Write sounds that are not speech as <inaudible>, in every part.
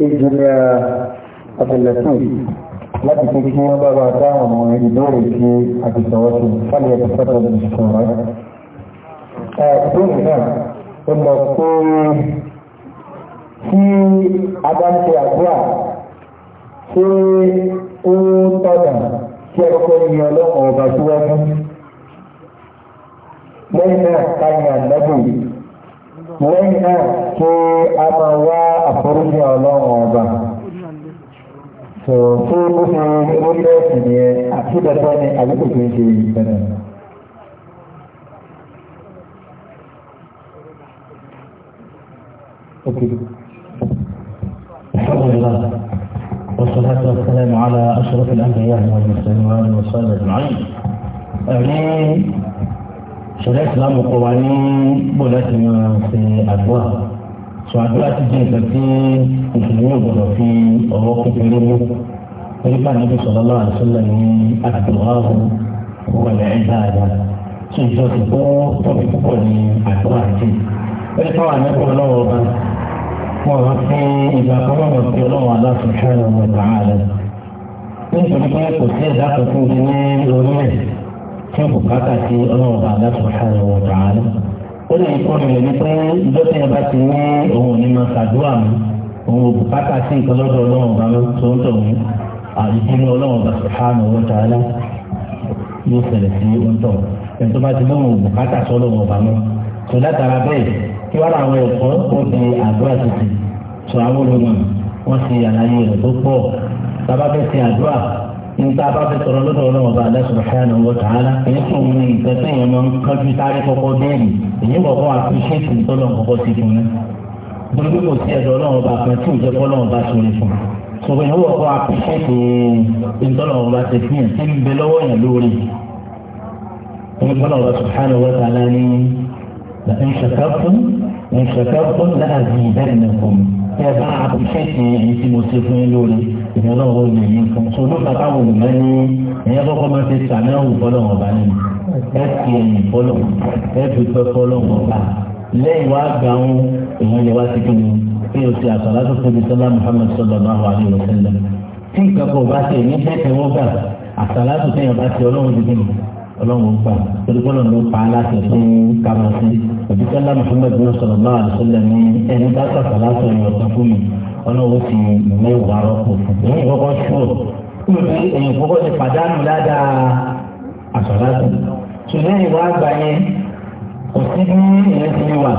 ìjìnlẹ̀ àtẹ̀lẹ̀sùn láti fi kí wọ́n bá bá dáhùn àwọn ìbéèrè tí a ti sọ̀rọ̀ sí fálẹ̀ ẹ̀kọ́ sọ́tọ̀ lè sọ̀rọ̀. Ìbéèrè náà, ó lọ pé tí a bá ń ṣe àdúrà ṣé ó tọ̀nà tí ẹ̀kọ́ Lẹ́yìn náà, ká ní lẹ́yìn náà kí a máa wá àforíjì ọlọ́run ọba tó tí ó fi orílẹ̀ èdè ni ẹ àti dandan ni àgbègbè kì í ṣe ìbẹ̀rẹ̀. الحمد لله والصلاة والسلام على أشرف الأنبياء والمرسلين وآله وصحبه أجمعين ṣẹlẹ̀ ìsìlámù kọ́ wa ní bò láti máa ṣe àdúrà sọ àdúrà ti jẹ́ nǹkan tí ìṣẹ̀lẹ̀ yóò gbọ́dọ̀ fi ọwọ́ kékeré mú nígbà níbi sọ̀rọ̀ lọ́wọ́ àṣọlẹ̀ ní àdúrà wọlé ìdáadáa tí ìjọ ti kó tóbi púpọ̀ ní àdúrà jù ẹni káwọn àmẹ́kọ̀ ọlọ́wọ́ ọba wọn wá sí ìgbà kọ́mọ̀mọ̀ sí ọlọ́wọ́ aláṣọ fún bùkátà sí ọlọ́run bá subhanahu wa ta'ala. ó lè kọ́ mi rẹ̀ wípé ìjọ́sìn ẹ̀bá ti ní òun ní máa ṣàdúrà mi òun bùkátà sí ìkọlọ́dọ̀ ọlọ́run bá tó ń tọ̀ mí àdìsínú ọlọ́run bá subhanahu wa ta'ala yóò ṣẹlẹ̀ sí ń tọ̀ ẹni tó bá ti lóun bùkátà sọ́lọ́run bá mọ́ tó látara bẹ́ẹ̀ kí wàá àwọn ẹ̀kọ́ ó di àdúrà tuntun tó àwọn olùmọ̀ wọ́n ti àlàyé rẹ̀ tó pọ̀ nígbà bá fẹ́ sọ̀rọ̀ lọ́dọ̀ ọlọ́wọ́ bá Allah subhanahu wa ta'ala èyí fún mi nǹkan tó yẹn máa ń kájú sáré kọ́kọ́ bẹ́ẹ̀ni èyí kọ́kọ́ àfiṣẹ́tì tọ́lọ̀ kọ́kọ́ ti dùn ní. gbogbo kò sí ẹ̀dọ̀ ọlọ́wọ́ bá kan tí ò jẹ́ kọ́lọ́wọ́ bá sọ̀rọ̀ fún un sọ̀rọ̀ ìnáwó ọkọ̀ àfiṣẹ́tì ìtọ́lọ̀wọ́ bá ti fi hàn ìyẹn lọ́wọ́ lè yí nǹkan tó ló bàtà wò lè ní ìyẹn kọ́kọ́ máa ti sàmẹ́wò bọ́lọ̀ ọ̀bá nínú ẹ ti ẹ̀yìn bọ́lọ̀ ẹ fi pẹ́ bọ́lọ̀ ọ̀bá lẹ́yìn wá gbà ń èèyàn lè wá sí kí ni kí o ti àtàlá tó tóbi sọlá Muhammad sallallahu alaihi wasallam tí nǹkan kò bá ti ẹ̀yìn tẹ́tẹ̀ wọ́n gbà àtàlá tó tẹ̀yìn bá ti ọlọ́run ti dìbò ọlọ́run gbà Muhammad sallallahu alaihi wasallam ní ẹni bá sàtàlá ọlọ́wọ́ ti ìwé ìwà rọ́pò fún un ìwé ìwọ́kọ́ ṣùgbọ́n ó lè fi èyàn kọ́kọ́ ti pàdánù ládàá àsọ̀láṣù ṣùgbọ́n ìwà àgbà yẹn kò sí bí ìyẹn ti wà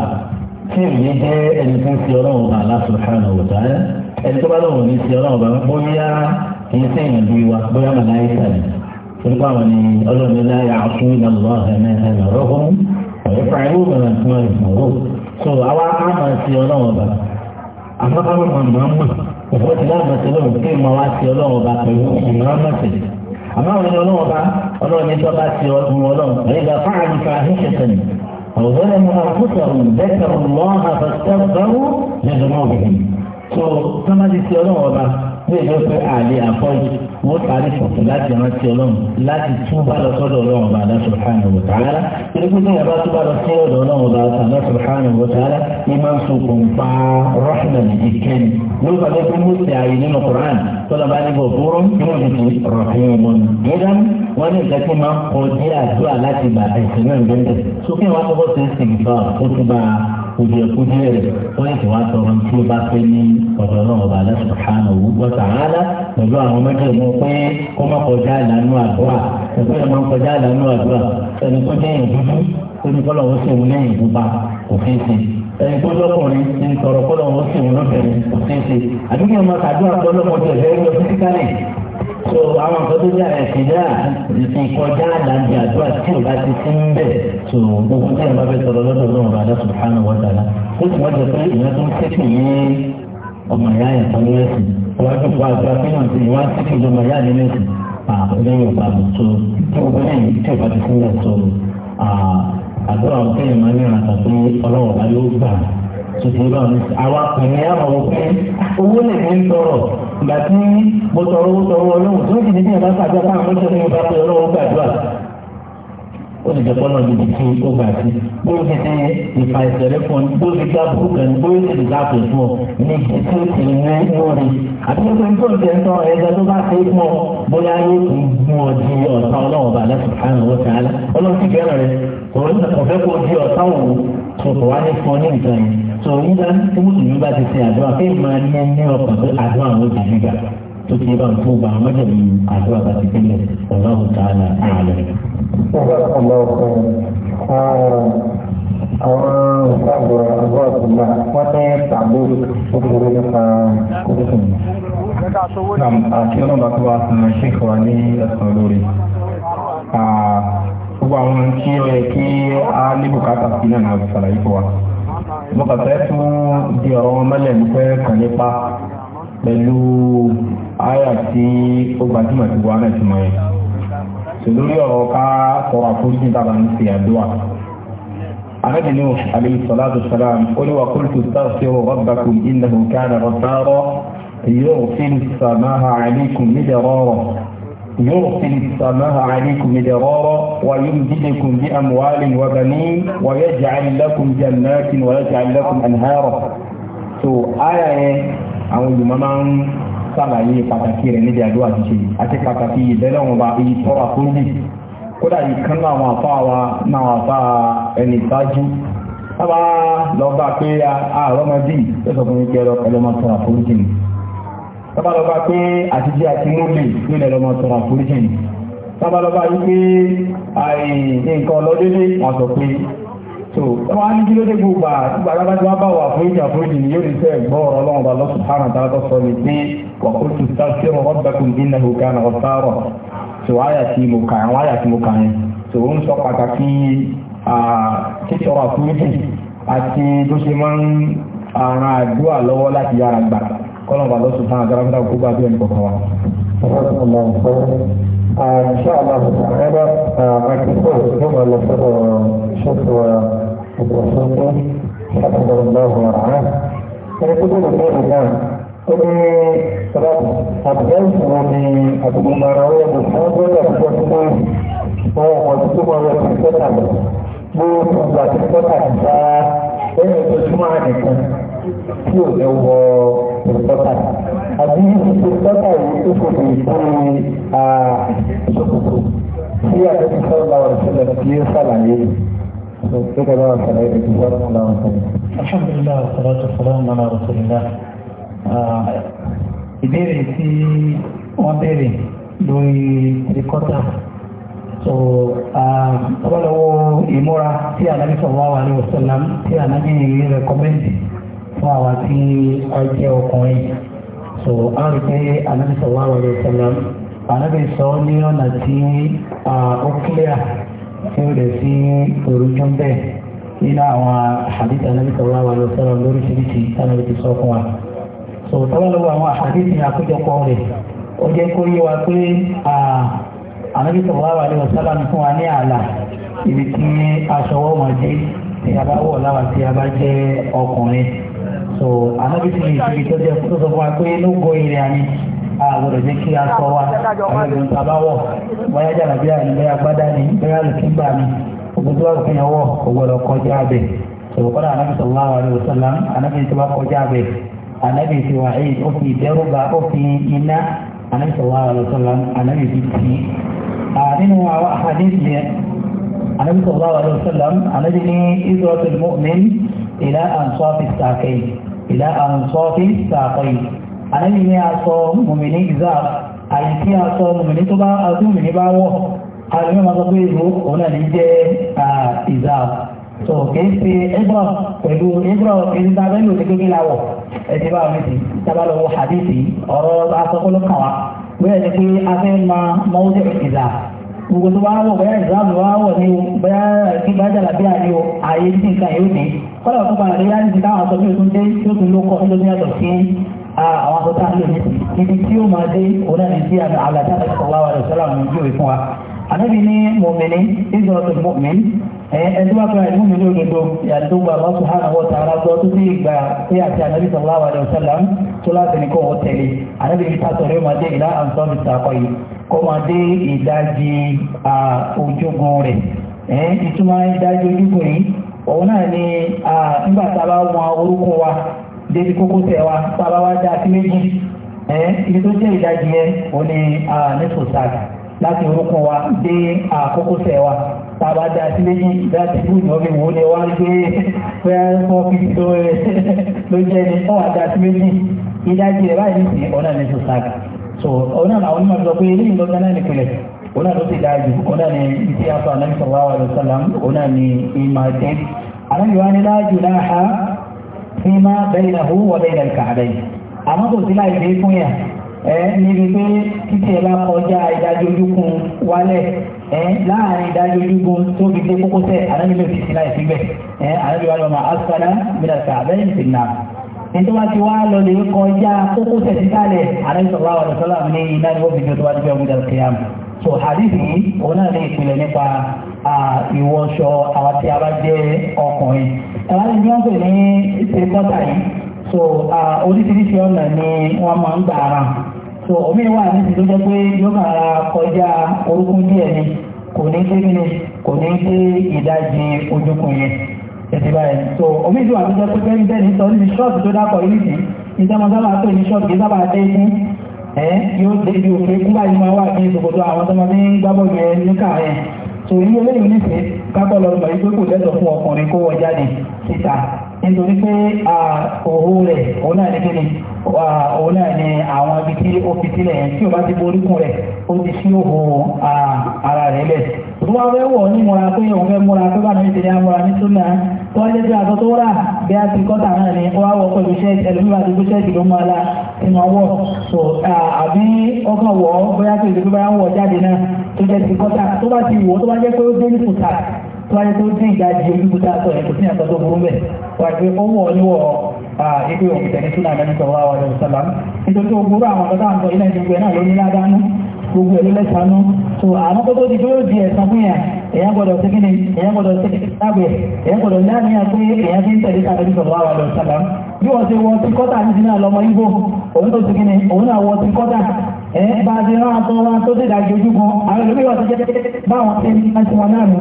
tí ìwé jẹ́ ẹni tó ń fi ọlọ́run bá aláṣọ hàn ọ̀dà ẹni tó bá lọ́wọ́ ní ti ọlọ́run bá bóyá kìí sẹ́yìn bí wa bóyá màláìsà ni nípa wọn ni ọlọ́run láyà á máa ti ọlọ́run àmọ́ káwọn màmá mọ̀ òfò tí láwọn ti lóun kí ìmọ̀ wá sí ọlọ́run ọba pẹ̀lú ìmọ̀ mọ̀tì àmọ́ àwọn ọlọ́run ọba ọlọ́run ní tọ́ba ti ọdún ọlọ́run ẹ̀yẹ́dà fáàlì fa híṣẹ̀tẹ̀nì ọ̀gbọ́n ẹ̀mọ́ àkútọ̀rùn dẹ́kẹ̀rùn lọ́ọ́ àfẹ́sẹ́gbẹ́rún lẹ́gbẹ̀rún ọ̀gbìn tó tọ́ba wọ́n parí pọ̀tọ̀ láti rántí ọlọ́run láti túbà lọ sọ́dọ̀ ọlọ́run ọba Allah subhanahu wa ta'ala erékùn ní ìyàbá túbà lọ sí ọ̀dọ̀ ọlọ́run ọba Allah subhanahu wa ta'ala ní máa ń sokùn pa rahman ìkẹni ló bá lọ́pọ̀ mú sí ààyè nínú Qur'an tọ́lá bá ní bọ̀bọ̀rọ̀ nínú ìdí rọ̀fẹ́mọ́n gẹ́gẹ́ náà kùdìẹ̀kùdìẹ̀ rẹ̀ wọ́n yẹ kí wọ́n tọrọ tí ó bá fẹ́ ní ọ̀dọ̀ náà ọba aláṣẹ subhanahu wa ta'ala pẹ̀lú àwọn mẹ́jọ mú pé kó má kọjá ìlànà àdúrà ẹ̀fọ́ yẹn máa ń kọjá ìlànà àdúrà ẹni tó jẹ́ ìdúdú oníkọ́lọ̀ ó ṣèwọ́n lẹ́yìn ìdúbà kò fi ṣe ẹni tó lọ́kùnrin ní ìtọ̀rọ̀kọ́lọ̀ ó ṣèwọ́n lọ́bẹ̀rẹ̀ kò fi ṣe àdúgbò máa kàdúrà tó lọ́kọ̀ọ́ tó àwọn nǹkan tó jẹ́ ẹ̀sìn náà ìkọjá àlàjì àdúrà tí ò bá ti sí ń bẹ̀ tó gbogbo táyà bá fẹ́ sọ̀rọ̀ lọ́dọ̀ lọ́wọ́ bàdá subhanahu wa ta'ala ó sì wọ́n jẹ pé ìyẹn tó ń tẹ́sí ní ọmọ ìyá yẹn tó ní ẹ̀sìn wọ́n ti kọ́ àgbà pé náà ti wá sí kí ọmọ ìyá ní ẹ̀sìn àbúlẹ̀yìn ọ̀gbà tó tó gbogbo náà tí ò bá ti sí ń bẹ̀ tó àdúrà ọ̀tẹ́ ìmọ̀ ní ìrànlọ́ pé ọlọ́wọ́ bá yóò gbà tuntun náà ní àwọn akùnrin àwọn òkú owó lè ní tọrọ ìgbà tí mo tọrọ owó tọrọ ọlọ́run tó ń jì ní bí ìbá pàdé apá àwọn ọmọdé ní ìbára ọlọ́run gbàdúrà ó sì jẹ́pọ́ náà níbi tí ó gbà sí bó ti ṣe ìfà ìṣẹ̀lẹ̀ fún ọ bó ti gbá burúkú ẹni bó ti ti dáàbò fún ọ ní ibi tí ó ti ní lórí àti pé tó ń jẹ sọ ẹgbẹ́ tó bá ṣe é fún ọ bóyá yóò ti mú ọ di ọ̀tá ọlọ́run bàálẹ̀ subhanahu wa ta'ala ọlọ́run ti bẹ̀rẹ̀ rẹ̀ kò fẹ́ kó di ọ̀tá òun tó wá sọ nígbà tí mùsùlùmí bá ti ṣe àdúrà pé máa ní ẹni ọkàn pé àdúrà àwọn òbí nígbà tó ti bá ń fún gba àwọn mọ́jọ̀ ní àdúrà bá ti tẹ́lẹ̀ ọ̀rọ̀ ọ̀tá àlà àlẹ́. àwọn ìṣàgbọ̀ àgbọ̀ ọ̀túnba wọ́n tẹ́ tàbí òkúrò nípa kókòtò. àti ọlọ́ba tó wá sọ̀rọ̀ ṣèkọ̀ wa ní ẹ̀sán lórí gbogbo àwọn tí ó yẹ kí a ní bùkátà sí náà ní ọ̀sán àlàyé wa mo kàn fẹ́ fún di ọ̀rọ̀ wọn mọ́lẹ̀ mo fẹ́ kàn nípa pẹ̀lú àyà tí ó gbajúmọ̀ ti wà náà ti mọ̀ yẹn sòlórí ọ̀rọ̀ ká kọ̀rọ̀ àforíjì dábàá ń ṣe àdúrà Ànábì Nuh alayhi salatu ó ní wa qultu astaghfiru rabbakum innahu kana يرسل السماء عليكم مدرارا ويمددكم بأموال وبنين ويجعل لكم جنات ويجعل لكم أنهارا so aya yẹn àwọn olùmọ̀ máa ń sàlàyé pàtàkì rẹ̀ níbi àdúrà ṣíṣe àti pàtàkì ìbẹ́lẹ̀wọ̀n bá iye tọ́ra tó lè kódà ìkan náà àwọn àfa wa náà wà bá ẹni ìtajú sábà lọ bá pé àárọ̀ ọmọdé yìí tó sọ fún mi kí ẹ lọ pẹ̀lú ọmọ tọ́ra tó lè jìnnà tọ́bálọ́bá pé àtijẹ́ àti múlè nílẹ̀ lọ́mọ sọ̀rọ̀ àforíjì ni tọ́bálọ́bá yí pé àìyìn nǹkan ọlọ́dẹ́dẹ́ wọ́n sọ pé so wọ́n á ní kí ló dé gbogbo àgbàlábá tí wọ́n bá wà fún ìjà fún ìjìn yóò nífẹ̀ẹ́ gbọ́ ọ̀rọ̀ ọlọ́run bá lọ́sùn hàn àtàrà tó sọ ní pé wọ́n tún sá sí ọmọ ọ̀bẹ̀kùn nínú ìhòkè àná ọ̀sáàrọ̀ so àyà tí mo kà àwọn àyà tí mo kà yẹn so ó ń sọ pàtàkì títọrọ àforíjì àti tó ṣe lọ́wọ́ láti yára gbàgbà kọ́nà bá lọ́sùn fún àgbàrá fún àgbà bí ẹnì kọ̀ọ̀kan wa. إن شاء الله تعالى مكتوب ثم لفظ شكوى الوسطي حفظه الله ورعاه ويقول الله ini sebab abdul suami Abu Marawiyah bersama dengan oh waktu mahu kita kita ini semua ada tí ò lè wọ ìrìkọ́tà àbí ìrìkọ́tà yìí tó kò fi ìtòrí ṣòkòtò tí àtẹ́tí sọ́ọ́ bá wọn sílẹ̀ kí ó ṣàlàyé lókè bá wọn ṣàlàyé lókè bá wọn làwọn ṣàlàyé. alhamdulilah salatu salam ala rasulillah ìbéèrè tí wọ́n béèrè lórí ìrìkọ́tà so ọlọ́wọ́ ìmúra tí ànábì sallallahu alaihi wasallam tí ànábì rẹ̀ kọ́mẹ́ntì fún àwọn tí wọ́n jẹ́ ọkùnrin so a rí pé anabi sallallahu alayhi wa sallam anabi sọ ní ọ̀nà tí ó clear tí ó rẹ̀ sí orúkọ bẹ́ẹ̀ nínú àwọn hadith anabi sallallahu alayhi wa lóríṣiríṣi anabi fún wa so tọ́wọ́ lọ́wọ́ àwọn hadith ní àkójọpọ̀ rẹ̀ ó jẹ́ kó yé wa pé anabi sallallahu alayhi wa sallam fún wa ní àlà ibi tí aṣọ wọ́n máa dé tí a bá wọ̀ láwa tí a bá jẹ́ ọkùnrin so ànábì sì ní ìsibí tó jẹ́ tó sọ fún wa pé ló ń go ìrìn àní àgbọ̀dọ̀ jẹ́ kí a sọ wa àwọn ìlú tàbáwọ̀ wáyé jàlábí àní bẹ́ẹ̀ agbádá ni bẹ́ẹ̀ alùpùpù àní ogun tó wà lókè yẹn wọ̀ ògbọ̀dọ̀ kọjá abẹ́ sọ̀rọ̀kọ́dà ànábì sallallahu alaihi wasallam ànábì tó bá kọjá abẹ́ ànábì sì wà èyí ó fi ìdẹ́rùbà ó fi iná ànábì sallallahu alaihi wasallam ànábì sì tì í. nínú àwọn àhàdíìsì yẹn ànábì sallallahu alaihi wasallam ànábì ní ìzọ́tò mọ́mìn ìlà àǹsọ́ fi sàkẹ́yìn ìlà àǹsọ́fí sàkọ́yì anábì ní aṣọ mùmìnì ìzáà àyè tí aṣọ mùmìnì tó bá aṣọ mùmìnì bá wọ̀ àwọn ọmọ sọ pé ìlú òun náà ní jẹ́ ìzáà so kìí ṣe ẹgbọ́n pẹ̀lú ẹgbọ́n ẹni tá a bẹ́ẹ̀ lò ní gbégbé láwọ̀ ẹni bá wọn ti sábà lọ́wọ́ hadithi ọ̀rọ̀ asọ́kọ́ló kàn wá bóyá ẹni pé a fẹ́ ma mọ́wúdì ìzáà gbogbo tó bá wọ̀ bóyá ìzáà ló wá wọ̀ ní o bóyá kí bá jàlábíà ní o ààyè ní nǹkan kọ́lọ̀ tó padà léyà níbi táwọn aṣọ yóò tún dé yóò tún lókọ́ tó ní ọ̀dọ̀ sí àwọn aṣọ tá a lè ní ibi tí ó máa dé òun náà ní sí àlàjá àti ọ̀wá wa rẹ̀ sọ́lá òun yóò fún wa ànábì ní mọ̀mìnì ìjọ́sọ̀ mọ̀mìn ẹni wá pẹ̀lú ìmú mi ní òdodo yàtọ̀ gba Allah subhanahu wa ta'ala gbọ́ tó sì gba pé àti ànábì sallallahu alaihi wasallam tó láti ní kó wọ́n tẹ̀lé ànábì ní pásọ̀rọ̀ yóò máa dé ìlà àǹsọ́ mi sàkọ́ yìí kó máa dé ìdajì ojúgun rẹ̀ ìtumọ̀ ìdajì ojúgun yìí òun náà ni nígbà tá a bá wọn orúkún wa débi wa tá a bá wá dá sí méjì ibi tó jẹ́ ìdajì yẹn òun ni nísò sáàkì láti orúkún wa dé wa tá a bá dá sí méjì láti fún ìjọba ìwò ni gbé tó ló ni wọ́n wá dá sí méjì ìdajì rẹ̀ báyìí sì òun so òun náà làwọn òun náà ló ti dáa jù òun náà ni ìdí afọ ànábì sallallahu alaihi wasallam òun náà ni ìmọ̀ ẹ̀jẹ̀ ànábì wa ni láàjù láàá fi máa bẹ́ẹ̀ náà wọ́n bẹ́ẹ̀ náà kàdé àmọ́ kò sí láì dé fún yà ẹ níbi pé títí ẹ bá kọjá ìdájọ́ ojúkun wálẹ̀ ẹ láàrin ìdájọ́ ojúkun tó fi dé kókósẹ̀ ànábì ló fi sí láì síbẹ̀ ẹ ànábì wa ni wọn máa asfala mina kàbẹ́yìn sí náà nítorí wá ti wá lọ lè kọjá kókó tẹ̀síkálẹ̀ àrẹ́sọ̀rọ̀ àwọn ọ̀dọ̀sọ́lá ní iná ni wọ́n fi jọ tó wá ti fẹ́ ọmọdé àti kìyàmù so hadith yìí òun náà ní ìpìlẹ̀ nípa ìwọṣọ àwọn tí a bá jẹ́ ọkùnrin ẹ̀rọ ni wọ́n pè ní ṣe kọ́tà yìí so oríṣiríṣi ọ̀nà ni wọ́n máa ń gbà ara so omi wà níbi tó jẹ́ pé yóò máa ra kọjá orúkún díẹ̀ ni kò ní dé ní kò ní dé ìdajì ojúkun yẹn ẹ̀sì báyìí so omi ìdíwà tó jẹ́ pé bẹ́ẹ̀ ní sọ níbi ṣọ́ọ̀bù tó dákọ̀ yìí nìyí ní sọ́ọ̀bù tó dákọ̀ yìí ní sọ́ọ̀bù yóò dé bí òkè kúmbà yìí máa wà ní ìsòkòtò àwọn tó máa ní gbábọ̀ yẹn níkà ka tó ní eléyìí nífẹ̀ẹ́ kápọ̀ lọ́dún mọ̀ yìí pé kò lẹ́tọ̀ fún ọkùnrin kó nítorí pé òhó rẹ̀ òun náà ní kíni òun náà ní àwọn ibi tí ó fi sílẹ̀ yẹn tí o bá ti bo oríkùn rẹ̀ ó ti sí òhó ara rẹ̀ lẹ̀ tó wá fẹ́ wọ̀ ní múra pé òun fẹ́ múra tó bá nàìjíríà ti ní amúra ní súnà tó wá jẹ́ pé àtọ́ tó rà bí a ti kọ́ta náà ni ó wá wọ pẹ̀lú ṣẹ́ẹ̀tì ẹlòmíwà tó gbé ṣẹ́ẹ̀tì ló máa la inú ọwọ́ so àbí ọkàn wọ̀ bóyá tó ìdílé bá ń wọ̀ jáde náà tó jẹ́ ti kọ́ta tó bá ti wọ̀ tó bá jẹ́ pé ó dé ní kùtà wáyé tó dín ìdájí olúbútà sọ ẹ̀kọ́ sí ẹ̀kọ́ tó burú bẹ̀ wáyé pé ó wọ̀ níwọ̀ ìgbé òkùtẹ̀ ní súnà mẹ́rin sọ wá wàlẹ̀ òsàlá nítorí tó gbúrú àwọn ọ̀dọ́ àwọn ilẹ̀ ìjọba náà ló ní ládánú gbogbo ẹ̀lú lẹ́sànú tó àwọn tó tó di dúró di ẹ̀sán fún yà èyàn gbọ́dọ̀ sí kíni èyàn gbọ́dọ̀ sí àgbẹ̀ èyàn gbọ́dọ̀ ní àníyàn pé èyàn fi ń tẹ̀lé sàbẹ̀lú sọ̀rọ̀ àwọn ọ̀dọ̀ sàlá bí wọ́n ti wọ́n ti kọ́tà ní sinú àlọ́mọ ibo òun tó sí kíni òun náà wọ́n ti kọ́tà ẹ̀ bá ti rán àtọ́ wọn tó dé ìdájọ́ ojú kan àwọn ìlú ti jẹ́ báwọn ti ń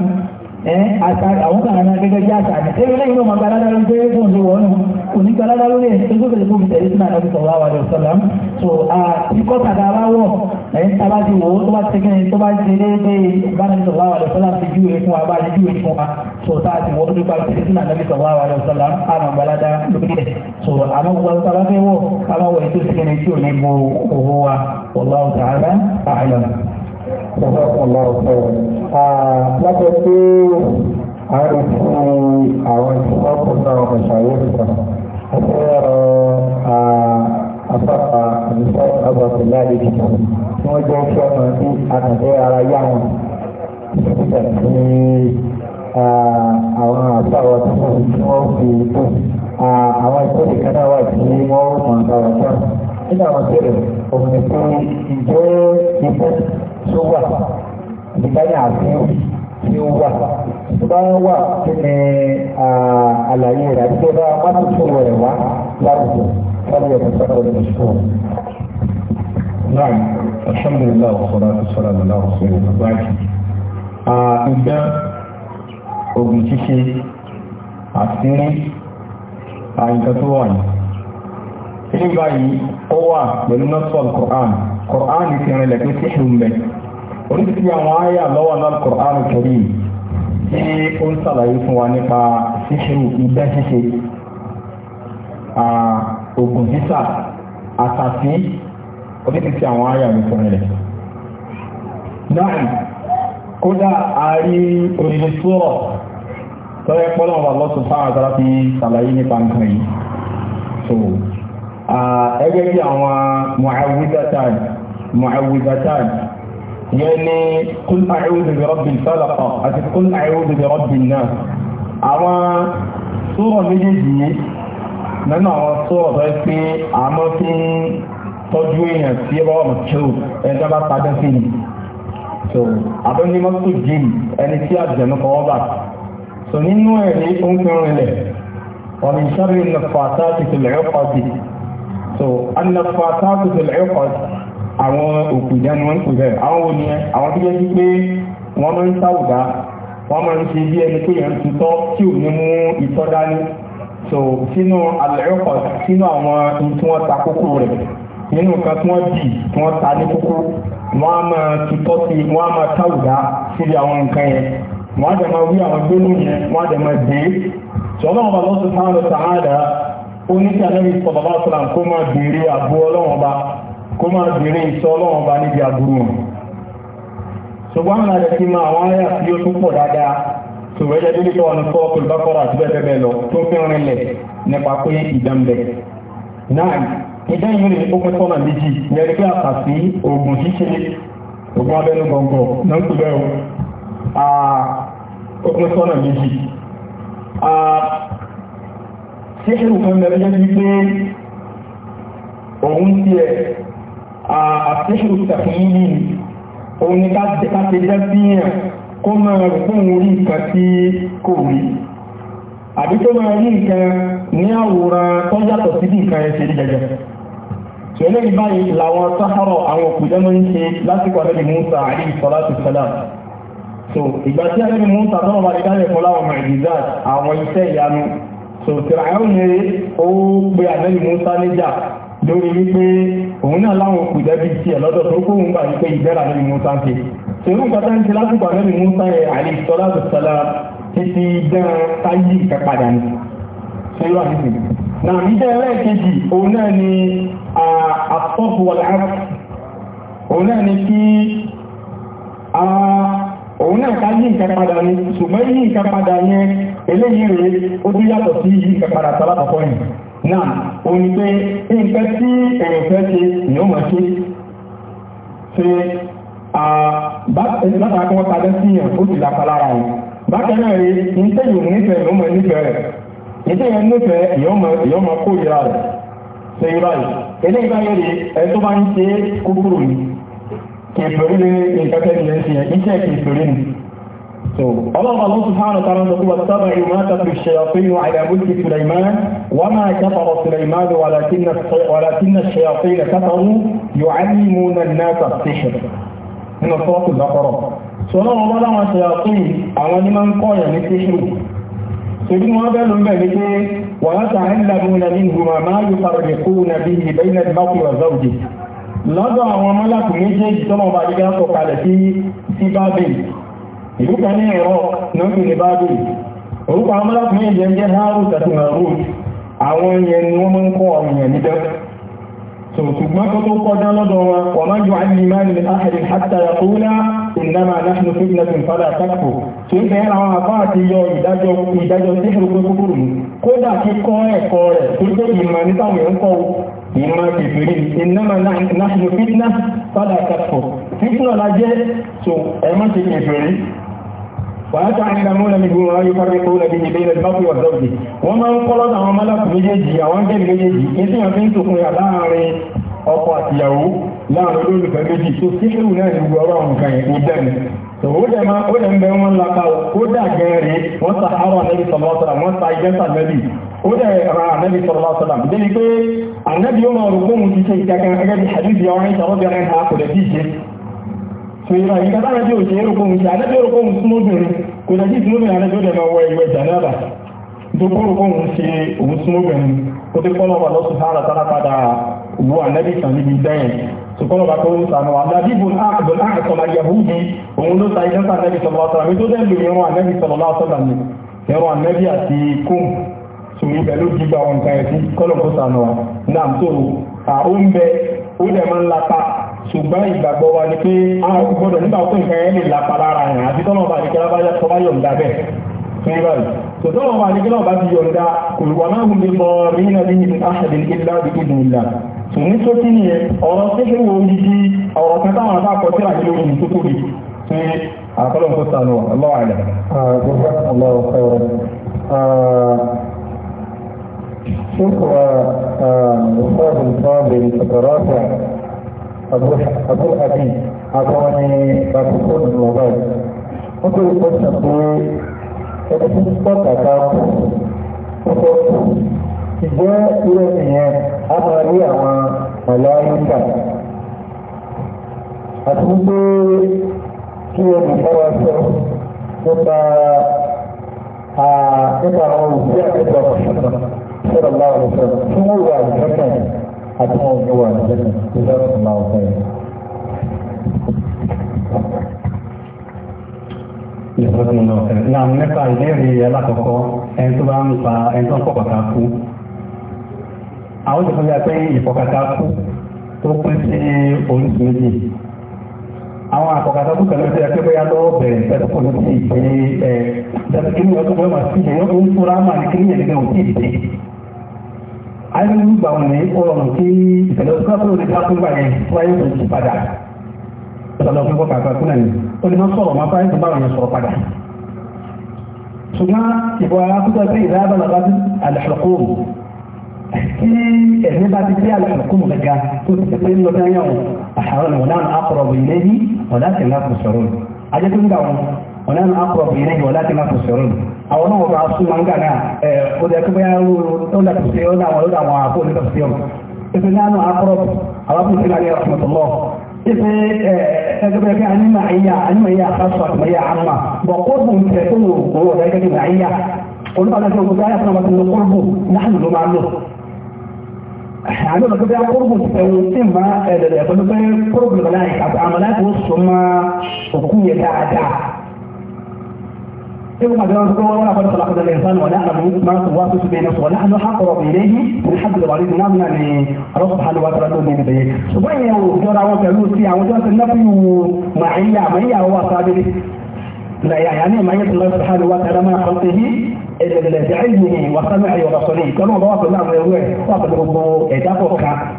àwọn kan náà gẹ́gẹ́ bí àṣà ní ẹgbẹ́ lẹ́yìn ọmọ gbalada lórí pé kò ní wọ́n nù kò ní gbalada lórí ẹ̀ tó gbèsè fún ìtẹ̀lé sínú àdàbí sọ̀rọ̀ àwọn àdàbí sọ̀rọ̀ so àti kọ́ta tá a bá wọ̀ ẹ̀ tá a bá ti wò ó tó bá ti kẹ́ni tó bá ti ṣe déédéé ìbánidí sọ̀rọ̀ àwọn àdàbí sọ̀rọ̀ ti ju èkún wa bá ti ju èkún wa so tá a ti wọ́n nípa ìtẹ̀lé sínú àdàbí sọ̀rọ̀ àwọn àdàbí sọ̀rọ̀ àwọn gbalada lórí ẹ̀ so àmọ́ gbogbo tá a bá fẹ́ wọ̀ ká má wọ̀ ètò ìṣẹ́kẹ́ni tí ò ní gbogbo wa wọ́n lọ́wọ́ ọ̀pọ̀lọpọ̀ ọ̀pọ̀lọpọ̀ lábẹ́ pé àwọn ìfún àwọn ìfúnná kò sọ àwọn ìṣàyẹ̀ nìkan ẹgbẹ́ ẹ̀rọ afáfà ìṣọ́ àgbàkùn láàyè nìkan tí wọ́n jẹ́ iṣẹ́ ọmọ bí àtàkẹ́ ara yá wọn nígbà tí àwọn àbáwọ̀ tó wọ́n fi tí wọ́n fi tó kan náà wà tí wọ́n mọ̀ àbáwọ̀ náà nínú àwọn ìṣẹ̀lẹ̀ òun ìjẹ́ ìfẹ́ tó wà ìbáyà àfihàn tí ó wà tó bá wà kí ni àlàyé rẹ̀ àti tó bá mátòtò rẹ̀ wá lárúgbó lárúgbó ìfẹ́kọ̀ọ́ lè ṣe fún Naam, alhamdulillah wa salatu salam ala rasulillah wa baki. A ìgbà ogun ṣíṣe àti rí àyíká tó wà yìí ní báyìí ó wà pẹ̀lú nọ́sọ̀l Qur'an Qur'an ti rìn lẹ́gbẹ́ sí ìrùmẹ̀ oríṣiríṣi àwọn àyà lọ́wọ́ náà Qur'an kẹrí tí ó ń sàlàyé fún wa nípa ṣíṣirò ìgbẹ́ ṣíṣe ogun sísà àtàtì oríṣiríṣi àwọn àyà mi fún rẹ̀ náà kódà àárí orílẹ̀ sọ́ọ̀ tọ́rẹ́ pọ́lọ́wọ́ lọ́sùn fáwọn àtàrà fi sàlàyé nípa nǹkan yìí ẹgbẹ́ bí àwọn mu'awwidhatan mu'awwidhatan yẹn ni kul a'udhu bi rabbil falaq àti kul a'udhu bi rabbin nas àwọn sóòrọ̀ méjèèjì yìí nínú àwọn sóòrọ̀ tó ẹ pé àmọ́ fi ń tọ́jú èèyàn sí ẹbá wà mọ̀tíò ẹjọ́ bá padà sí ni so annafa tákùtù lẹ́kọ̀ọ́ àwọn òkú ìjánu wọn kò bẹ́ẹ̀ àwọn wo ni ẹ àwọn tó yẹ sí pé wọ́n máa ń sáwùdá wọ́n máa ń ṣe bí ẹni pé yẹn ń tutọ́ tí ò ní mú ìtọ́ dání so sínú alẹ́kọ̀ọ́ sínú àwọn tí wọ́n ta kókó rẹ̀ nínú nǹkan tí wọ́n dì tí wọ́n ta ní kókó wọ́n á máa tutọ́ sí wọ́n á máa sáwùdá síbi àwọn nǹkan yẹn wọ́n á dẹ̀ máa wí àwọn gbólóhùn yẹn wọ́n á dẹ̀ máa dé sọ́dọ̀ ọ̀bà lọ́sùn sáà lọ sàádà oníṣẹ́ anábì sọ̀bàbá sọ̀rà kó máa bèèrè àbú ọlọ́wọ́n ba kó máa bèèrè ìṣọ́ ọlọ́wọ́n ba níbi àbúrò wọn ṣùgbọ́n àwọn àjẹ́ ti máa àwọn ayé àti yóò tún pọ̀ dáadáa ṣùgbọ́n ẹjẹ́ tó nípa ọ̀nà sọ́ọ́ tó bá kọ́ra àti bẹ́ẹ̀ bẹ́ẹ̀ lọ tó fi rin lẹ̀ nípa pé ìdánbẹ̀ náà ìdán yìí ní ókun sọ́nà méjì yẹri pé àkàsí oògùn ṣíṣe oògùn abẹ́nu gbọ̀ngàn náà ń pè bẹ́ẹ̀ o ókun sọ́nà méjì tí ẹ̀rù kan lẹ́rẹ́ wípé òun ti ẹ̀ àtẹ́ṣù tàfún ní òun ni ká ti dá sí yàn kó máa rò fún orí nǹkan tí kò rí àbí tó máa rí nǹkan ní àwòrán tó yàtọ̀ sí bí nǹkan ẹ̀ ṣe rí jẹjẹ ṣẹlẹ̀ ní báyìí làwọn sáhárọ̀ àwọn òkùnjẹ́ mọ́ ń ṣe lásìkò àlẹ́bí Musa alayhi salatu salam so ìgbà tí àlẹ́bí Musa tọ́nà bá ti dálẹ̀ fún láwọn mẹ̀rìndínláàdì àwọn iṣẹ́ ìyanu sọ̀tẹ̀rẹ̀ àyọ́mù ó pe ànábì Musa níjà lórí wípé òun náà láwọn òkú ìdẹ́bí tí ẹ̀ lọ́dọ̀ tó kó òun gbà wípé ìbẹ́rẹ̀ ànábì Musa ń ṣe tẹ̀lú pátá ń ṣe lásìkò ànábì Musa yẹ àlè sọlá tó sọlá títí dán táyé ìkẹ́padà ni tẹ̀lú àdìsí na ìdẹ́ ẹlẹ́ẹ̀kejì òun náà ni àtọ́fù wàlá òun náà ni kí òun náà ká yí nǹkan padà ní ṣùgbọ́n yí nǹkan padà yẹn eléyìí rèé ó tún yàtọ̀ sí yí nǹkan padà sálábàkọ́ yìí náà o ní pé nǹkan tí èèyàn fẹ́ ṣe ni ó máa ṣe ṣe látara kí wọ́n padà sí yàn ó sì lápá lára yìí bákan náà rèé níta yìí òun nífẹ̀ẹ́ ló mọ nífẹ̀ẹ́ rẹ̀ níta yẹn nífẹ̀ẹ́ èèyàn máa kó ìra rẹ̀ ṣe ìra rẹ̀ eléyìí báyìí rèé ẹ̀ tó bá kèfèrí ní ìkẹ́kẹ́ ilẹ̀ sí ẹ̀ iṣẹ́ kèfèrí ni ọlọ́pàá ló tún fánà tàbí ọdún wà sábà ìmáta fi ṣẹ̀yàfínu àìdàmúlkì Sulaiman wà máa kẹfàrọ Sulaiman wàlátínà ṣẹ̀yàfínu kẹfàrú yóò ánìmú na náà tàṣẹ̀ nínú sọ́ọ̀tù dákọrọ̀ sọ́lọ́run wọ́n láwọn ṣẹ̀yàfínu àwọn ní máa ń kọ́yà ní tíṣù torí wọ́n bẹ́ ló ń bẹ̀ lọ́dọ̀ àwọn mọ́láàkù méjèèjì tọ́mọ̀ ọba àdígá sọ kalẹ̀ sí sí bábìl ìlú kan ní ẹ̀rọ lóògùn ní bábìl orúkọ àwọn méjèèjì ń jẹ́ harut àti àwọn yẹn ni wọ́n mọ́ ń kọ́ ọmọ yẹn níbẹ̀ ṣùgbọ́n tó tó kọjá lọ́dọ̀ wọn wọ́n ìran kìfìrí ìnáma náṣìlò fitna fádà kàtọ̀ fitna la jẹ́ so ẹ̀mọ́ ti kìfìrí wàhátà àìdàmúnà ní gbogbo ayé farikó lẹ́bí ìbí ilẹ̀ bá fi wà dọ́gbì wọ́n máa ń kọ́lọ́ ọkọ àtìyàwó láàrin olólùfẹ́ méjì tó síkìrù náà ní gbogbo ọ̀rọ̀ nǹkan yẹn ó dẹ́nu tòwó dẹ̀ máa ó dẹ̀ ń bẹ wọn lapa o ó dà gẹ́rẹ́ rè wọ́n ta àwọn ànábì sọ̀rọ̀ sọ̀rọ̀ wọ́n ta ìjẹ́sà nẹ́bì ó dẹ̀ ra ànábì sọ̀rọ̀ sọ̀rọ̀ débi pé ànábì ó máa rò pé òun ti ṣe ìkẹ́kẹ́ gẹ́gẹ́ bí àdìsí ọ̀rẹ́ ìṣòro bí ọ̀rẹ́ ìṣòro kò lè bí ìṣe fèrè àyíká táwọn ẹbí òṣèré rò ìlú ànẹ́bì tàn níbi bẹ́yẹn sùkọ́nà bá tó ń sànà wà lábíbù àkọlà yahudi òun ló sa ilẹ́sà ànẹ́bì sọ̀rọ̀ àtàrà mi tó dẹ̀ lò ìran ànẹ́bì sọ̀rọ̀ látọ̀dà ni ìran ànẹ́bì àti lapa ṣùgbọ́n ìgbàgbọ́ a gbọ́dọ̀ nígbà tó nǹkan ẹ̀ lè lapa lára rẹ̀ àti tọ́lọ̀ bá nìkan bá yẹ tọ́lá yọ̀ǹda bẹ́ẹ̀ fún ìbáyìí tọ́lọ̀ bá nìkan bá ti yọ̀ǹda ní tó kí ní ẹ ọ̀rọ̀ tẹ́kẹ́ wo yìí ọ̀rọ̀ kan táwọn àbá kọ tí àti lórí tó kóbi tí àkọlọ̀ tó sànù ọlọ́ọ̀lẹ̀. شكر الأستاذ الفاضل الرافع أبو الحكيم أعطاني بكل الموضوع وكل قصة في أبو الحكيم ṣùgbọ́n irú ìyẹn a máa rí àwọn ọ̀la yíká àti wípé kí olùkọ́ wa sọ nípa nípa àwọn òṣìṣẹ́ àgbẹ̀dọ̀ ọ̀ṣọ́nà sọ̀rọ̀ láwọn ọ̀ṣọ́nà tí wọ́n wà àjẹ́kẹ̀ àti wọn ò ní wà àjẹ́kẹ̀ tí wọ́n máa wọ̀ ẹ̀. ìfọdùnmọ̀ náà nípa ìbéèrè alákọ̀ọ́kọ́ ẹni tó bá ń pa ẹni tó ń pọ̀ pàtàkì àwọn ìjọba yà pé ìfọ̀kàtà kú tó pín sí oríṣi méjì àwọn àfọ̀kàtà kú pẹ̀lú ìṣẹ́ pé bóyá lọ́wọ́ bẹ̀rẹ̀ pẹ̀lú kò ní sí ìpè ẹ̀ ìjọba kí ni ọdún bọ́ọ̀mà sí ìyẹn ó ń fúra máa ní kí ni ẹ̀gbẹ́ ò tí ì dé ayé ń gbà wọn ní ó rọrùn kí ìṣẹ̀lẹ̀ ọdún káfíńsì ní káfíńsì wáyé wáyé kò sí padà ìṣẹ̀lẹ̀ ọdún kọ̀ọ̀kan kúnlẹ̀ ni ó ní tí ẹ̀mí bá ti tí alùpùpù gẹ́gẹ́ tó ti pé ń lọ sí ẹyàn àṣàrọ̀ ọ̀nà àkọ̀rọ̀bù ilé yìí ọ̀dá sì ńlá kò sọ̀rọ̀ ajẹ́ tó ń gbà wọn ọ̀nà àkọ̀rọ̀bù ilé yìí ọ̀dá sì ńlá kò sọ̀rọ̀ àwọn náà wọ́n bá sún wọn gà náà ẹ̀ ó dẹ̀ kí bóyá ó lẹ́kùn sí ó náà wọ́n àwọn àpò onítọ̀ sí ọ̀hún ife náà náà àkọ̀rọ̀bù àwọn àpò ìsìnkú alẹ́ ọ̀sùnmọ̀tọ̀lọ́ ife ẹgbẹ́ bí anímọ̀ ayé anímọ̀ ayé àkásọ̀ àtìmọ̀ ayé àmà bọ̀ kó bùn tó wò ó wọ̀ ẹgbẹ́ bí ayé olùbàdàn tó gbogbo ayé àtàwọn ọmọ tó ń náà ló máa lò àlọ́ lọ́kọ́ bí akórògbò ẹ̀wù tí ma ẹ̀dẹ̀dẹ̀ ẹ̀kọ́ pé kórògbò náà àti àmàlà tó sọ ma òkú yẹ dáadáa. إيه ما جرى ذكر ولا قد خلق الإنسان ولا أنا ما توافق بين نفسه ولا أنا أقرب إليه من حبل الوريد نعمنا يعني من رب سبحانه وتعالى من بيه سبحانه وتعالى وتعالى وتعالى وتعالى وتعالى وتعالى وتعالى وتعالى لا يعني ما يطلع سبحانه وتعالى من خلقه بعلمه وسمعه وبصره كانوا ضواف الله غيره ضواف الغبو إدافك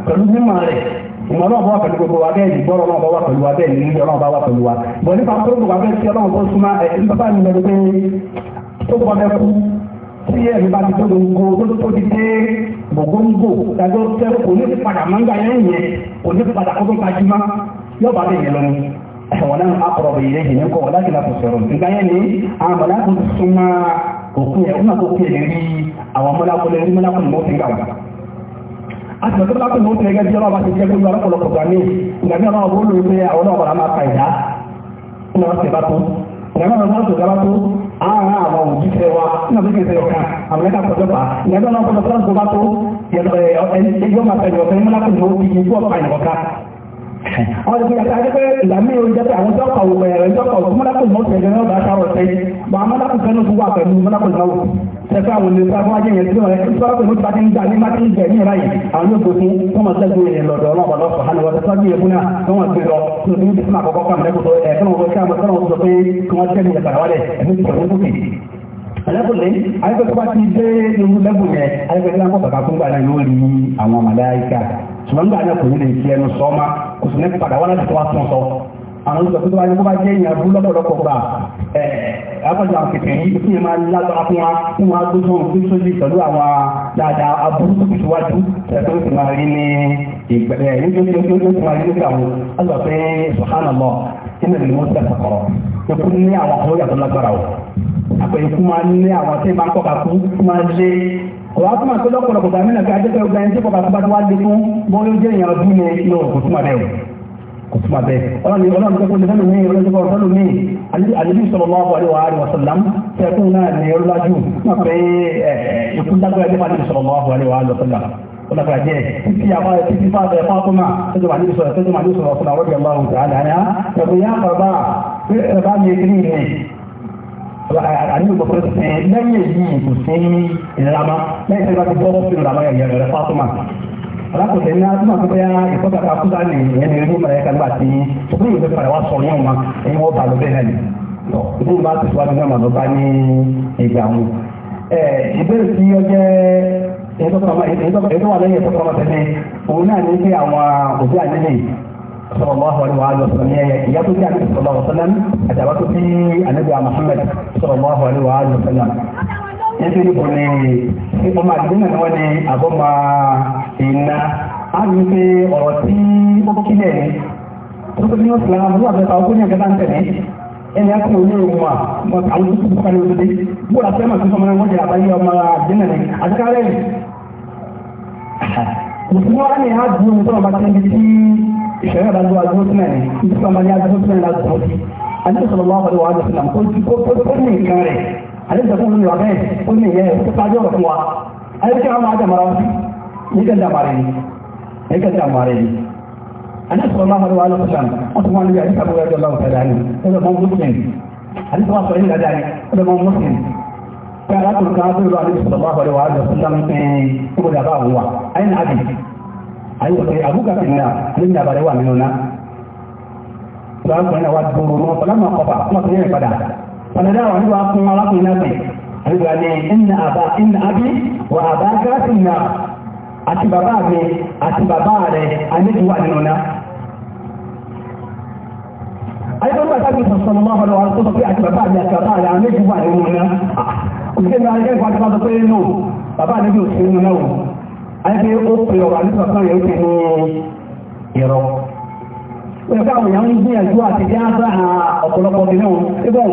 كانوا هم عليه ìmọ̀ náà bọ́ pẹ̀lú gbogbo wa bẹ́ẹ̀ ni gbọ́rọ̀ náà bọ́ wà pẹ̀lú wa bẹ́ẹ̀ ni ìyọ̀ náà bá wà pẹ̀lú wa bọ̀ nípa tó gbogbo abẹ́ tí ọlọ́run tó súnmọ́ ẹ̀sìn bàbá mi lọ pé tó gbọ́ bẹ́ kú tí ẹ̀mí bá ti tó gbogbo tó tó ti dé gbogbo dájọ́ tẹ́ kò ní padà máa ń gbà yẹn yẹn kò ní padà kó tó gbajú mọ́ yóò bá bẹ́ẹ̀ yẹn lọ́nu wọ́n náà akọ̀rọ̀bọ̀ ilé yìí nìkan wọ́n láti láti sọ̀rọ̀ nígbà yẹn ni àwọn mọ̀láàkùn súnmọ́ òkú yẹn wọ́n tó kú yẹn rí àwọn mọ̀láàkùn lẹ́rí mọ̀láàkùn ló ti gbà wá. a ti lọ́tọ́ mọ̀láàkùn ló ti rẹ̀ gẹ́gẹ́ bí ọlọ́ba ti jẹ́ gbogbo ọlọ́pọ̀lọpọ̀ gbà ní ìgbà bí ọlọ́ba ó lóye pé àwọn ọlọ́ba máa ka ìdá ní wọ́n ti bá tó ìyàgbọ́n àwọn ọmọdé ọ̀gá bá tó àárín àwọn òjíṣẹ́ wa nínú àbíkè ìṣẹ̀lẹ̀ ọ̀kan àwọn ẹ̀ka pọ̀jọ́pà ìyàgbọ́n àwọn ọmọdé ọ̀gá bá tó ẹ̀yọ́ máa tẹ̀lé ọ̀fẹ́ mọ́lákùnrin ó fi ikú ọ̀pá ìnàkọ́ká wọ́n ti gbìyànjú àti pé ìyàmí orí jẹ́ pé àwọn tó kọ̀ wẹ̀ ẹ̀rọ tó kọ̀ wọ́n mọ́lákùn mọ́ tẹ̀lé náà bá kárọ̀ tẹ́lẹ̀ bọ́ àwọn mọ́lákùn kan náà tún wà pẹ̀lú mọ́lákùn náà tẹ̀fẹ́ àwọn olè fún ajé yẹn tí ẹlẹ́kùnlé ayẹ́kọ̀ọ́ bá ti dé irú lẹ́kùn yẹn ayẹ́kọ̀ọ́ náà kọ́ bàbá fún gbàdá yóò rí àwọn màláìka ṣùgbọ́n gbà náà kò ní lè fi ẹnu sọ ma kò sì ní padà wọn láti tó wá tún sọ àwọn olùsọ tó bá yẹ kó bá jẹ́ ìyàbú lọ́pọ̀lọpọ̀ gbà ẹ̀ akọ́jọ àwọn kẹ̀kẹ́ yìí fún yẹn máa lágbára fún wa fún wa gbójú ohun gbójú sójú pẹ̀lú àwọn dáadáa aburú tó fi wájú ẹ̀fọ́ tó máa rí ní ìgbẹ̀rẹ̀ nítorí tó tó máa rí nígbà wọn. a lọ pé sọ̀hánà lọ nínú ìlú mọ́tò kókó ní àwọn kan yàtọ̀ lágbára o àpẹẹrẹ kó máa ní àwọn tí máa ń kọ́ ka kú kó máa lé ọ̀rọ̀ àti máa tọ́jọ́ pọ̀lọpọ̀ gbàmí nàkà ajẹ́pẹ́ ọgbà ẹni tí kọ́ ka kú bá ti wá lé fún bọ́ọ̀lù jẹ́ ìyàn ọdún yẹn ní ọ̀rọ̀ kò túmọ̀ bẹ́ẹ̀ o kò túmọ̀ bẹ́ẹ̀ ọlọ́ni ọlọ́ni tó kó ní sẹ́nu míì ọlọ́ni tó kọ́ sẹ́nu míì àdébí sọ̀rọ̀ mọ́ ọ̀rọ̀ àríwá àríwá sọ̀lám tẹ́kùn náà ní ọlọ́jú wọn pé ẹ̀ẹ́dẹ́kùn dágbére والأخرجين في أمارة في فاضة فاطمة تجمع عليه صلى تجمع عليه صلى الله رضي الله تعالى عنها فبيا قضاء في قضاء يكريه àdúgbò gbogbo ṣe lẹ́yìn èyí kò sí ìrama lẹ́yìn tí wọ́n ti bọ́ sínú ìrama yẹn rẹ̀ fátumà alákòóso ní asúmọ̀ tó bẹ́ẹ̀ ìfọ́gbà ká kúta ní ìyẹn ní ìlú mẹ́rẹ̀ kan gbà tí òkú yìí fẹ́ padà wá sọ yẹn wọn ẹni wọ́n bá lọ bẹ́ẹ̀ náà ni òkú yìí bá ti sọ wá ní ọmọdé bá ní ìgbà wọn. ìbéèrè tí ó jẹ́ ẹ̀tọ́ wà lẹ́yìn ẹ̀tọ́ tọrọ tẹ̀lé òun náà ní pé àwọn òbí àlẹ́lẹ̀ sallallahu alaihi wa sallam ní ẹ̀yẹ ìyá tó jẹ́ Muhammad sallallahu alaihi wa sallam nítorí kò ní ọmọ àdúgbò náà wọ́n ní àgọ́mà iná á ní pé ọ̀rọ̀ tí ó kílẹ̀ ní tó ẹni akọ owó ìwọ a wọn àwọn tó kúkú kan ní ojú dé bóra fẹ́ máa tún fọmọ náà wọ́n jẹ àbáyé ọmọ àdínà ní àdíkárẹ́ ní. òfin wa ni a dùn ní sọ́nà bá ti ń di tí ìṣẹ̀lẹ̀ bá lọ àdúgbò sílẹ̀ ní ibi tí wọ́n bá ní àdúgbò sílẹ̀ ní àdúgbò sí. àdúgbò sọ̀rọ̀ wà wọlé wàhálà sílẹ̀ kó kó ní nǹkan rẹ̀ àdúgbò sọ̀rọ̀ ní wàhálà ó ní ìyẹn kó pàdé ọ̀rọ̀ fún wa. àyẹ̀kẹ́ àwọn àjàmọ́ra ní kẹ́ńdà màrẹ́ ní anásọ̀rọ̀ máa wà lọ́wọ́ sàn wọ́n tún wọ́n lórí àdíkà bọ́ ẹjọ́ láwọ̀ tẹ̀lé àní ẹjọ́ mọ́ muslim àdíkà wà sọ̀rọ̀ ìdájá ni ẹjọ́ mọ́ muslim pé alákùnrin kan tó lọ àdíkà máa wà lọ́wọ́ àjọ sílá ń pín kúrò dàbà àwọn wà ayé ní àti bàbá mi àti bàbá rẹ̀ àníjì wà nínú náà ayélujára sábì sọ̀sọ̀ mọ́ ọ̀dọ̀ wa tó sọ pé àti bàbá mi àti bàbá rẹ̀ àwọn méjì wà nínú náà ah, òṣèlú ní ayé ẹ̀kọ́ àtúbà sọ pé nù bàbá mi ò sí nínú náà ayé ó pè ọ̀rọ̀ àdúgbò kan rẹ̀ ó ti ní ìrọ̀ ẹ̀ka àwọn èèyàn ń gbìyànjú àti bí ábá ọ̀pọ̀lọpọ̀ nínú ẹgbọ́n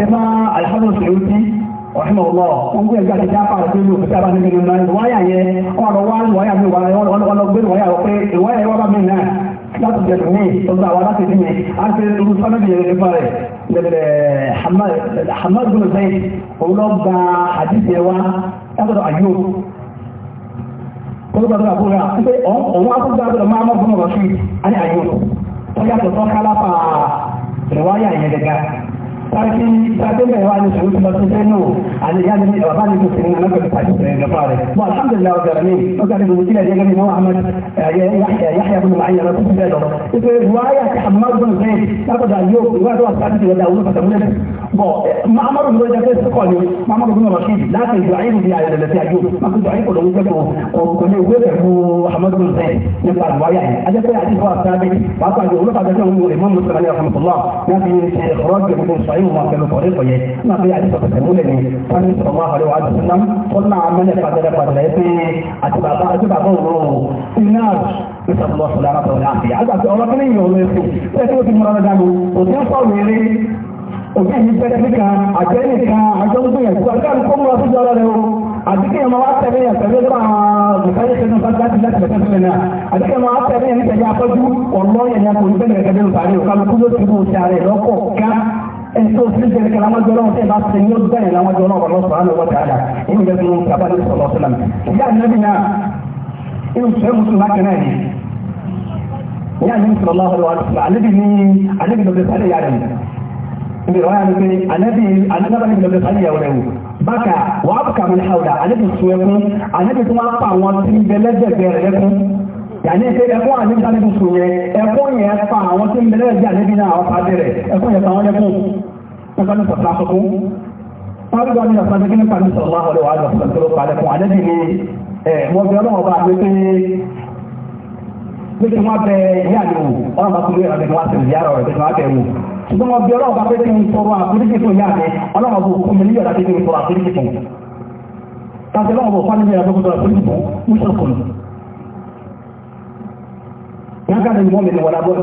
ẹ máa alhadu sèwúti ọ̀hìnà ọ̀lọ́ wọn gbìyànjú àti jápa àti ìlú òfìsí àbá nínú náà wáyà yẹn wọn lọ wá wáyà mi wà lọ gbé wáyà pé ìwáyà yẹn wá bá mi náà láti jẹ tòun yìí tó gba àwọn láti dín yẹn á ti rí irú sọ́nàbì yẹn nípa rẹ̀ lẹ́gbẹ̀rẹ̀ Hamad bin Zayd òun lọ gba àdìsí ẹ wá látọ̀dọ̀ àyò olùgbà tó àbúrò rà pé òun á tún gba àbúrò máa mọ́ fún ọ̀rọ̀ sí i á ní àyò tó yàtọ̀ tó kálápà rẹ̀ wáyà yẹn gẹ́gẹ́ sarki sarki mai yawa ne shugaban masu zeno a da yadda mai baba ne ko sirrin nan ka fashi sai ga fare to alhamdulillah wa garami to ga da mutila ya gani Muhammad Yahya Yahya ibn Ma'in na kuma da to riwaya ta Ahmad bin Zaid ta da yo wa da sarki da Dawud ka mun da bo Ma'mar bin Zaid ka ko ne Ma'mar bin Rashid la ta yu'ayr bi ala allati ayub ma kuntu ayko da wuce ko ko ne wuce ko Ahmad bin Zaid ne ba riwaya a da ta hadisi wa sabi ba ka da wani ka da mun Imam Muslim alaihi rahmatullah ya bi ikhraj min sahih yóò máa fẹnu fọdé fọyẹ náà bí àti sọ̀tẹ̀ múlẹ̀ ni sani sọ̀rọ̀ àwàlẹ̀ wà àti sinam tó náà mẹ́lẹ̀ padà padà ẹ pé àti bàbá àti bàbá òun o iná ìsàlùwọ̀ sọ̀rọ̀ àti ọ̀rẹ́ àti àgbàtì ọ̀rọ̀ kí ni ìyọ̀ ọ̀rẹ́ sí ẹ tí ó ti múra lọ́dà lọ òtí ń sọ̀rọ̀ eré òtí ẹ̀yìn pẹ́ẹ́sì kan àjẹ́yìn kan àjọ́gbìyànjú àgbàlùkọ́ múra sí jọ́rọ̀ rẹ̀ o àdíkẹ́ ọmọ wa tẹ̀lé yẹn tẹ̀lé lọ́wọ́ àgbẹ̀fẹ́lẹ́ tẹ̀lé nípa láti láti lẹ́tẹ̀ tẹ̀lé náà àdíkẹ́ ọmọ wa tẹ̀lé yẹn tẹ̀lé afọ́jú ọ̀lọ́ yẹn yẹn kò ní bẹ́ẹ̀ gẹ́gẹ́ lórí parí òkàlùkù ló ti mú ti ààrẹ lọ́kọ̀ọ̀kan ẹni tó sì jẹ́ kí alámọ́jọ́ náà tẹ́ bá ti ní ó bẹ̀rẹ̀ lámọ́jọ́ náà wọ́n lọ́sọ̀rọ̀ àlọ́ wọ́n dáadáa inú ìgbẹ́ fún bàbá ní sọ̀rọ̀ ọ̀sọ̀lá ìyá ànábì náà inú ìṣẹ́ mùsùlùmá kan náà ni ìyá ànábì sọ̀rọ̀ lọ́wọ́ lọ́wọ́ àlọ́ ànábì ní ànábì lọ́dẹ sálẹ̀ yá rẹ̀ ibi rọ̀ yá ni pé ànábì ànábì lọ́dẹ sálẹ̀ yá rẹ̀ bákà wà á bùkà mẹ́lẹ̀ àwùdà ànábì sọ ẹkún ànábì tó máa pa àwọn tí yàní pé ẹkún ànábì sálẹ̀ tó yẹ ẹkún yẹn pa àwọn tí ń bẹ lẹ́gbẹ̀ẹ́ ànábì náà àwọn pàdé ẹkún yẹn pa àwọn lẹ́kún kọ́sánù sọ̀tà sọ́kún wọ́n gbọ́ ní ọ̀sán gẹ́gẹ́ nípa ní sọ̀rọ̀ àwọn ọ̀rọ̀ àwọn ọ̀sán tó ló parẹ́ fún àdẹ́bì ni wọ́n fi ọlọ́wọ́ bá pé pé pé kí wọ́n bẹ ìyá mi wò ọlọ́wọ́ bá kúrò ìrọ̀lẹ́ kí wọ́n sì ìyá rẹ̀ pé kí wọ́n bẹ wò ṣùgbọ́n wọ́n bí ọlọ́wọ́ bá pé kí n tọrọ àforíjì fún ìyá mi ọlọ́wọ́ bó kún mi ní yọ̀dá pé kí n tọrọ àforíjì fún tàbí ọlọ́wọ́ bó fún mi ní yọ̀dá pé kí n tọrọ àforíjì fún إن كان المؤمن ولا بد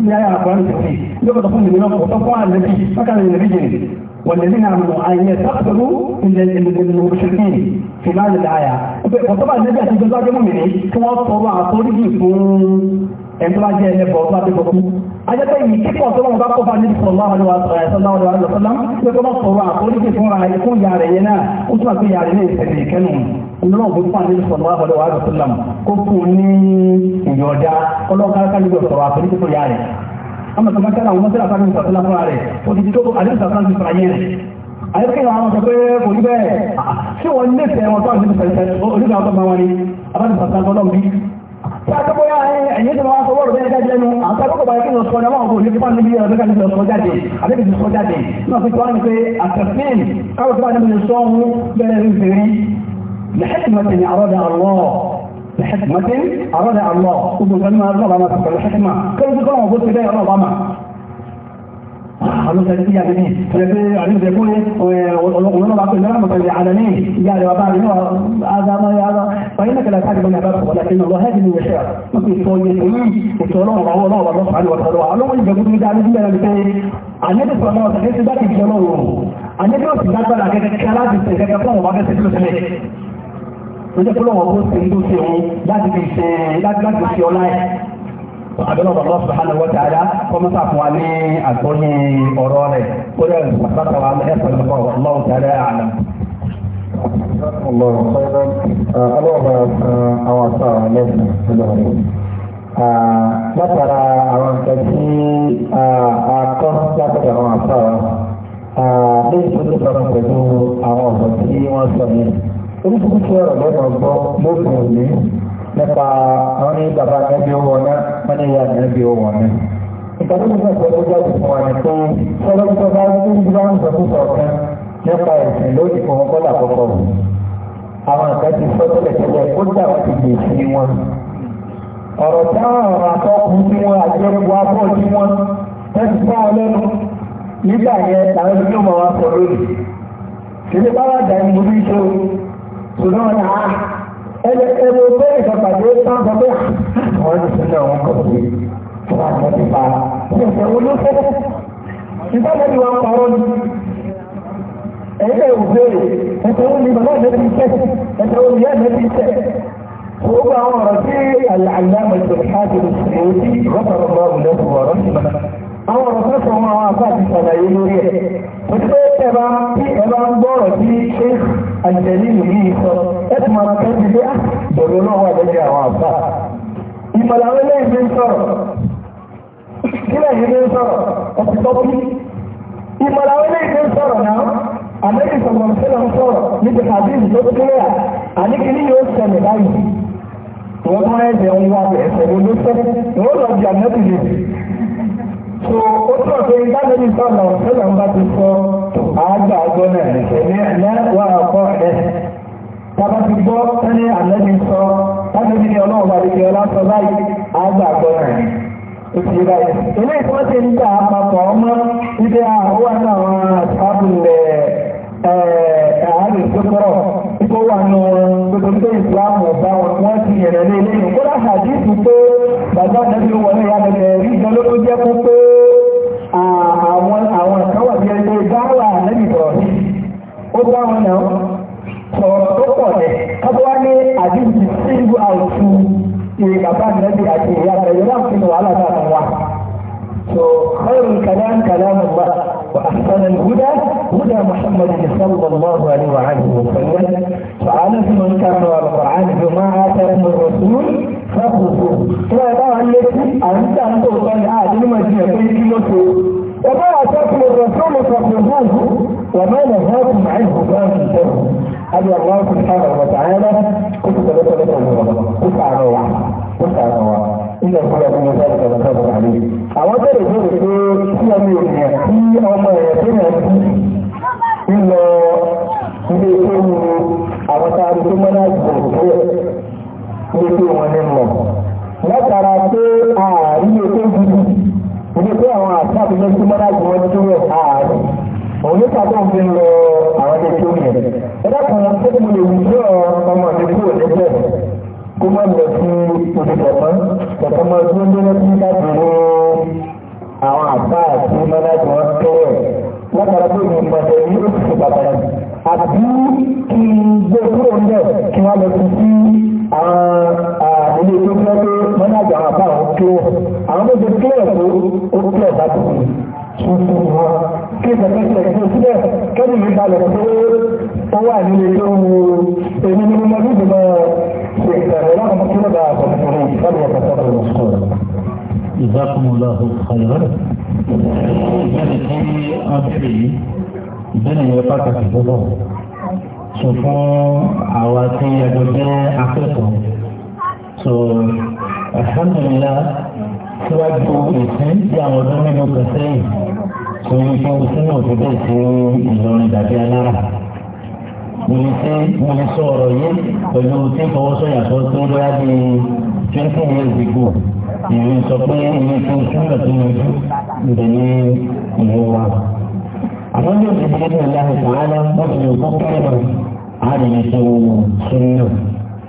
لا يعرفون التوحيد لقد قلنا من الله وتقوى النبي فكان النبي جنبي والذين آمنوا أن يستغفروا للمشركين في بعض الآية وطبعا النبي أتجزاء المؤمنين كما صلى على طريقه ẹ̀dọ́ ajẹ́ ẹlẹ́bọ̀ ọdún adébọ̀kú ajẹ́pẹ́ yìí kíkọ̀ tó wọ́n bá kọ́ bá níbi sọ̀rọ̀ láwọn ọdún àṣọ̀lá ọdún àṣọ̀lá ọdún pé kọ́ bá sọ̀rọ̀ àforíjì fún ara ẹ̀kún ìyá rẹ̀ yẹn náà ó túnbà pé ìyá rẹ̀ ní ìṣẹ̀lẹ̀ ìkẹ́nu olóòwò fún àdébí sọ̀rọ̀ láwọn ọdún àṣọ̀lá kó fún ní ìyọ̀dá ọlọ́ọ̀ká kálíbì sọ̀rọ̀ àforíjì fún ìyá rẹ̀ ọmọ tó máa tẹ́lá àwọn mọ́tẹ́lá fún àdébí sọ̀rọ̀ láwọn rẹ̀ òdìdí tó àdébí sọ̀rọ̀ láwọn fún ayé rẹ̀ àyẹ́kẹ́lá àwọn Sáàtọ́gbọ́yá ẹ̀yìn tó máa sọwọ́rọ̀ bẹ́ẹ̀ jáde ẹnu, àwọn sáàtọ́gbọ́ bá ẹ̀kí lọ́sọ́ ọ̀nà wọn kò ní fún níbi ọ̀dọ́ kan lọ́sọ́ jáde, àbẹ́bẹ̀ ti sọ jáde. Náà fi tọ́wọ́n pé àtẹ̀fín káwọ̀ tó bá níbi sọ ohun bẹ́ẹ̀ rí fèrè. Lẹ́hẹ́kìmọ̀tì ni àrọ́dà àlọ́. Lẹ́hẹ́kìmọ̀tì àrọ́dà àlọ́. Gbogbo nǹkan ní máa rọ́ ọlọ́sẹ̀lẹ̀ tí yàgbé ní ẹgbẹ́ àríwẹ̀kúnlẹ̀ ọlọ́kùnrin bá pẹ̀lú ọmọ pẹ̀lú àdàní ìyá rẹ̀ bàbá rẹ̀ àzàmọ́ yàrá pẹ̀lú ẹ̀kẹ́lá káàkiri ní àbábà wọ́n lẹ́kẹ́ lọ hẹ́jì ní ìwẹ̀ṣẹ́ wọ́n fi sọ yẹ èyí ètò ọlọ́run àwọn ọlọ́run lọ́sọ̀ àlùwà tọ́lọ́ alọ́wọ́ ìjẹ́gùn tó ń dá ní sílẹ̀ rẹ̀ pé àyẹ́dẹ̀ sọ̀rọ̀ ọ̀sẹ̀ ní ti bá ti jẹ́ ọlọ́run àyẹ́dẹ̀ òsì lágbára kẹ́kẹ́ aláàbì tẹ̀ kẹ́kẹ́ fún ọmọ bá fẹ́ sílẹ̀ sílẹ̀ tó jẹ́ pé lọ́wọ́ bó àdúrà Allah subhanahu wa ta'ala kọ́mọ́tà fún wa ní àgbọ́yé ọ̀rọ̀ rẹ̀ kó yẹ pàtàkì wa ní ẹ̀fọ́ ìlú kọ́ Allah ta'ala àná. Ah, Allah ọ̀sán ọlọ́ọ̀bà ah, àwọn àṣà lẹ́sìn ìlọrin. Ah, látara àwọn nǹkan tí àkọ́ látọ̀dọ̀ àwọn àṣà wa, lẹ́yìn tó ní sọ̀rọ̀ pẹ̀lú àwọn ọ̀sán tí wọ́n sọ yẹn. Oríṣiríṣi ọ̀rọ̀ lọ́nà ọgbọ́n lókun òní nípa àwọn ní bàbá nẹ́bí owó ọ̀nà wọ́n ní ìyá nẹ́bí owó ọ̀nà. ìtọ́jú nígbà tó ló jáde fún wa ní pé sọ́dọ̀ tó bá ní ìgbà ń sọ fún sọ̀kan nípa ẹ̀sìn lónìí fún ọkọ̀ làkọ́kọ́ rẹ̀. àwọn nǹkan ti sọ tẹ́lẹ̀ tẹ́lẹ̀ ó dà wọ́n ti gbè sí tí wọ́n àjẹrùbọ̀ abọ́ nígbà yẹn àwọn ibi yóò máa wá sọ lónìí. kìlẹ̀ bá wà dà ní ibi ìṣó ṣùgbọ́n náà ẹni ẹni pé ìjọpàdé sáńsọ pé àwọn ìṣẹ̀lẹ̀ ọ̀hún kò sí fún àwọn nípa ìṣẹ̀lẹ̀ olóṣèlú ìbámu ni wọn parọ́ ni ẹ̀yìn ẹ̀wù béèrè ẹ̀tọ́ wọn ni bàbá ìlẹ́bí iṣẹ́ ẹ̀tọ́ wọn ni ẹ̀lẹ́bí iṣẹ́ gbogbo àwọn ọ̀rọ̀ tí àlàmà ìṣèlú ìṣèlú rọ́pàrọ̀ bọ́ọ̀lù lẹ́kọ̀ọ́ ọ̀rọ̀ sí mọ́nà àwọn ọ̀rọ̀ tó sọ wọn àwọn àbá àti ìṣàlàyé lórí ẹ̀ òṣìṣẹ́ ẹ̀ bá ń gbọ́rọ̀ sí ṣéèkì àjẹ̀lí ìlú yìí sọ ẹ̀tù máa tẹ́ ti dé ah, bẹ̀rù ọlọ́wọ́ àbẹ́jẹ́ àwọn àbá ìmọ̀lá wẹ́lẹ́ ìgbé ń sọ̀rọ̀ kílẹ̀ ìgbé ń sọ̀rọ̀ ọ̀pọ̀tọ́pí ìmọ̀lá wẹ́lẹ́ ìgbé ń sọ̀rọ̀ náà àmẹ́rì sọ̀rọ̀ sílẹ̀ ń sọ̀rọ̀ níbi tàbí ìlú tó kílẹ̀ àníkiri yóò ṣẹlẹ̀ báyìí wọ́n tún ẹ̀jẹ̀ ń wá ẹ̀sẹ̀ ló ló sẹ́ tó ó tọ̀ pé ìdánilẹ́bí sọ̀nà sọ̀nà ń bá ti sọ àágbà ọgbọ́n náà ẹ̀mí wà ọkọ ẹ̀ tábà ti gbọ́ sẹ́ni àlẹ́bí sọ tábìlì ní ọlọ́run bá ti ọlá sọ báyìí àágbà ọgbọ́n náà òsì báyìí ilé ìfọ́sẹ̀ nígbà àpapọ̀ ọmọ ibi àwọn àwọn àtàbùlẹ̀ ààrẹ sọ́kọ̀rọ̀ tó wà ní gbogbo tó ìsìláàmù ọ̀bá wọn ti yẹ̀rẹ̀ lé ilé ìkọ́lá àdìsí pé bàbá àdẹ́bí wọlé ìyá bẹ̀rẹ̀ rí ìdánlógún jẹ́ fún pé àbúrá wọn náà ọ̀rọ̀ tó pọ̀ lẹ̀ kábọ̀ wá ní àdíjì sílù àwùjù ìrè bàbá nẹ́bí àti ìyá rẹ̀ yóò láti ní wàhálà náà fún wa. so khairul kalam kalamullah wa ahsanul huda huda muhammadin sallallahu alaihi wa alihi wa sallam fa'ala fi man kana wal qur'an bi ma atara min rasul fa khufu to ba wa lati an ta an to ba ni a dinu ma ji ya kai kilo to وما أتاكم الرسول فخذوه وما نهاكم عنه فانتهوا أن الله سبحانه وتعالى كنت ثلاثة ثلاثة تسعة نوع تسعة نوع إن كل من ذلك لقادر عليه أود أن أقول في أمير في أمر يتم إلا ilé tó ń lo àwọn tá a rí tó mọ́nà ìgbòho ilé tó Ibi pé àwọn àṣàbí ló sí mọ́nà tí wọ́n dúró ààrẹ. Òun ní pàtó ń fi lọ àwọn ilé tí ó yẹ. Ẹ dákun tó ti mo lè wù sí ọmọ mi kúrò níbẹ̀. Kó má lọ sí òṣìṣẹ́ mọ́. Ẹ̀ka máa dúró lọ́wọ́ sí dábìrì àwọn àṣà àti mọ́nà tí wọ́n tẹ́wẹ̀. Látara pé mi mọ̀tẹ́ ní oṣù pàtàkì. Àbí kí n gbé kúrò ń bẹ̀ kí wọ́n lọ sí sí àwọn ilé tó ń lọ́pẹ́ mọ́nájà àwọn àbá àwọn kílọ̀ àwọn tó ti kílọ̀ tó ó kílọ̀ bá ti fi ṣùkú wọn kí ìṣẹ̀kẹ́ ìṣẹ̀kẹ́ tó sílẹ̀ kẹ́lì yìí balẹ̀ pé ó wà nílé tó ń wo èmi ní mo ní ìdìbò ṣe ìṣẹ̀rẹ̀ láwọn ọmọ kílọ̀ bá àbọ̀ fún mi lábẹ́ ọ̀pọ̀ sọ́dọ̀ lọ sọ́dọ̀. Jazakumullahu khairan. Ìbéèrè tí a bèèrè yìí, ìbéèrè yẹn pàtàkì tó lọ. Sọ fún àwa tí ẹgbẹ́ jẹ́ akẹ́kọ̀ọ́ so alhamdulillah síwájú ìsìn tí àwọn ọdún mélòó kan sẹ́yìn tó yẹ kí wọ́n sínú òfin bẹ́ẹ̀ sí Ìlọrin dàbí alára mo lè ṣe mo lè sọ ọ̀rọ̀ yìí pẹ̀lú tí fọwọ́sọ̀yà tó tó lọ́yà bí twenty years ago ìlú sọ pé ilé tó súnmọ̀ tó yanjú ìbẹ̀ ní ìlú wa. àwọn yóò ti ṣe ní ìlànà ìpàdé wọn fi lè kó kẹ́rọ̀ àdìyẹ tó súnmọ̀.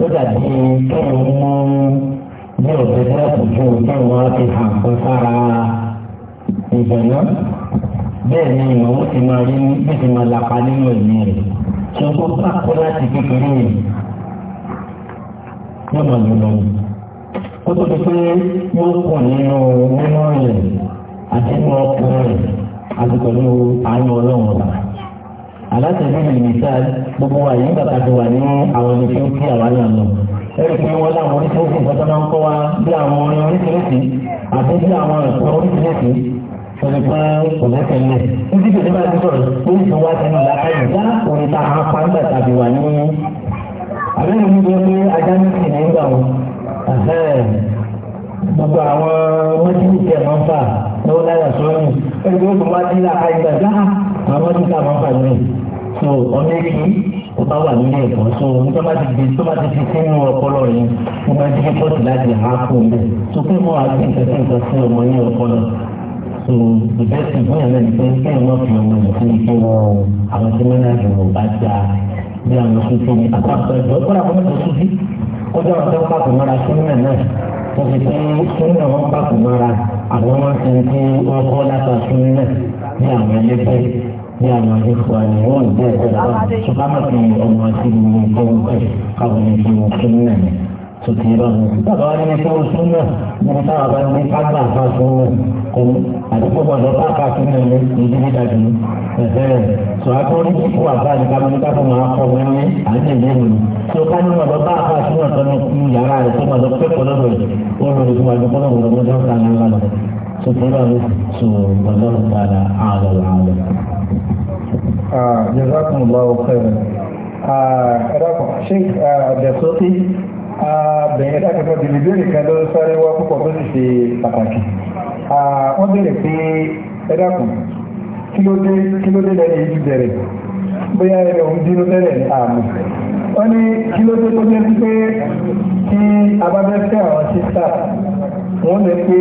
ó dàbí kéwọn mú bí òbí búrọ́kù fún kéwọn wá ti hàn kó sára ìbẹ̀ náà bẹ́ẹ̀ ni ìnáwó ti máa rí bí ti máa lapa nínú ìní rẹ̀ tí ó kó pàkó láti kékeré rẹ̀ yóò máa lò lọ́wọ́ kó tó di pé yóò pọ̀ nínú nínú rẹ̀ àti nínú ọkùnrin rẹ̀ àti pẹ̀lú àánú ọlọ́run ọ̀la alátẹ̀lé lè ní sáà gbogbo wa yìí bàtà ti wà ní àwọn ibi tí ó kí àwa náà lọ. ẹ̀rí pé wọ́n láwọn oríṣiríṣi ìfọ́tọ́ máa ń kọ́ wa bí àwọn orin oríṣiríṣi àti bí àwọn ẹ̀kọ́ oríṣiríṣi sọ̀rọ̀ pé kò lẹ́sẹ̀lẹ̀. títí kìí bá ti sọ̀rọ̀ ó sì wá sẹ́nu làákàyè já orin ta àwọn pàǹdà tàbí wà ní. àbẹ́rẹ́ mi gbé pé ajá ní sì ní gbà wọn. gbogbo àwọn mọ́tíríṣẹ́ máa ń fà lọ́wọ́ láyà sọ́run. ẹgbẹ́ òṣùwọ́n ti làákàyè gbà já ah, àwọn mọ́tíríṣẹ́ máa ń fà lóyún so ọmọ ẹni tó bá wà nílé ẹ̀kọ́ so tó bá ti di tó bá ti fi sínú ọpọlọ yẹn mo máa di pọ́ọ̀tì láti àákò mi so pé mo àti ìfẹ́sẹ̀ nǹkan sí ọmọ yẹn ọpọlọ so ìbẹ́sì fún yàrá ẹni pé kí ẹ̀ wọ́n fi ọmọ yẹn fún ike wọn àwọn tí wọ́n náà yọ̀ bá já bí àwọn sùfì ní àpapọ̀ ẹ̀dọ́ kọ́ra kọ́ mẹ́tọ̀ sùfì ó jẹ́ ọ̀dọ́ pàtó mọ́ra sínú náà wọ́n fi pé ní àwọn ẹ̀kọ́ àyẹ̀wò wọn ìgbẹ́ ẹ̀kọ́ dábà ṣùgbọ́n má fi ọmọ sí ní ẹgbẹ́ wọn káwọn ní fi wọn fún náà ní tó ti rọ ní. bàbá wa ní ní sọ́wọ́ sún náà ní ní táwọn bá ní kágbà fa sún náà kò ní àdúgbò gbọdọ̀ bá ká sún náà ní ìdí dídá jù ní. ẹ̀fẹ́ rẹ̀ sọ akọ́rí tí kò àbá ní káwọn ní káfọ́ máa kọ́ wọn ní àdéhùn ní. tó ká ní gbọdọ̀ bá ká sún náà tọ́nu yàrá rẹ̀ tó gbọdọ̀ pẹ́kọ̀ọ́ lọ́dọ̀ سبحانه والله تعالى أعلى العالم جزاكم الله خيرا Sheikh Abdulsoti bẹ̀yẹ̀ dákẹ́kọ̀ọ́ di ìbéèrè kan ló sáré wá púpọ̀ tó sì ṣe pàtàkì. Wọ́n bèèrè pé ẹ̀dàkùn kí ló dé lẹ́yìn ìjú bẹ̀rẹ̀ bóyá ẹ̀rẹ̀ òun dínú tẹ́lẹ̀ ní ààbò. Wọ́n ní kí ló dé tó jẹ́ pé kí abáfẹ́fẹ́ àwọn sísà wọ́n lè pé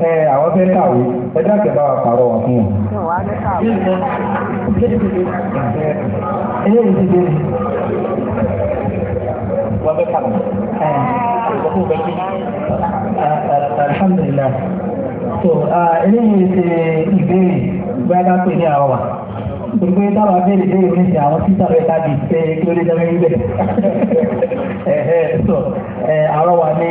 ẹ àwọn fẹ́ kàwé ẹ dákẹ́ bá wa pàrọ̀ wà fún wọn. ilé yìí ti dé ni. wọ́n fẹ́ kàwé. alhamdulilayi so ilé yìí ti ìbéèrè bóyá ká pè ní àwọn wà gbogbo ẹ táwọn abẹ́rẹ́ ìbéèrè mi ti àwọn títà rẹ̀ tàbí ṣe kí ló dé dáná níbẹ̀. ẹ̀ẹ́ so àwọn wà ní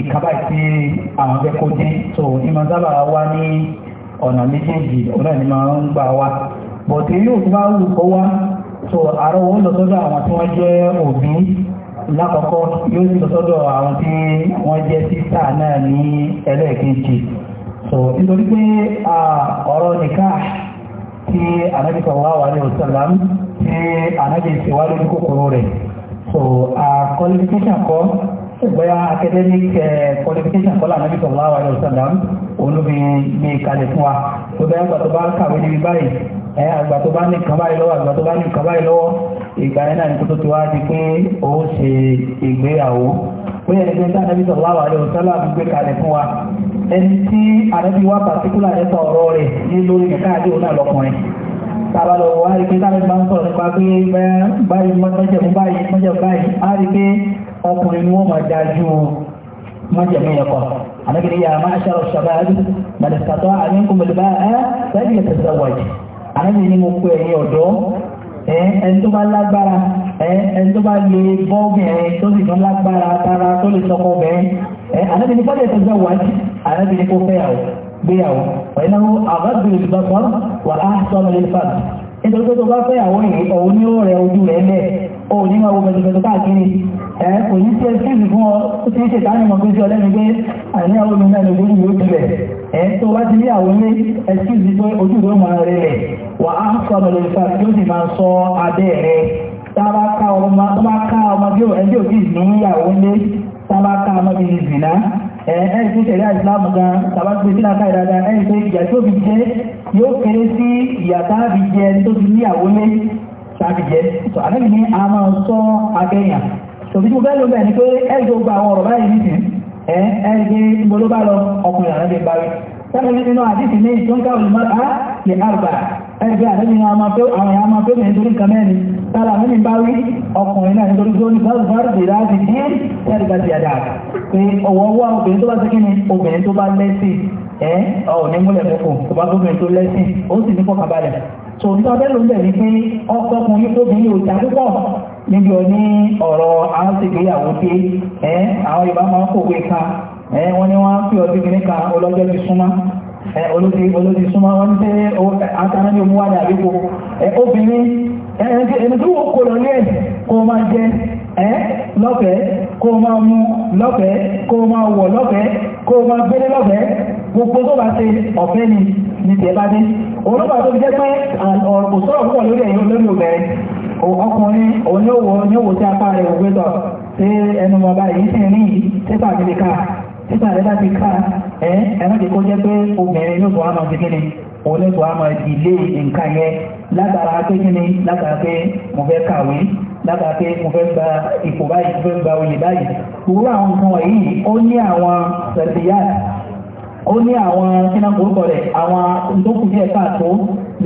ìkábà tí àwọn fẹ́ kó dín so ìmọ̀ sábà wá ní ọ̀nà méjèèjì ọ̀nà ni máa ń gbà wá bọ̀tí yóò tún bá wù wá so àrọ owó lọ sọ́dọ̀ àwọn tí wọ́n jẹ́ òbí lákọ̀ọ́kọ́ yóò sì lọ sọ́dọ̀ àwọn tí wọ́n jẹ́ sísà so nítorí pé ọ̀rọ̀ nìkan tí Ànábì sallallahu alaihi wasallam tí Ànábì ìṣèwádìí kòkòrò rẹ̀ so bóyá academic eh, qualification kọ́lá nàbí sallallahu alaihi wasallam olóbi ní e kalẹ̀ fún wa tó bẹ́ẹ̀ àgbà tó bá kàwé níbi báyìí ẹ àgbà tó bá ní nǹkan báyìí lọ́wọ́ àgbà tó bá ní nǹkan báyìí lọ́wọ́ ìgbà yẹn náà ní kótó tó wá di pé ó ṣe ìgbéyàwó ó yẹ kí ẹgbẹ́ nàbí sallallahu alaihi wasallam gbé kalẹ̀ fún wa ẹni tí àdébí wá pàtíkúlà nípa ọ̀rọ̀ rẹ̀ ní lórí nìkan àdéhùn náà lọ́kùnrin tàbá lọ wá rí pé táwọn ìgbà ń sọ̀rọ̀ nípa pé báyìí mọ́jẹ̀ mú báyìí mọ́jẹ̀ báyìí á rí pé ọkùnrin ni wọ́n máa dájú mọ́jẹ̀mí ẹ̀kọ́ àmọ́gìrì yà máa ṣàrọ̀ ṣàbáàdì màlìsàtọ́ àyínkù mọ̀lẹ́bá ẹ́ lẹ́yìn ìtẹ̀sẹ̀wọ̀jì àmọ́gìrì ni mo kú ẹ̀yìn ọ̀dọ́ ẹni tó bá lágbára ẹni tó bá lè bọ́ọ̀bìnrin tó sì tún lágbára tara tó lè sọkọ obìnrin àmọ́gìrì ni bọ́ọ̀lì ìtẹ̀sẹ̀wọ̀jì àmọ́gìrì ni kò fẹ́yàwó gbéyàwó ọ̀yìnàwó àgbàgbèrè ìbáfọ́ wà òní máa wo bẹ̀rẹ̀bẹ̀rẹ̀ káàkiri ẹ̀ òní tí ẹ fíìsì fún ọ ó ti ń ṣe ìdáhùn ìmọ̀ gbèsè ọlẹ́ni pé àníyàwó mi náà lójú ìwé òbílẹ̀ ẹ̀ tó bá ti níyàwó ní ẹ̀sìkìsì pé ojú ìwé máa rẹ̀ rẹ̀ wà á sọ ọ̀nà lórí fà tí ó sì máa sọ abẹ́ rẹ̀ tábà ká ọmọ bí ẹbí òbí níyàwó ní tábà ká ọmọ bí zìnà ẹ̀ẹ́n tí tẹ̀lé àìsìláàmù gan tàbá gbé sí láta ìdada tàbí jẹ́ tó àlẹ́bí ní a máa sọ abẹ́yàn tòbí tí mo fẹ́ ló bẹ̀ ni pé ẹ̀rí gbogbo àwọn ọ̀rọ̀ báyìí nìsín ẹ̀ ẹ̀rí gbé lọ ọkùnrin àlẹ́bí bá sẹ́gun nínú àdìsí ní ìtúnká olùmọ́ta lè àgbà ẹgbẹ́ àdínní àwọn àmà tó mẹ́rin torí nǹkan mẹ́rin tààrà mẹ́rin bá rí ọkùnrin náà nítorí tó ní sáàrùfáàrù dè láti dé tẹ́rìgbà ti àdá pé ọwọ́ wá obìnrin tó bá sí kíni obìnrin tó bá lẹ́sìn ẹ́ ọ̀ ní múlẹ̀ fún kò bá gómìnir tó lẹ́sìn ó sì ní fọkàbalẹ̀ tò ní ọbẹ̀ ló ń bẹ̀rẹ̀ pé ọkọkùnrin obìnrin ò jà púpọ̀ níbi ọ ní ọ̀rọ̀ àwọn ṣègbéyàwó dé ẹ́ àwọn Yorùbá máa ń kòwé kan ẹ̀ wọ́n ní wọ́n fi ọdún kìíní ka ọlọ́jọ́ ti súnmọ́ ẹ̀ olódi olódi súnmọ́ wọ́n ní pé àtàrà ní omi wájà àdúgbò ẹ̀ obìnrin ẹni tí wọ́n kò lọ ní ẹ̀ kó máa jẹ ẹ́ lọ́fẹ̀ẹ́ kó máa mú lọ́fẹ̀ẹ́ kó máa wọ̀ lọ́fẹ̀ẹ́ kó máa gbélé lọ́fẹ̀ẹ́ gbogbo tó bá ṣe ọ̀fẹ́ ni ní tẹ̀ bá dé olóògbà tó fi jẹ́ pé ọ̀rọ̀ sọ̀rọ̀ nígbà rẹ̀ bá ti ká ẹ́ ẹ̀rọ ti kó jẹ́ pé obìnrin yóò bọ̀ àmọ́ ti kíni òun lè bọ̀ àmọ́ ìdílé nǹkan yẹn látara pé kíni látara pé mo fẹ́ kàwé látara pé mo fẹ́ gba ipò báyìí mo fẹ́ gba oyè báyìí gbogbo àwọn nǹkan wọ̀nyí ó ní àwọn sẹ̀tìyà ó ní àwọn kíná orúkọ rẹ̀ àwọn tó kù díẹ̀ káàtó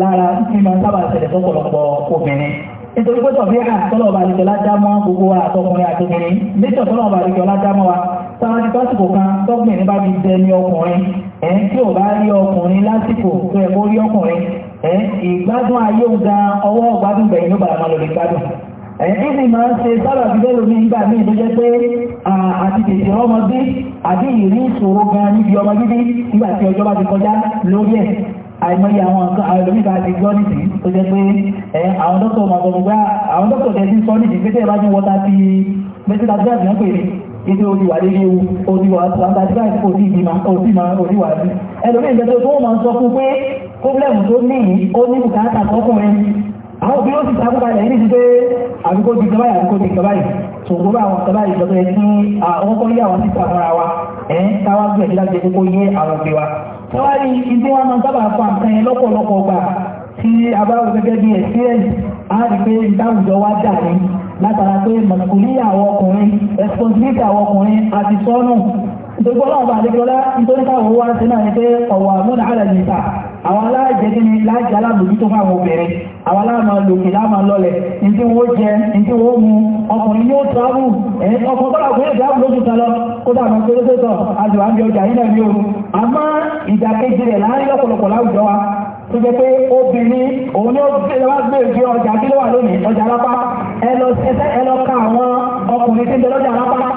lára tí máa sábà ṣẹlẹ̀ sọ́pọ̀lọpọ̀ obìnrin nítorí pé tọ̀bí hàn tọ́lọ̀ ọba àdìjọ ládámọ́ gbogbo wa àtọkùnrin àtọkùnrin nítorí tọ́lọ̀ ọba àdìjọ ládámọ́ wa tọ́lá ti tọ́sìkò kan tọ́gbìnrin bá fi jẹ ní ọkùnrin ẹ̀ tí ò bá rí ọkùnrin lásìkò tó ẹ̀kọ́ rí ọkùnrin ẹ̀ ìgbádùn ayé ń ga ọwọ́ ìgbádùn bẹ̀yìn ló bàrà máa lò gbádùn ẹ̀yìn ni máa ń ṣe sábà bíbẹ́ lómi nígbà míì tó jẹ́ pé àti tètè ọmọ bí àbí ìrí ìṣòro gan níbi ọmọ bíbí nígbà tí ọjọ́ bá ti kọjá lórí ẹ̀ àìmọye àwọn nǹkan àìlòmíkà ti gbọ́ nìsí tó jẹ́ pé àwọn dókítà ọmọ ọmọ gbá àwọn dókítà ọ̀dẹ́ ti sọ nìsí pé tẹ́ẹ̀ bá ní wọ́ta ti mẹ́sílá bí àbí ń pè ní ìdí olùwà lé léwu olùwà àtàndà tí báyìí kò sí ìdìmọ̀ òsìmọ̀ olùwà sí ẹlòmíì ìjẹ́ tó tó wọ́n máa ń sọ fún pé pọ́blẹ́mù tó ní ó ní bùkátà tọkùnrin àwọn òbí ó sì sábà kalẹ̀ ní ti pé àbíkó ti kaba yìí àbíkó ti kaba yìí ṣòkó bá àwọn kaba yìí lọ́tọ̀ ẹni àwọn kọ́ yé àwọn títà fara wa ẹ̀ ń táwa gbẹ̀dẹ̀ láti kókó yé àwọn òbí wa. táwa ní ibi wọn máa sábà fa nǹkan yẹn lọ́pọ̀lọpọ̀ gbà tí a bá wọ gẹ́gẹ́ bí experience a rí pé ìdáwùjọ wa dà ní látara pé mọ̀nàkùnrin àwọn ọkùnrin responsibility àwọn ọkùnrin àti sọ́nù nítorí pé bá àdéjọ́lá nítorí táwọn owó wá sí náà ni pé ọ̀wọ̀ àmúnà àlẹ́ àwọn aláàjẹ́ kí ni láàjẹ́ alábòjútó fún àwọn obìnrin àwọn aláàmà lòkè láàmà lọ́lẹ̀ ìdí wọ́n jẹ ìdí wọ́n mu ọkùnrin yóò tọ́rù ẹ̀yìn ọkọ̀ bọ́lá kò yóò dáàbò lójú tọ́lọ kó dáàmà pé lójú tọ́ àjò àmì ọjà yìí náà ní o àmọ́ ìdàkejì rẹ̀ láàárín ọ̀pọ̀lọpọ̀ láwùjọ wa tó jẹ pé obìnrin òun ni ó gbé wá gbé ìgbé ọjà kí ló wà lónìí ọjà alápá ẹ lọ ka àwọn ọkùnrin tí ń bẹ lọ́jà alápá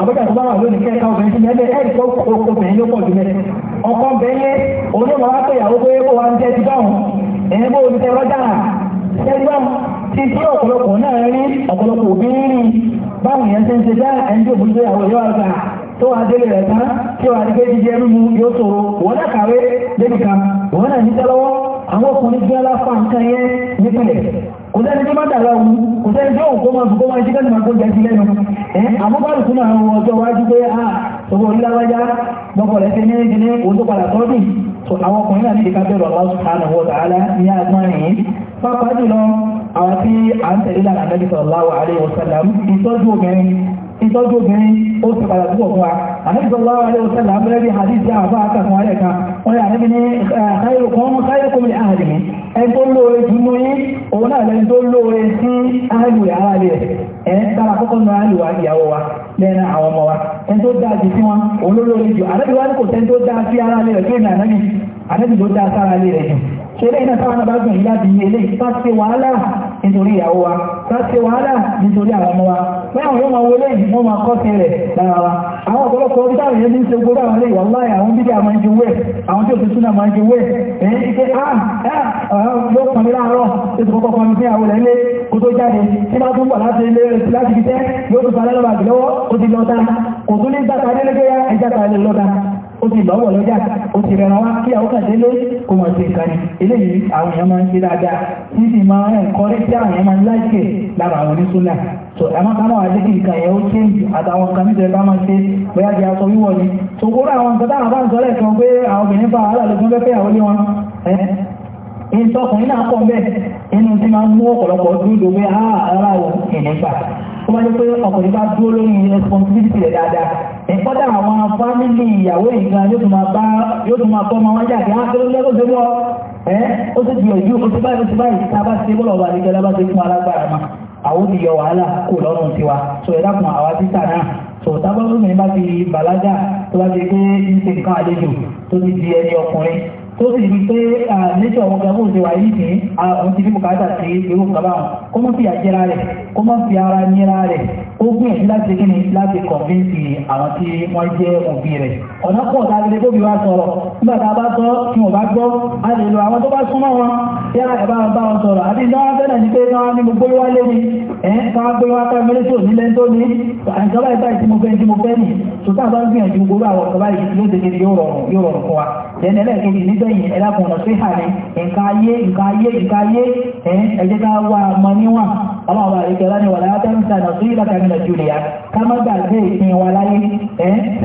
àbújá tó bá wà lónìí kẹ́ẹ̀ka obìnrin tí ń bẹ ẹ̀ẹ́dì tó obìnrin ló pọ̀ jù mẹ́rin ọkọ bẹ́lẹ́ òun yóò máa wá pé ìyàwó pé kó wa ń jẹ́ ti báwọn ẹ̀yìn bó omi tẹ́wọ́ dára tẹ́tí báwọn ti tí ọ̀pọ̀lọpọ̀ náà rí ọ̀pọ̀lọpọ̀ òbí rí báwọn yẹn ṣe ń ṣe dá ẹni tí òbí tó wà délé rẹ̀ tán tí wà nígbé jíjẹ mímu yóò ṣòro wọ́n náà kàwé débi kan wọ́n náà níṣẹ́ lọ́wọ́ àwọn ọkùnrin gbé aláfà nǹkan yẹn nípìnlẹ̀ kò sẹ́ni tí máa dàgbà òun kò sẹ́ni tí òun kó máa fún kó máa ṣíkẹ́ nígbà tó jẹ́ sí lẹ́nu àmúbàrù fún àwọn ọjọ́ wájú pé a sọ̀rọ̀ oníláwájá gbọ́kọ̀ rẹ̀ ṣe ní ìdílé òun tó padà tọ́jú àwọn ọkùnrin náà nídìí ká bẹ̀rù Allah subhanahu wa ta'ala ní agbọ́n rìn pápá jùlọ àwọn tí à ń tẹ̀lé lànà Nabi sallallahu alaihi wasallam ìtọ́jú obìnrin ìtọ́jú obìnrin ó ti padà púpọ̀ fún wa àníbi sọ lọ́wọ́ alẹ́ òṣèlú abẹ́rẹ́ bí hadith àbá àkàkùn alẹ́ kan wọ́n yà níbi ní káyọ̀kùn káyọ̀kùn lè ààrẹ mi ẹni tó lóore jù mú yín òun náà lẹni tó lóore sí ààrẹ rẹ̀ ara rẹ̀ ṣeré iná sáwọn abágbọ̀n yìí láti yí ilé ká ṣe wàhálà nítorí ìyàwó wa ká ṣe wàhálà nítorí àwọn ọmọ wa láwọn yóò máa wọlé wọn máa kọ́sẹ̀ rẹ̀ lára wa àwọn ọ̀pọ̀lọpọ̀ orí táwọn èèyàn ní ṣe gbogbo àwọn ilé ìwàlá àwọn bídí àwọn ẹni wẹ̀ àwọn tí òṣìṣú náà máa ń wẹ̀ ẹ̀yìn ti pé ah, ah, ah, yóò pọ̀n mi láàárọ̀ ètò kọ́kọ́ pọ̀n mi sí àwọn ilé kó tó jáde ó ti lọ́ta kò tún ó ti lọ́wọ́ lọ́jà ó ti rẹra wá kí àwọn kàdélé kò mọ̀ sí nǹkan ni eléyìí àwọn èèyàn máa ń ṣe dáadáa tí sì máa ń kọ́rí tí àwọn èèyàn máa ń láìpẹ́ e lára àwọn oníṣúná so ẹ̀mọ́ ká máa dé kí nǹkan yẹn ó change àtàwọn kan nítorí bá máa ṣe bóyá di aṣọ wíwọ̀ ni so kúrò àwọn nǹkan táwọn bá ń sọ lẹ́ẹ̀kan pé àwọn obìnrin bá wàhálà lókun fẹ́fẹ́ àwọn ilé wọn ìtọkùnrin náà pọ̀ bẹ́ẹ̀ inú tí máa ń mú ọ̀pọ̀lọpọ̀ dúdú pé ah, ara òun kì ó máa ń pé ọkùnrin bá dúró lórí responsibility rẹ̀ dáadáa ẹ̀kọ́ dà àwọn fámìlì ìyàwó ìgbà yóò tún máa bá yóò tún máa bọ́ ọmọ wọn jáde á tó lẹ́kọ̀ọ́ sí wọ́n ẹ́ ó sì di ẹ̀jú ó ti báyìí ó ti báyìí tá a bá ṣe bọ́lọ̀ wà nígbà lábá ṣe fún alágbára mà àwọn ò ní yọ wàhálà kò lọ́rùn tiwa so ẹ dákun àwa títà náà so tábọ́lùmí bá ti bàlágà tó bá ti gbé ní ṣe nǹkan àlejò tó ti di ẹni ọkùnrin tó sì rí pé nítorí àwọn ọ̀gá bóun ṣe wà yìí sìn àwọn ti fi bùkátà sí irú kaba wọn kó má fi àjẹra rẹ̀ kó má fi ara nira rẹ̀ ó gbìyànjú láti kí ni láti kọ̀ǹfẹ́ǹsì àwọn tí wọ́n jẹ́ òbí rẹ̀ ọ̀nà pọ̀ dáadé tóbi wá sọ̀rọ̀ nígbà tá a bá sọ kí wọ́n bá gbọ́ a lè lo àwọn tó bá súnmọ́ wọn yá ẹ̀ bá bá wọn sọ̀rọ̀ àti ìdáwọn fẹ́ràn ní pé káwọn ní mo gbé wá lé ní ẹ̀ káwọn gbé wá ká mẹ́lẹ́ tó nílẹ̀ tó ní àìsọ́bà ìgbà tí mo fẹ́ tí mo fẹ́ nì tó tá a bá ń gbìyànjú gbogbo àwọn ọ̀sọ́bà yìí yóò bẹ́yìn ẹ̀lákùn ọ̀nà síhà ní nǹkan ayé nǹkan ayé nǹkan ayé ẹ jẹ́ ká wà mọ́ níwọ̀n ọlọ́ọ̀bà ìkẹ́lá ni wà látẹ́mìsà nà sí ìlàkàmìnà jùlìyà ká má gbàgbé ìpín wa láyé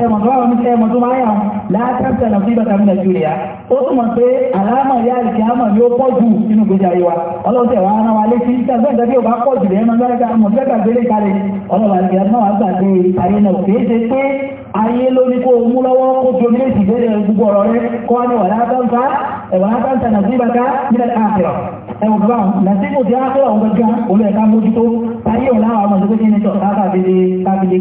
ẹ̀mọ̀ tó wà ní ẹ̀mọ̀ tó máa yàn látẹ́mìsà nà sí ìlàkàmìnà jùlìyà ó túnmọ̀ pé àlámà yá ìkẹ́ àmà yóò pọ̀ jù nínú gbèjà ayé wa ọlọ́ọ̀tẹ̀ wa ara wa létí ìtàgbẹ́ ìgbẹ́ bí ó bá pọ̀ jù lẹ́yìn máa gbẹ́gbẹ́ àmọ̀ gbẹ́gbẹ́ àgbélé kalẹ̀ ọlọ́ọ̀bà ìkẹ́lá náà wà gbàgbé ayé náà kì í ṣe pé ayé ló ní kó mú lọ́wọ́ kó dominate ìbéèrè gbogbo ọ̀rọ̀ rẹ kó wá ní wà látẹ́mìs عنك وأنت نصيبك من الآخرة ẹ̀wọ̀n bá wọn lásìkò tí a kọ́ àwọn gẹ́gẹ́ olú ẹ̀ka mójútó táyé ọ̀la àwọn ọmọ ìṣẹ́gbẹ́ ní ìjọ tábìlì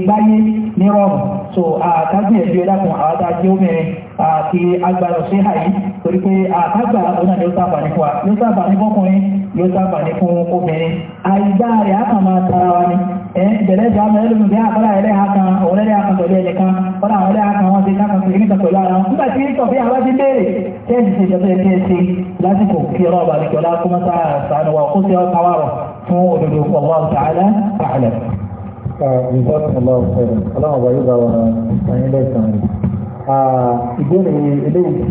gbáyé ní rọrùn so àtàgbé ẹ̀bí ọlákùn àwọn tá a jẹ́ obìnrin àti agbára ọ̀ṣẹ́ àyí torí pé àtàgbà ọ̀nà ni ó sábà ní fún wa yóò sábà ní fọkùnrin yóò sábà ní fún obìnrin àìgbá rẹ̀ á kàn máa tara wa ni ẹ̀ bẹ̀rẹ̀ jọ àmọ́ ẹlòmí bí àkọ́lá ẹlẹ́ ha kan òun ẹlẹ́ ha kan pẹ̀lú ẹlẹ́ kan kọ́lá àwọn ẹlẹ́ ha kan wọ́n ti ká kan pẹ̀lú ìtàn pẹ̀lú ara wọn nígbà tí ìtọ̀ bí àwọn ti béèrè tẹ́ẹ̀sì ṣe ìjọba ẹ̀ tẹ́ẹ̀sì lásìkò kí ọlọ́ọ̀bà nìkọ́lá kó mọ́sá تعالى سبحانه وقصر القوارب فهو أدعوك والله تعالى أعلم جزاكم الله خيرا اللهم بارك وعن إليك ìbéèrè eléyìí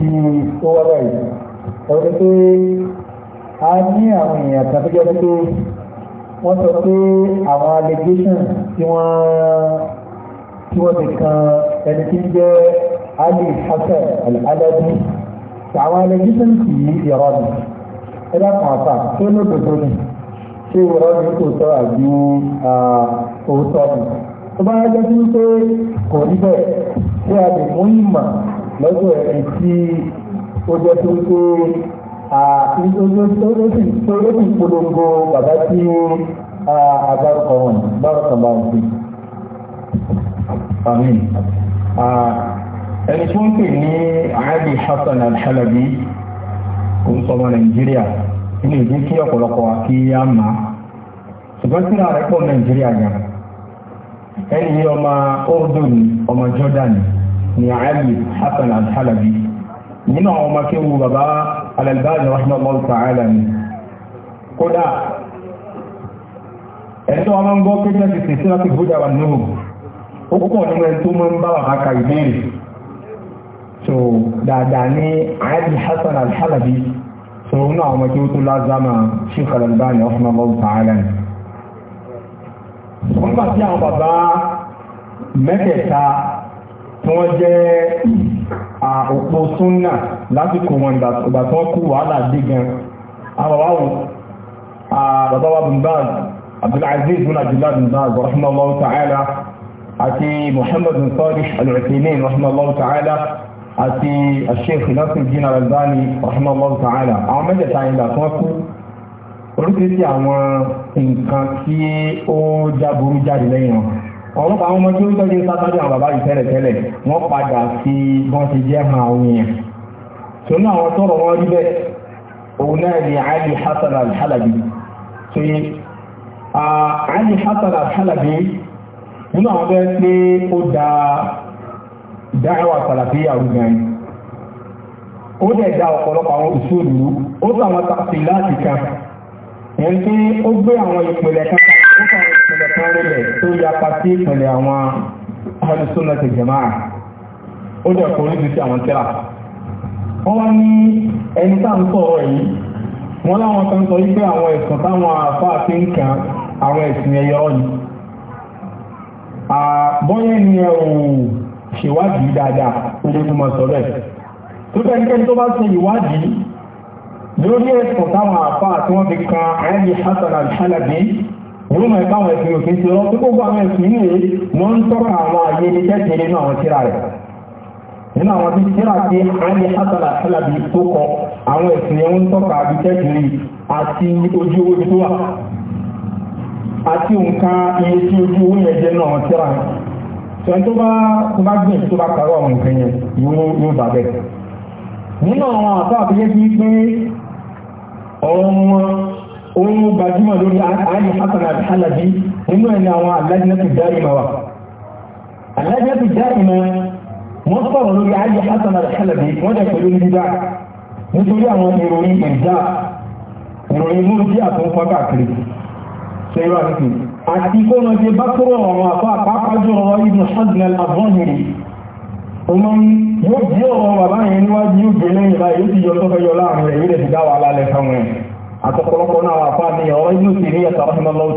tí ó wá báyìí ọ̀rẹ́ pé a ní àwọn èèyàn kan tó jẹ́ pé wọ́n sọ pé àwọn allegation tí wọ́n tí wọ́n ti kan ẹni tí ń jẹ́ Ali Hassan Al-Halabi àwọn allegation kì í ìrọ́ ẹ̀dá kan àfà tí ó lóògbòdò ni ṣé ìrọ́ ni kò sọ àbí òótọ́ ni tó bá yájọ́ sí pé kò rí bẹ́ẹ̀ tí a lè mú ìmọ̀ lọ́jọ́ ẹni tí ó jẹ́ tó pé ó sì polongo bàbá tí àgbárùkọ wọn bárùkọ bá ń fi. àmín ẹni tó ń pè ní àádìí Hassan al-Halabi kò ń sọmọ nàìjíríà ilé ìdí kí ọ̀pọ̀lọpọ̀ wa kí á mà á ṣùgbọ́n síra rẹ̀ pọ̀ nàìjíríà gan ẹni yìí ọmọ urdu ni ọmọ jordan ni ali hasan alhalabi nínú àwọn ọmọ kéwu baba alalbani rahimahullah ta'ala ni kódà ẹni tó wọn máa ń gbọ́ pé jẹ́ ti sèṣẹ́ láti gbódà wà nínú ó kọ̀ nínú ẹni tó máa ń bá wà ká ìbéèrè so dáadáa ní ayatollah hasan al-halabi so náà ọmọ tí ó tó lázàmà sheikh al-albani ọ̀fúnmọ́ bọ́ọ̀lù tààlà ni. wọ́n gbà sí àwọn bàbá mẹ́tẹ̀ẹ̀ta tí wọ́n jẹ́ òpó súnà lásìkò wọn ìgbà tí wọ́n kú wàhálà dé gan àwọn àti muhammad bin salih al ta'ala àti Sheikh Nasiruddin Al-Albani rahimahullah ta'ala àwọn mẹ́tẹ̀ẹ̀ta ìgbà tí wọ́n kú oríṣiríṣi àwọn nǹkan tí ó jáburú jáde lẹ́yìn wọn ọ̀rọ̀pọ̀ àwọn ọmọ tí ó tọ́jú sátọ́jú àwọn bàbá yìí tẹ́lẹ̀ tẹ́lẹ̀ wọ́n padà sí wọ́n ti jẹ́ hàn àwọn èèyàn tó ní àwọn tọ́rọ̀ wọn rí bẹ́ẹ̀ òun náà ni Ali Hasan al-Halabi tó yẹ ah, Ali Hasan al-Halabi nínú àwọn bẹ́ẹ̀ pé ó dáa dáhàwà sàlàfíà rúgbìn ó dẹ̀ dá ọ̀pọ̀lọpọ̀ àwọn ìṣòlù ó sàwọn tàbí láti kan ẹni tí ó gbé àwọn ìpìlẹ̀ kan ó wọ́n láwọn kan sọ wípé àwọn ẹ̀sùn táwọn àfáà ń àwọn ẹ̀yọ́ yìí ni ṣèwádìí dáadáa lórí fún mọ́sọ̀ bẹ́ẹ̀ tó tẹ́nikẹ́ni tó bá ṣe ìwádìí lórí ẹ̀sùn táwọn àfá àti wọ́n fi kan ẹni Hasan al-Halabi yóò mọ̀ ẹ̀káwọn ẹ̀sìn òfin ti rọ́ tó gbogbo àwọn ẹ̀sìn ní èyí lọ ń tọ́ka àwọn ayé ní tẹ́tẹ̀ nínú àwọn tíra rẹ̀ nínú àwọn tí tíra ti ẹni Hasan al-Halabi tó kọ àwọn ẹ̀sìn yẹn ń tọ́ka àbí tẹ́tẹ̀ àti ojú owó tó tó ẹni tó bá tó bá gbìyànjú tó bá parọ́ àwọn nǹkan yẹn yóò bà bẹ́ẹ̀. nínú àwọn àtọ́ àfihàn sí pé ọ̀rọ̀ wọn ohun gbajúmọ̀ lórí àyè hasan àti halabi nínú ẹni àwọn alájẹ́tù jáì máa wà. alájẹ́tù jáì máa wọ́n sọ̀rọ̀ lórí àyè hasan àti halabi wọ́n dẹ̀ pẹ̀lú dídá nítorí àwọn ìròyìn ìjà ìròyìn múlùú bí àtúnfọ́ káàkiri ṣe é wà àti kó lọ jẹ bá kúrò ọ̀rọ̀ àpá àpápájú ọ̀rọ̀ ibn hajjil al-abọ́nìrì ọmọ yóò jí ọ̀rọ̀ bàbá yẹn níwájú yóò gbé lẹ́yìn báyìí yóò ti yọ tó fẹ́ yọ láàrin rẹ̀ yóò lè ti dá wà lálẹ́ fẹ́wọn ẹ̀ àtọ̀pọ̀lọpọ̀ náà àpá ni ọ̀rọ̀ inú sí ní ẹ̀sà rahimahullahu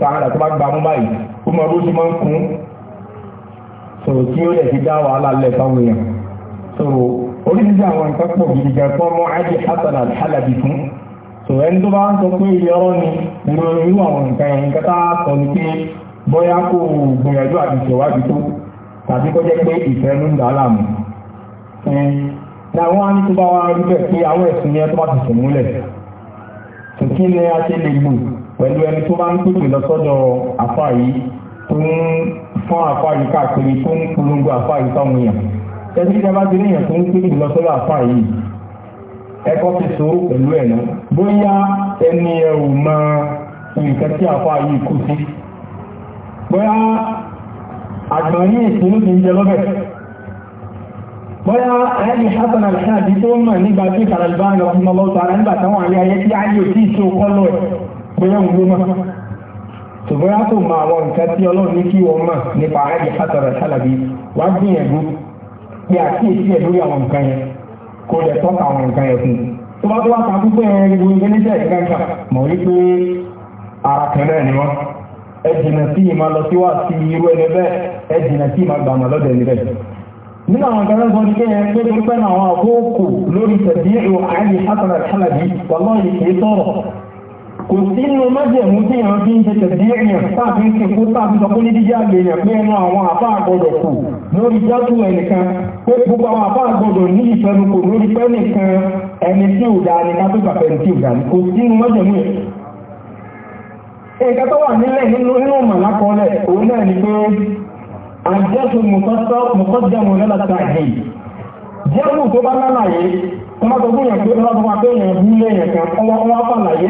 ta'ala tó tò ẹni tó bá ń sọ pé ilé ọ̀rọ̀ ni mo irú àwọn nǹkan ẹ̀yìn kẹta sọ ni pé bóyá kò gbìyànjú àti ìṣèwádìí tó tàbí kó jẹ́ pé ìfẹ́ ló ń dà á láàmú láwọn á tó bá wá rí bẹ́ẹ̀ pé àwọn ẹ̀sùn yẹn tó bá ti sùn múlẹ̀ tò kí ni a ṣe lè lò pẹ̀lú ẹni tó bá ń pèpè lọ sọ́dọ̀ àfáà yìí tó ń fún àfáà yìí káàkiri tó ń polongo àfáà yìí sáwọn èèyàn tẹ́sí ìjọba ti rí ẹ̀kọ́ ti sòrò pẹ̀lú ẹ̀ náà bóyá ẹni ẹ ò mọ nǹkan tí àfa yìí kú sí bóyá àgbọ̀n ní ìsinú ti ń jẹ lọ́bẹ̀ bóyá ẹni hasan alhadi tó mọ̀ nígbà tí kàlàlbáni rahimahullah ta'ala nígbà táwọn àlẹ́ ayé tí ayé ò tí ì ṣe òkọ́ lọ ẹ̀ bóyá òun ló mọ̀ ṣùgbọ́n yàtọ̀ mọ wọ́n mọ̀ ayé hasan kó lè tọ́ àwọn nǹkan yẹn fún tó bá tó wá ta púpọ̀ gbogbo ẹgbẹ́ níṣẹ́ ìgbẹ́ǹkà mọ̀ wípé ara kan ni wọ́n ẹ jìnà sí ìmọ̀ lọ sí wà sí irú ẹni bẹ́ẹ̀ ẹ jìnà sí ìmọ̀ gbàmọ̀ lọ́dọ̀ ẹni bẹ́ẹ̀ nínú àwọn kan lọ́sọ̀ ní kéèyàn pé tó pẹ́ àwọn àkókò lórí tẹ̀síyẹ̀ àìní hasan alhalabi wàlọ́ọ̀yì kìí sọ̀rọ̀ kò sínú májẹ̀mú tí ìran fi ń ṣe tẹ̀sí èèyàn tàbí ṣe kó tàbí sọ ní díjá lèèyàn pé ẹnu àwọn àpá àgbọ̀dọ̀ kù lórí jásù ẹnìkan pé àwọn àpá àgbọ̀dọ̀ ní ìfẹnukò lórí pẹ́ nìkan ẹni tí ò lábẹ́ tí ò kò májẹ̀mú ẹ̀. tó wà nílẹ̀ nínú inú òun náà ni pé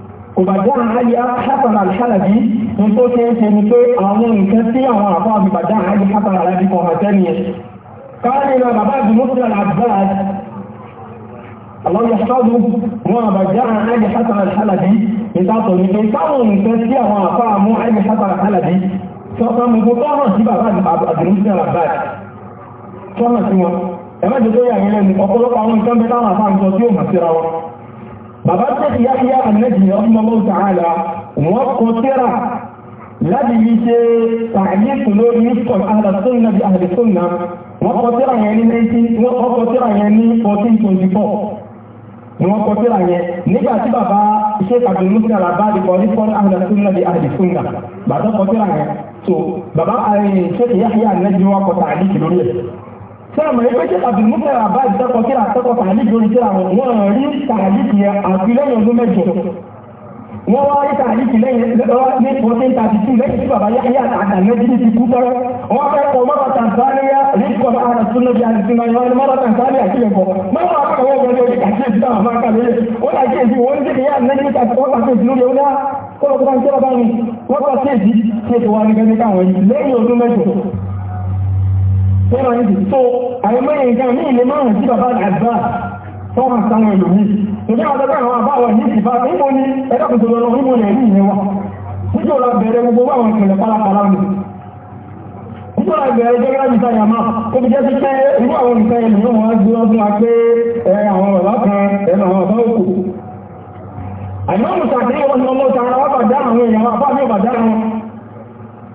òbàdá àyà Hasan al-Halabi ní tó ṣe é ṣe ni pé àwọn nǹkan tí àwọn àbọ̀ àbìbàdá àyà Hasan al-Halabi kan hàn sẹ́ni ẹ̀ káàlì náà bàbá àdúgbò al-Abbas àwọn ìṣàdù wọn àbàjá àyà Hasan al-Halabi ní tàbí ní pé táwọn nǹkan tí àwọn àbọ̀ àmú àyà Hasan al-Halabi sọ́kàn gbogbo tó hàn sí bàbá àdúgbò bàbá tẹ́kì yáyá ànẹ́jì ọmọ ta'ala wọ́n kọ tẹ́rà láti yí ṣe tààlìkù lórí ìfọ̀n àdàsọ́nà bí àdàsọ́nà wọ́n kọ tẹ́rà yẹn ní 1424 ni wọ́n kọ tẹ́rà yẹn nígbà tí bàbá ṣe àbẹ̀mú sí àlàbá ìkọ̀ ní fọ́n àdàsọ́nà bí àdàsọ́nà bàbá kọ tẹ́rà yẹn so bàbá ṣe yáyá ànẹ́jì wọ́n kọ tààlìkù lórí ẹ̀ sọ́ọ̀mù ẹgbẹ́ tí àbí múfẹ́ àbá ìtẹ́kọ̀ kí àtẹ́kọ̀ tààlì lórí tí àwọn wọ́n rí tààlì kì í àfi lẹ́yìn ọdún mẹ́jọ wọ́n wá rí tààlì kì lẹ́yìn ní fourteen thirty two lẹ́yìn tí bàbá yáyà àtàlẹ́jì ti kú tọ́rọ́ wọ́n fẹ́ kọ́ mọ́rọ̀ tanzania ríkọ̀ ara súnlẹ̀ bí àti sinmi ìwọ́n mọ́rọ̀ tanzania kí ẹ̀kọ́ mọ́rọ̀ akọ̀wọ́ gbọ́dọ̀ ní kàṣíyèsí náà máa kà lóye wọ́n kà kíyèsí wọ́n ní kíyà nẹ́ni kàṣí wọ́n kàṣíyèsí lórí ẹ̀wọ́n náà kọ́lọ́kọ́ bá ń tẹ́lọ̀ bá mi wọ́n kà kíyèsí kíyèsí wọn ní gẹ́gẹ́ káwọn yìí lẹ́yìn ọdún mẹ́jọ wọ́n rà níbi tó a ìjà ní ilé márùn-ún sí bàbá àgbà fọ́nà sáwọn ìlú ní ìdí àwọn ọ̀dọ́gbà àwọn àbáwọ̀ ní ìfà níbo ni ẹ̀dọ́kùnjọ lọ níbo ni ẹ̀rí ìyẹn wa níjọ́ la bẹ̀rẹ̀ gbogbo àwọn ìpìlẹ̀ pálapàla mi níjọ́ la bẹ̀rẹ̀ jẹ́ gẹ́gẹ́ bíi sáyàmá ó fi jẹ́ sí pé irú àwọn nǹkan ẹ̀mí wọn á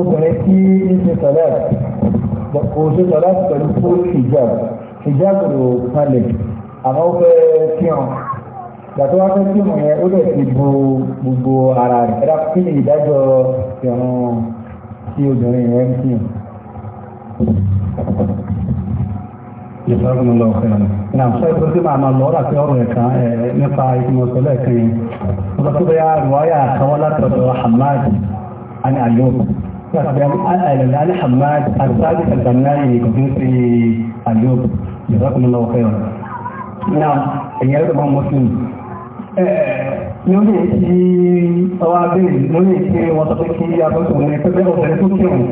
obìnrin tí ń ṣe sọ̀láàtì kò ṣe sọ̀láàtì pẹ̀lú fún hijab hijab rò kalẹ̀ àmọ́ ó fẹ́ kí hàn gbàtọ́ wá fẹ́ kí hàn yẹn ó dẹ̀ ti bo gbogbo ara rẹ̀ ẹ̀dá kí ni ìdájọ́ ìrún tí obìnrin yẹn ń kí hàn. Ìjọba lọ fẹ́ràn. Ìnà sọ ìgbó tí màá máa lọ ọ́rà sí ọ̀rọ̀ ẹ̀ka nípa ìmọ̀sọ̀lẹ̀ kan yẹn. Ọba tó bẹ́yà rùwáyà àkọwọ́ látọ̀dọ̀ Hamad Ani Ayub. الألباني حماد الصادق البناني قدوسي أيوب جزاكم الله خيرا نعم ẹ̀yẹ́ ọmọ muslim lórí èkí ọwá bèèrè lórí èkí wọ́n sọ pé kí abọ́sọ̀ ní pẹ́pẹ́ ọ̀fẹ́ tó kírun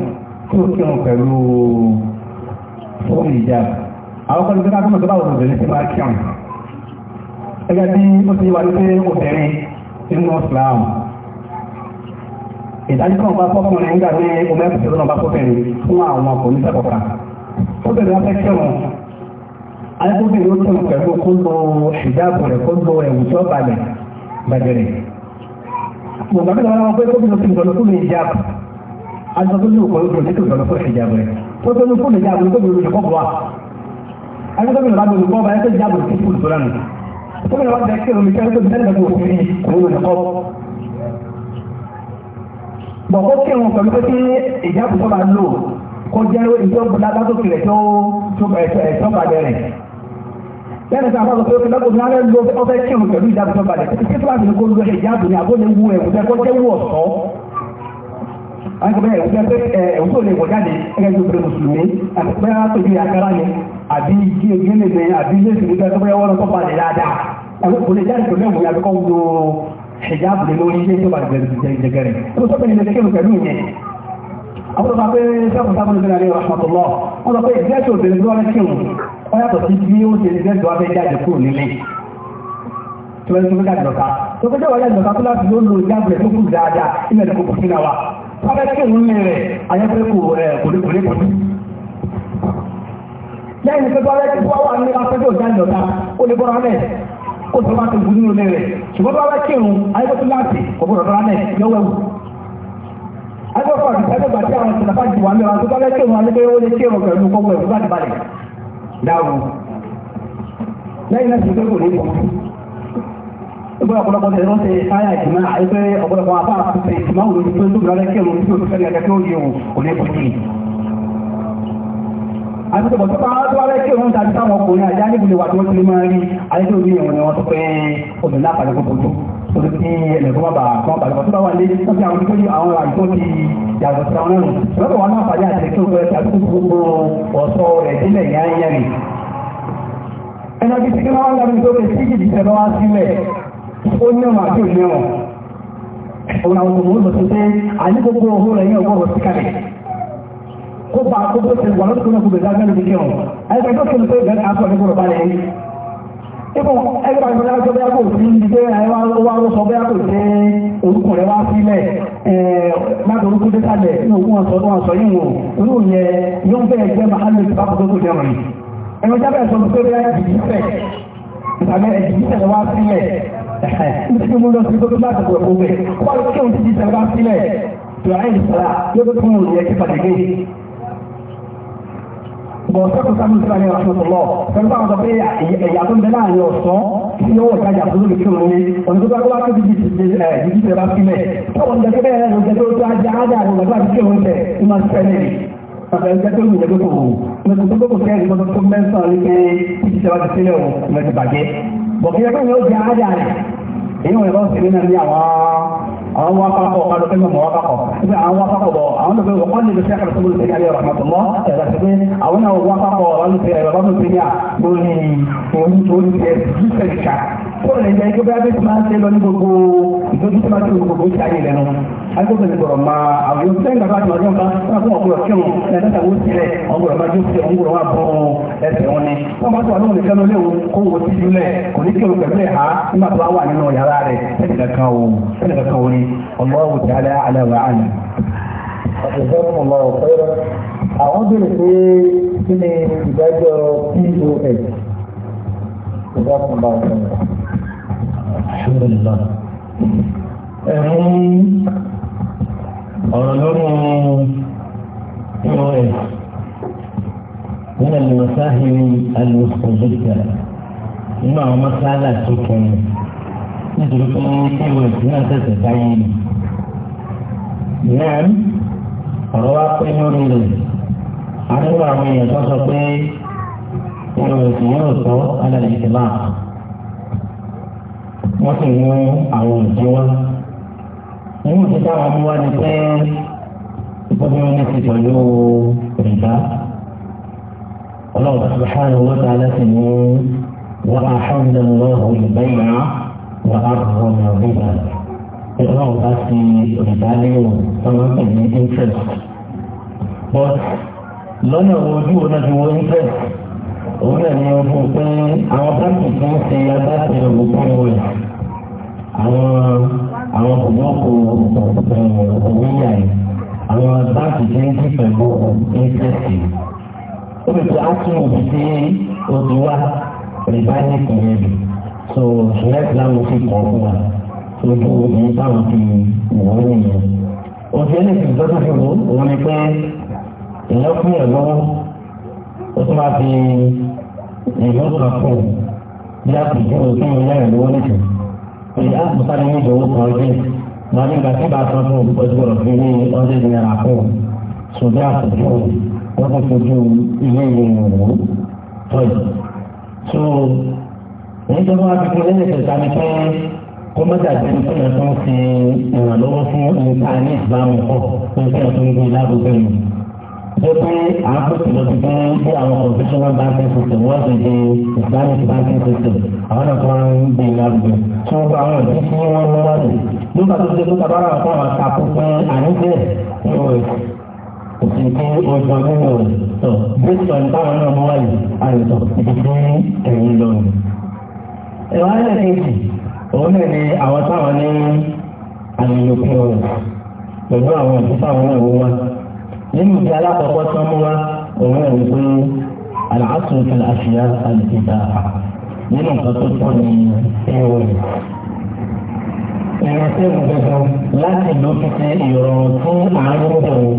tó kírun pẹ̀lú fóònù ìjà àwọn kan nígbà tó bá wọ́n bẹ̀rẹ̀ sí máa kírun ẹgbẹ́ bí ó ti wà ní pé obìnrin nínú ọ̀sán ìdájọ́ náà bá fọ́kùnrin nígbà ní omi ẹ̀kùnrin náà bá fọ́kùnrin fún àwọn ọkùnrin sẹ́kọ̀ọ́kà ó bẹ̀rẹ̀ afẹ́ kẹrùn alẹ́kùnrin ó tún pẹ̀lú kó lo ìdáàbò rẹ̀ kó lo ẹ̀wù tó balẹ̀ gbàgẹ̀rẹ̀ mo gbàgbé lọ́wọ́ wọn pé kó bínú fún ìdọ̀lọ́kùn ní ìjáàbù alẹ́kùnrin tó ní òkò ìdọ̀lọ́kùn ní ìdọ̀lọ́kùn ìjáàbù rẹ̀ tó tó ní fún ìjáàbù tó bínú ìjọkọ̀ bọ̀ wá alẹ́kùnrin bá bínú kọ́ bá yẹ kó ìjáàbù tó fún ìdọ̀lọ́kùn tó bínú wá bẹ́ẹ̀ kí bọ̀kọ́ kí wọn pẹ̀lú pé kí ìjáàbù tó máa lò kó jẹ́ ìjọba látòkè rẹ̀ tó ẹ̀tọ́ balẹ̀ rẹ̀ lẹ́nu tí a bá sọ pé ọkùnrin lọ́kùnrin alẹ́ lo ọfẹ́ kírun pẹ̀lú ìjáàbù tó balẹ̀ títí tó bá ti kó lo ìjáàbù ni àbó lè wu ẹ̀wù tẹ́ kó jẹ́ wù ọ̀sọ́ àgbẹ̀ ẹ̀wù tẹ́ pé ẹ̀wù lè wọ̀ jáde ẹ̀yẹ́ hijab da lórí ṣe tó bá jẹgẹrẹ tó sọ pé ní ẹgbẹ́ pẹ̀lú yẹn àwọn ọba pé sẹ́kùn sábà nínú àríwá rahmatullah wọn sọ pé ìgbẹ́ tó bẹ̀rẹ̀ lọ́rẹ́ kí wọn ó yàtọ̀ sí bí ó ṣe ìgbẹ́ tó abẹ́ jáde kúrò nílé tó bẹ́ẹ̀ tó bẹ́ẹ̀ jáde lọ́ta tó bẹ́ẹ̀ jáde lọ́ta tó láti ló lo ìjábẹ̀ tó kù dáadáa ilẹ̀ tó kù sínú wa abẹ́ kí wọn lè rẹ̀ ayẹ́pẹ́ kò kòlékòlé kòlí lẹ́yìn tó bá rẹ̀ tó wà ní afẹ́jọ́ jáde lọ́ta ó lè bọ́ra kó tó bá ti wù nínú ilé rẹ̀ ṣùgbọ́n bá wá kírun ayébọ́tí láti ọ̀gbọ́dọ̀ rárá náà yọwọ́ ẹ̀wù. ayébọ́tí láti ẹgbẹ́ gbàtí àwọn ìṣẹ̀lẹ̀ bá jù wà mẹ́wàá tó bá fẹ́ kírun alẹ́gbẹ́ ó lè kírun pẹ̀lú kọ́wọ́ ẹ̀wù láti balẹ̀ dáhùn. lẹ́yìn náà ṣe pé kò ní pọ̀ ẹgbẹ́ ọ̀pọ̀lọpọ̀ tẹ̀lé wọ́n ṣe táyà ìgbìmọ̀ àìpé ọ̀pọ̀lọpọ̀ afáàfin ìgbìmọ̀ òun ló ti pé lóbi lọ́lẹ́kẹ̀ẹ́ òun tí òun fẹ́ẹ́ lẹ́kẹ̀ẹ́ tó yẹ òun kò ní pọ̀ sí i àti tó bọ̀tí pàápàá tó wá rẹ̀ kí òun tàbí táwọn ọkùnrin àjá níbi lè wà tó ti máa rí àyíkò orí ẹ̀wọ̀n ni wọ́n sọ pé obìnrin lápàdé gbogbo tó torí kí ẹlẹ́gbọ́n bàbà kan bàbà tó bá wà lé wọ́n fi àwọn tó ní àwọn àìkó ti yàgò sí àwọn ẹ̀rùn lọ́dọ̀ wọn náà pàdé àti tó fẹ́ tàbí gbogbo ọ̀sọ́ rẹ̀ délẹ̀ yáyẹ́ rẹ̀ ẹnà bí ti kí wọ́n lábí tó fẹ́ sí ìdí tẹ́lọ́ wá sílẹ̀ ó ní ọmọ àti òmíràn òun àwọn òmùú lọ sí pé àní gbogbo ohun rẹ̀ ní ọgbọ́rọ̀ sí kalẹ̀ kó bá àkókò ti wà lọ́dún tó náà kó bẹ̀rẹ̀ lágbàdo kékeré wọn àyẹ̀kẹ́ tó kéwòn pé bẹ́ẹ̀ akọ ẹ̀kọ́ rẹ̀ balẹ̀ yìí. ipò ẹgbẹ́ àgbẹ̀ náà sọ bẹ́ẹ̀ kò sí ibi pé àyẹ̀wò wa ló sọ bẹ́ẹ̀ kò sí orúkọ rẹ̀ wá sílẹ̀ láti orúkọ dé kalẹ̀ ní òkú wọn sọ ní wọn sọ yìí wọn olú yẹ yóò fẹ́ ẹgbẹ́ mahalo ìbákòókò tó jẹun yìí ẹ̀rọ jábẹ́ sọ pé bẹ́ẹ̀ jìbì fẹ́ ìtàgé ẹ̀jìbì fẹ́ wá sílẹ̀ nítorí mo lọ sí gbogbo láti ọ̀pọ̀ ẹ̀kọ́ bẹ́ẹ̀ wọ́n kí bọ̀ sẹ́kù sábà nípa ní ọ̀ṣọ́tọ̀lọ́ pẹ̀lú àwọn ọ̀dọ́ pé ẹ̀yà tó ń bẹ láàrin ọ̀ṣọ́ tí yóò wọ̀ ìtajà tó lórí kí òun ní ọ̀nà tó tọ́jú wá tó ti di ìdí tẹ̀ bá sílẹ̀ tọ́wọ́n jẹ́ pé bẹ́ẹ̀ ló jẹ́ tó tó ajá ájà àwọn ọ̀dọ́ àti kí òun tẹ̀ ní máa sẹ́lẹ̀ Àbẹ̀rẹ̀ jẹ́ tó yìnbọn tó wù. Mẹ̀tò tó gbogbo kẹ́rin gbọdọ̀ tó mẹ́sàn-án ní pé títí ṣe wá ti sílẹ̀ o, mẹ̀tò bàjẹ́. Bọ̀kì ẹgbẹ́ yóò jẹ́ ájà rẹ̀. Èyí wọn ìbọn sì ní náà ní àwọn àwọn wakakọ̀ ọ̀kadọ̀ fẹ́ mọ̀ wakakọ̀ ṣe àwọn wakakọ̀ bọ̀ àwọn tó fẹ́ wọ́n kọ́ni lè fẹ́ kàrọ̀ sọ́kùnrin tẹ̀lé ayé rahmatullah ẹ̀rọ ṣe pé àwọn náà wakakọ̀ ọ̀rọ̀ ló fẹ́ ẹ̀rọ bá tó bọ́ọ̀lù ẹ̀jẹ̀ ẹgbẹ́ bí abẹ́sí máa ń ṣe lọ ní gbogbo ìtọ́jú tí máa ń ṣe gbogbo ìṣe ayé lẹ́nu agbègbè ti gbọ̀rọ̀ máa àwọn sẹ́yìn bàbá àtìmọ́jọ́ nǹkan fún ọkùnrin kírun ní ẹ̀dá tàwọn sílẹ̀ ọgbọ̀rọ̀ máa jó sí ọgbọ̀rọ̀ wà ẹsẹ̀ wọn ni wọ́n máa tó àdóhùn nìkan lólé òun kó wo àwọn béèrè pé kí ni ìdájọ́ pos ìdájọ́ alhamdulillah ẹ̀rùn ọ̀rọ̀ lọ́rùn pos nínú àlùmọ̀sáhìrì alùpùpùpùpù nínú àwọn mọ́sálà tó kẹrin nítorí pé pos náà tẹ̀sẹ̀ báyé ni. Ìyá ọ̀rọ̀ wa pé lórí rẹ̀ àwọn àwọn èèyàn tó sọ pé pos yóò tó alẹ́ ìtìláà wọ́n sì mú àwọn ìdí wá. nínú ti táwọn ọmọ wa ni pé ìfọ́jú wọn ní ti pẹ̀lú rìbá. ọlọ́run subhanahu wa ta'ala sì ní wọ́n á hàndà lọ́hùn ìbẹ́yà wọ́n á rọ̀ ọ̀nà rìbá. ọlọ́run bá ti rìbá léwọ̀n tọ́wọ́ pè ní interest. but lọ́nà ojú ọ̀nà ti wọ interest òun náà ni wọ́n fún pé àwọn báńkì kan ṣe agbáṣe òwò fún wọn àwọn àwọn ọ̀gbọ́n òwúyà yìí àwọn báńkì tí ń dìbò ìbò ìgbésì ó lè fi ákíwò sí odi wa rìbá ní ìpínlẹ̀ rẹ̀ so ṣùgbọ́n ìlànà fi kọ̀ fún wa lójú obìnrin táwọn fi wò ó nìyẹn. òṣèlú ẹni tí ìjọba fi wò ó ní pé èèyàn fún ẹ̀ lọ́wọ́ ó tún máa fi èèyàn kan fún bí a kò jẹ́ òkè ìlànà lọ́wọ́ nìkan pé á mo sáré ní ìdòwò kan ọdún wọn nígbà tí bàá san fún ojú ọ̀rọ̀ fún ní ọdún ní ara fún ṣùgbọ́n àtúntò wọn kò fojú ilé ìwé ìwò tọ́jú. so èyí tó wá fífi lẹ́yìn ìṣẹ̀ta ni pé kó má dàbí nípa ìyẹn tó ń fi ìrànlọ́wọ́ fún nǹkan ní ìsìlámù kọ́ nípa ìyẹn tó ń gbé lábúgbé mi pé àákùtù lọ sí pé bí àwọn conventional banking system wọ́n ti di àwọn náà tó ń gbé lárugẹ tí wọ́n gba àwọn ìdí tí wọ́n mú wá sí nígbà tó ṣe tó ta bára fún àwọn àtàkùn fún àníjẹ́ òsì tí ó jọ nínú rẹ̀ tó bíṣọ̀ ní táwọn náà mú wá yìí àìsàn ibi tí ẹ̀yìn lọ rẹ̀. ìwà ilẹ̀ kejì òun náà ni àwọn táwọn ní àyẹ̀yọ̀ pé ọ̀rọ̀ pẹ̀lú àwọn ìdí táwọn náà wọ́n wá nínú ìdí alákọ̀ọ́kọ́ tí wọ́n mú wá òun náà ni pé àlàáfíà àṣìyá àti ìdáhà nínú nǹkan tó tọ́ ní ẹ̀wẹ̀. Ìrọ̀ sí ìgbẹ̀gbẹ̀ láti ló fi ṣe ìrọ̀ fún àárín ìbẹ̀wò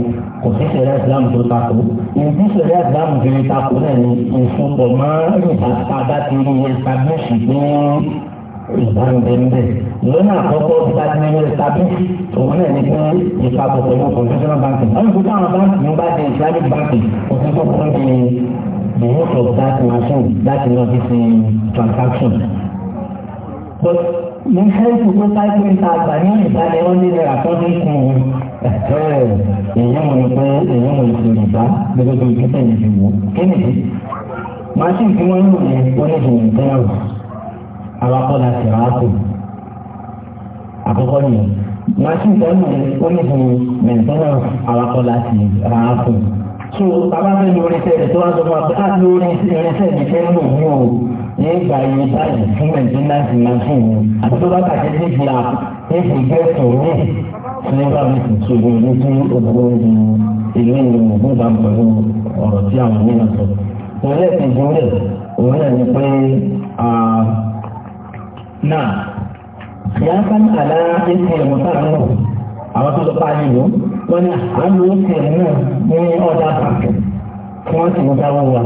kò sí ṣẹlẹ̀ ìsìlámù tó takò. Ìdí ṣẹlẹ̀ ìsìlámù fi takò náà ni ìsopọ̀ máa ń rìn bàtà bá ti rí ẹ̀sàbíṣì pé ìbánidẹ́nidẹ́. Lọ́nà àkọ́kọ́ bá ti rí ẹ̀sàbíṣì òun náà ni pé ìpapọ̀ pẹ̀lú conventional banking. Wọ́n ti kó àwọn báńkì ń bá di Islamic banking the help of that machine that you know this transaction. but ní sẹ́yìn tó táìpé ń ta àgbà ní ìdálẹ́ wọn lé lẹ́ra tó the young one to the young one to ìṣòro ìbá because bí kíkẹ́ ìdìbò kí nìyí. machine tí wọ́n ń lò yẹn wọ́n ní ìdìbò ìtẹ́rù awakọ̀ la tẹ̀ wá kù àkọ́kọ́ nìyẹn machine tẹ́lẹ̀ wọ́n ní ìdìbò ìtẹ́rù awakọ̀ la tẹ̀ wá tí o bàbá fẹ́ lórí sẹ́yìn tó wá sọ fún abẹ́ àti lórí sẹ́yìn sẹ́yìn fẹ́ lò ní o ní ìgbà yìí báyìí fún nàìjíríà sí máa fún mi àti tó bá kàṣẹ sí ti à èsì gẹ́sùn ní sinimá mi sì ṣubú fi ìdúró náà àwọn tó lọ bá yìí lò wọ́n ní àwọn oúnjẹ náà ní ọ̀dà pàtó kí wọ́n sì ń dáwọ́ wa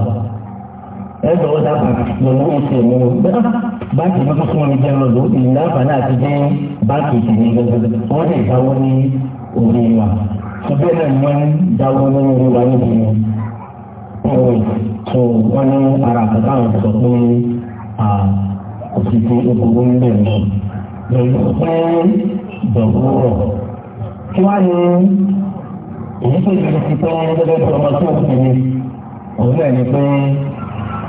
ẹgbẹ́ ọ̀dà pàtó lọ́wọ́ oúnjẹ mú un báńkì ló tún wọn jẹ́ lọ́dọ̀ ìlú àbáná àti jẹ́ báńkì ìtìlẹ̀ gbẹgbẹ wọ́n lè dáwọ́ ní orí wa ṣùgbọ́n náà ni wọ́n dáwọ́ ní orí wa níbi ọ̀rọ̀ tó wọ́n ní ara àkọ́kọ́ àwọn sọ pé kò sí ń bẹ̀rẹ̀ lọ́wọ́ pé bẹ̀rù rọ̀ kí wá ní èyí tó yẹ ti pé gẹ́gẹ́ bí ọmọ tó kù ní òun náà ni pé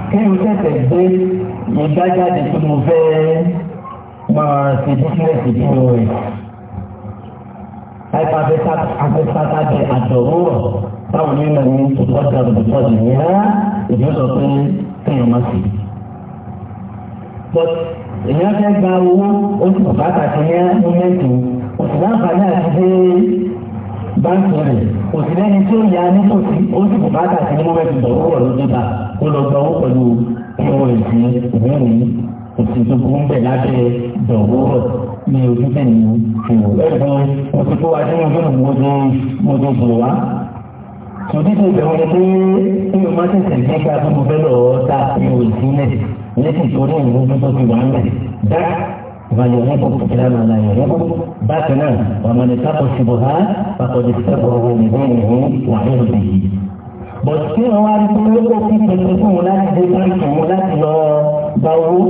kí n tẹ̀sẹ̀ gbé ìdájáde tó mo fẹ́ máa ṣe bísíǹsì bí o rẹ̀. Àìpá afẹ́fẹ́ta jẹ àjọ̀wọ́ táwọn onímọ̀ ní ìtọ́jà olùtọ́jà ní á ìjọ́sọ̀ pé kéèyàn má sí. But èèyàn fẹ́ gba owó oṣù bàtà sí ní mọ́mẹ́ntì kò sì láǹfààní àti dé báńkì rẹ̀ kò sì lẹ́ni tí ó yà á nítòsí ó sì kò bá tà sí ní mọ́bẹ́ ti dọ̀wọ́ wọ̀ lójú ta kó lọ gbọ́ pẹ̀lú pos ìwé ìròyìn kò sì tó kó ń bẹ̀ lábẹ́ dọ̀wọ́ wọ̀ ní ojú tẹ̀lé ìwò ẹ̀gbọ́n mo ti kó wa sí ọjọ́ nù mo ti mo ti bò wá. Tòdí tó bẹ̀rẹ̀ pé kí o má tẹ̀sẹ̀ gbé ká tó mo fẹ́ lọ́ọ́ ta pos sílẹ̀ ويغضب الكلام لا يغضب باكنا ومن اتقى الشبهات فقد استبرأ لدينه وعرضه bọ̀dé àwọn arúgbó ó fi pèsè fún wọn láti dé báńkì wọn láti lọ gba owó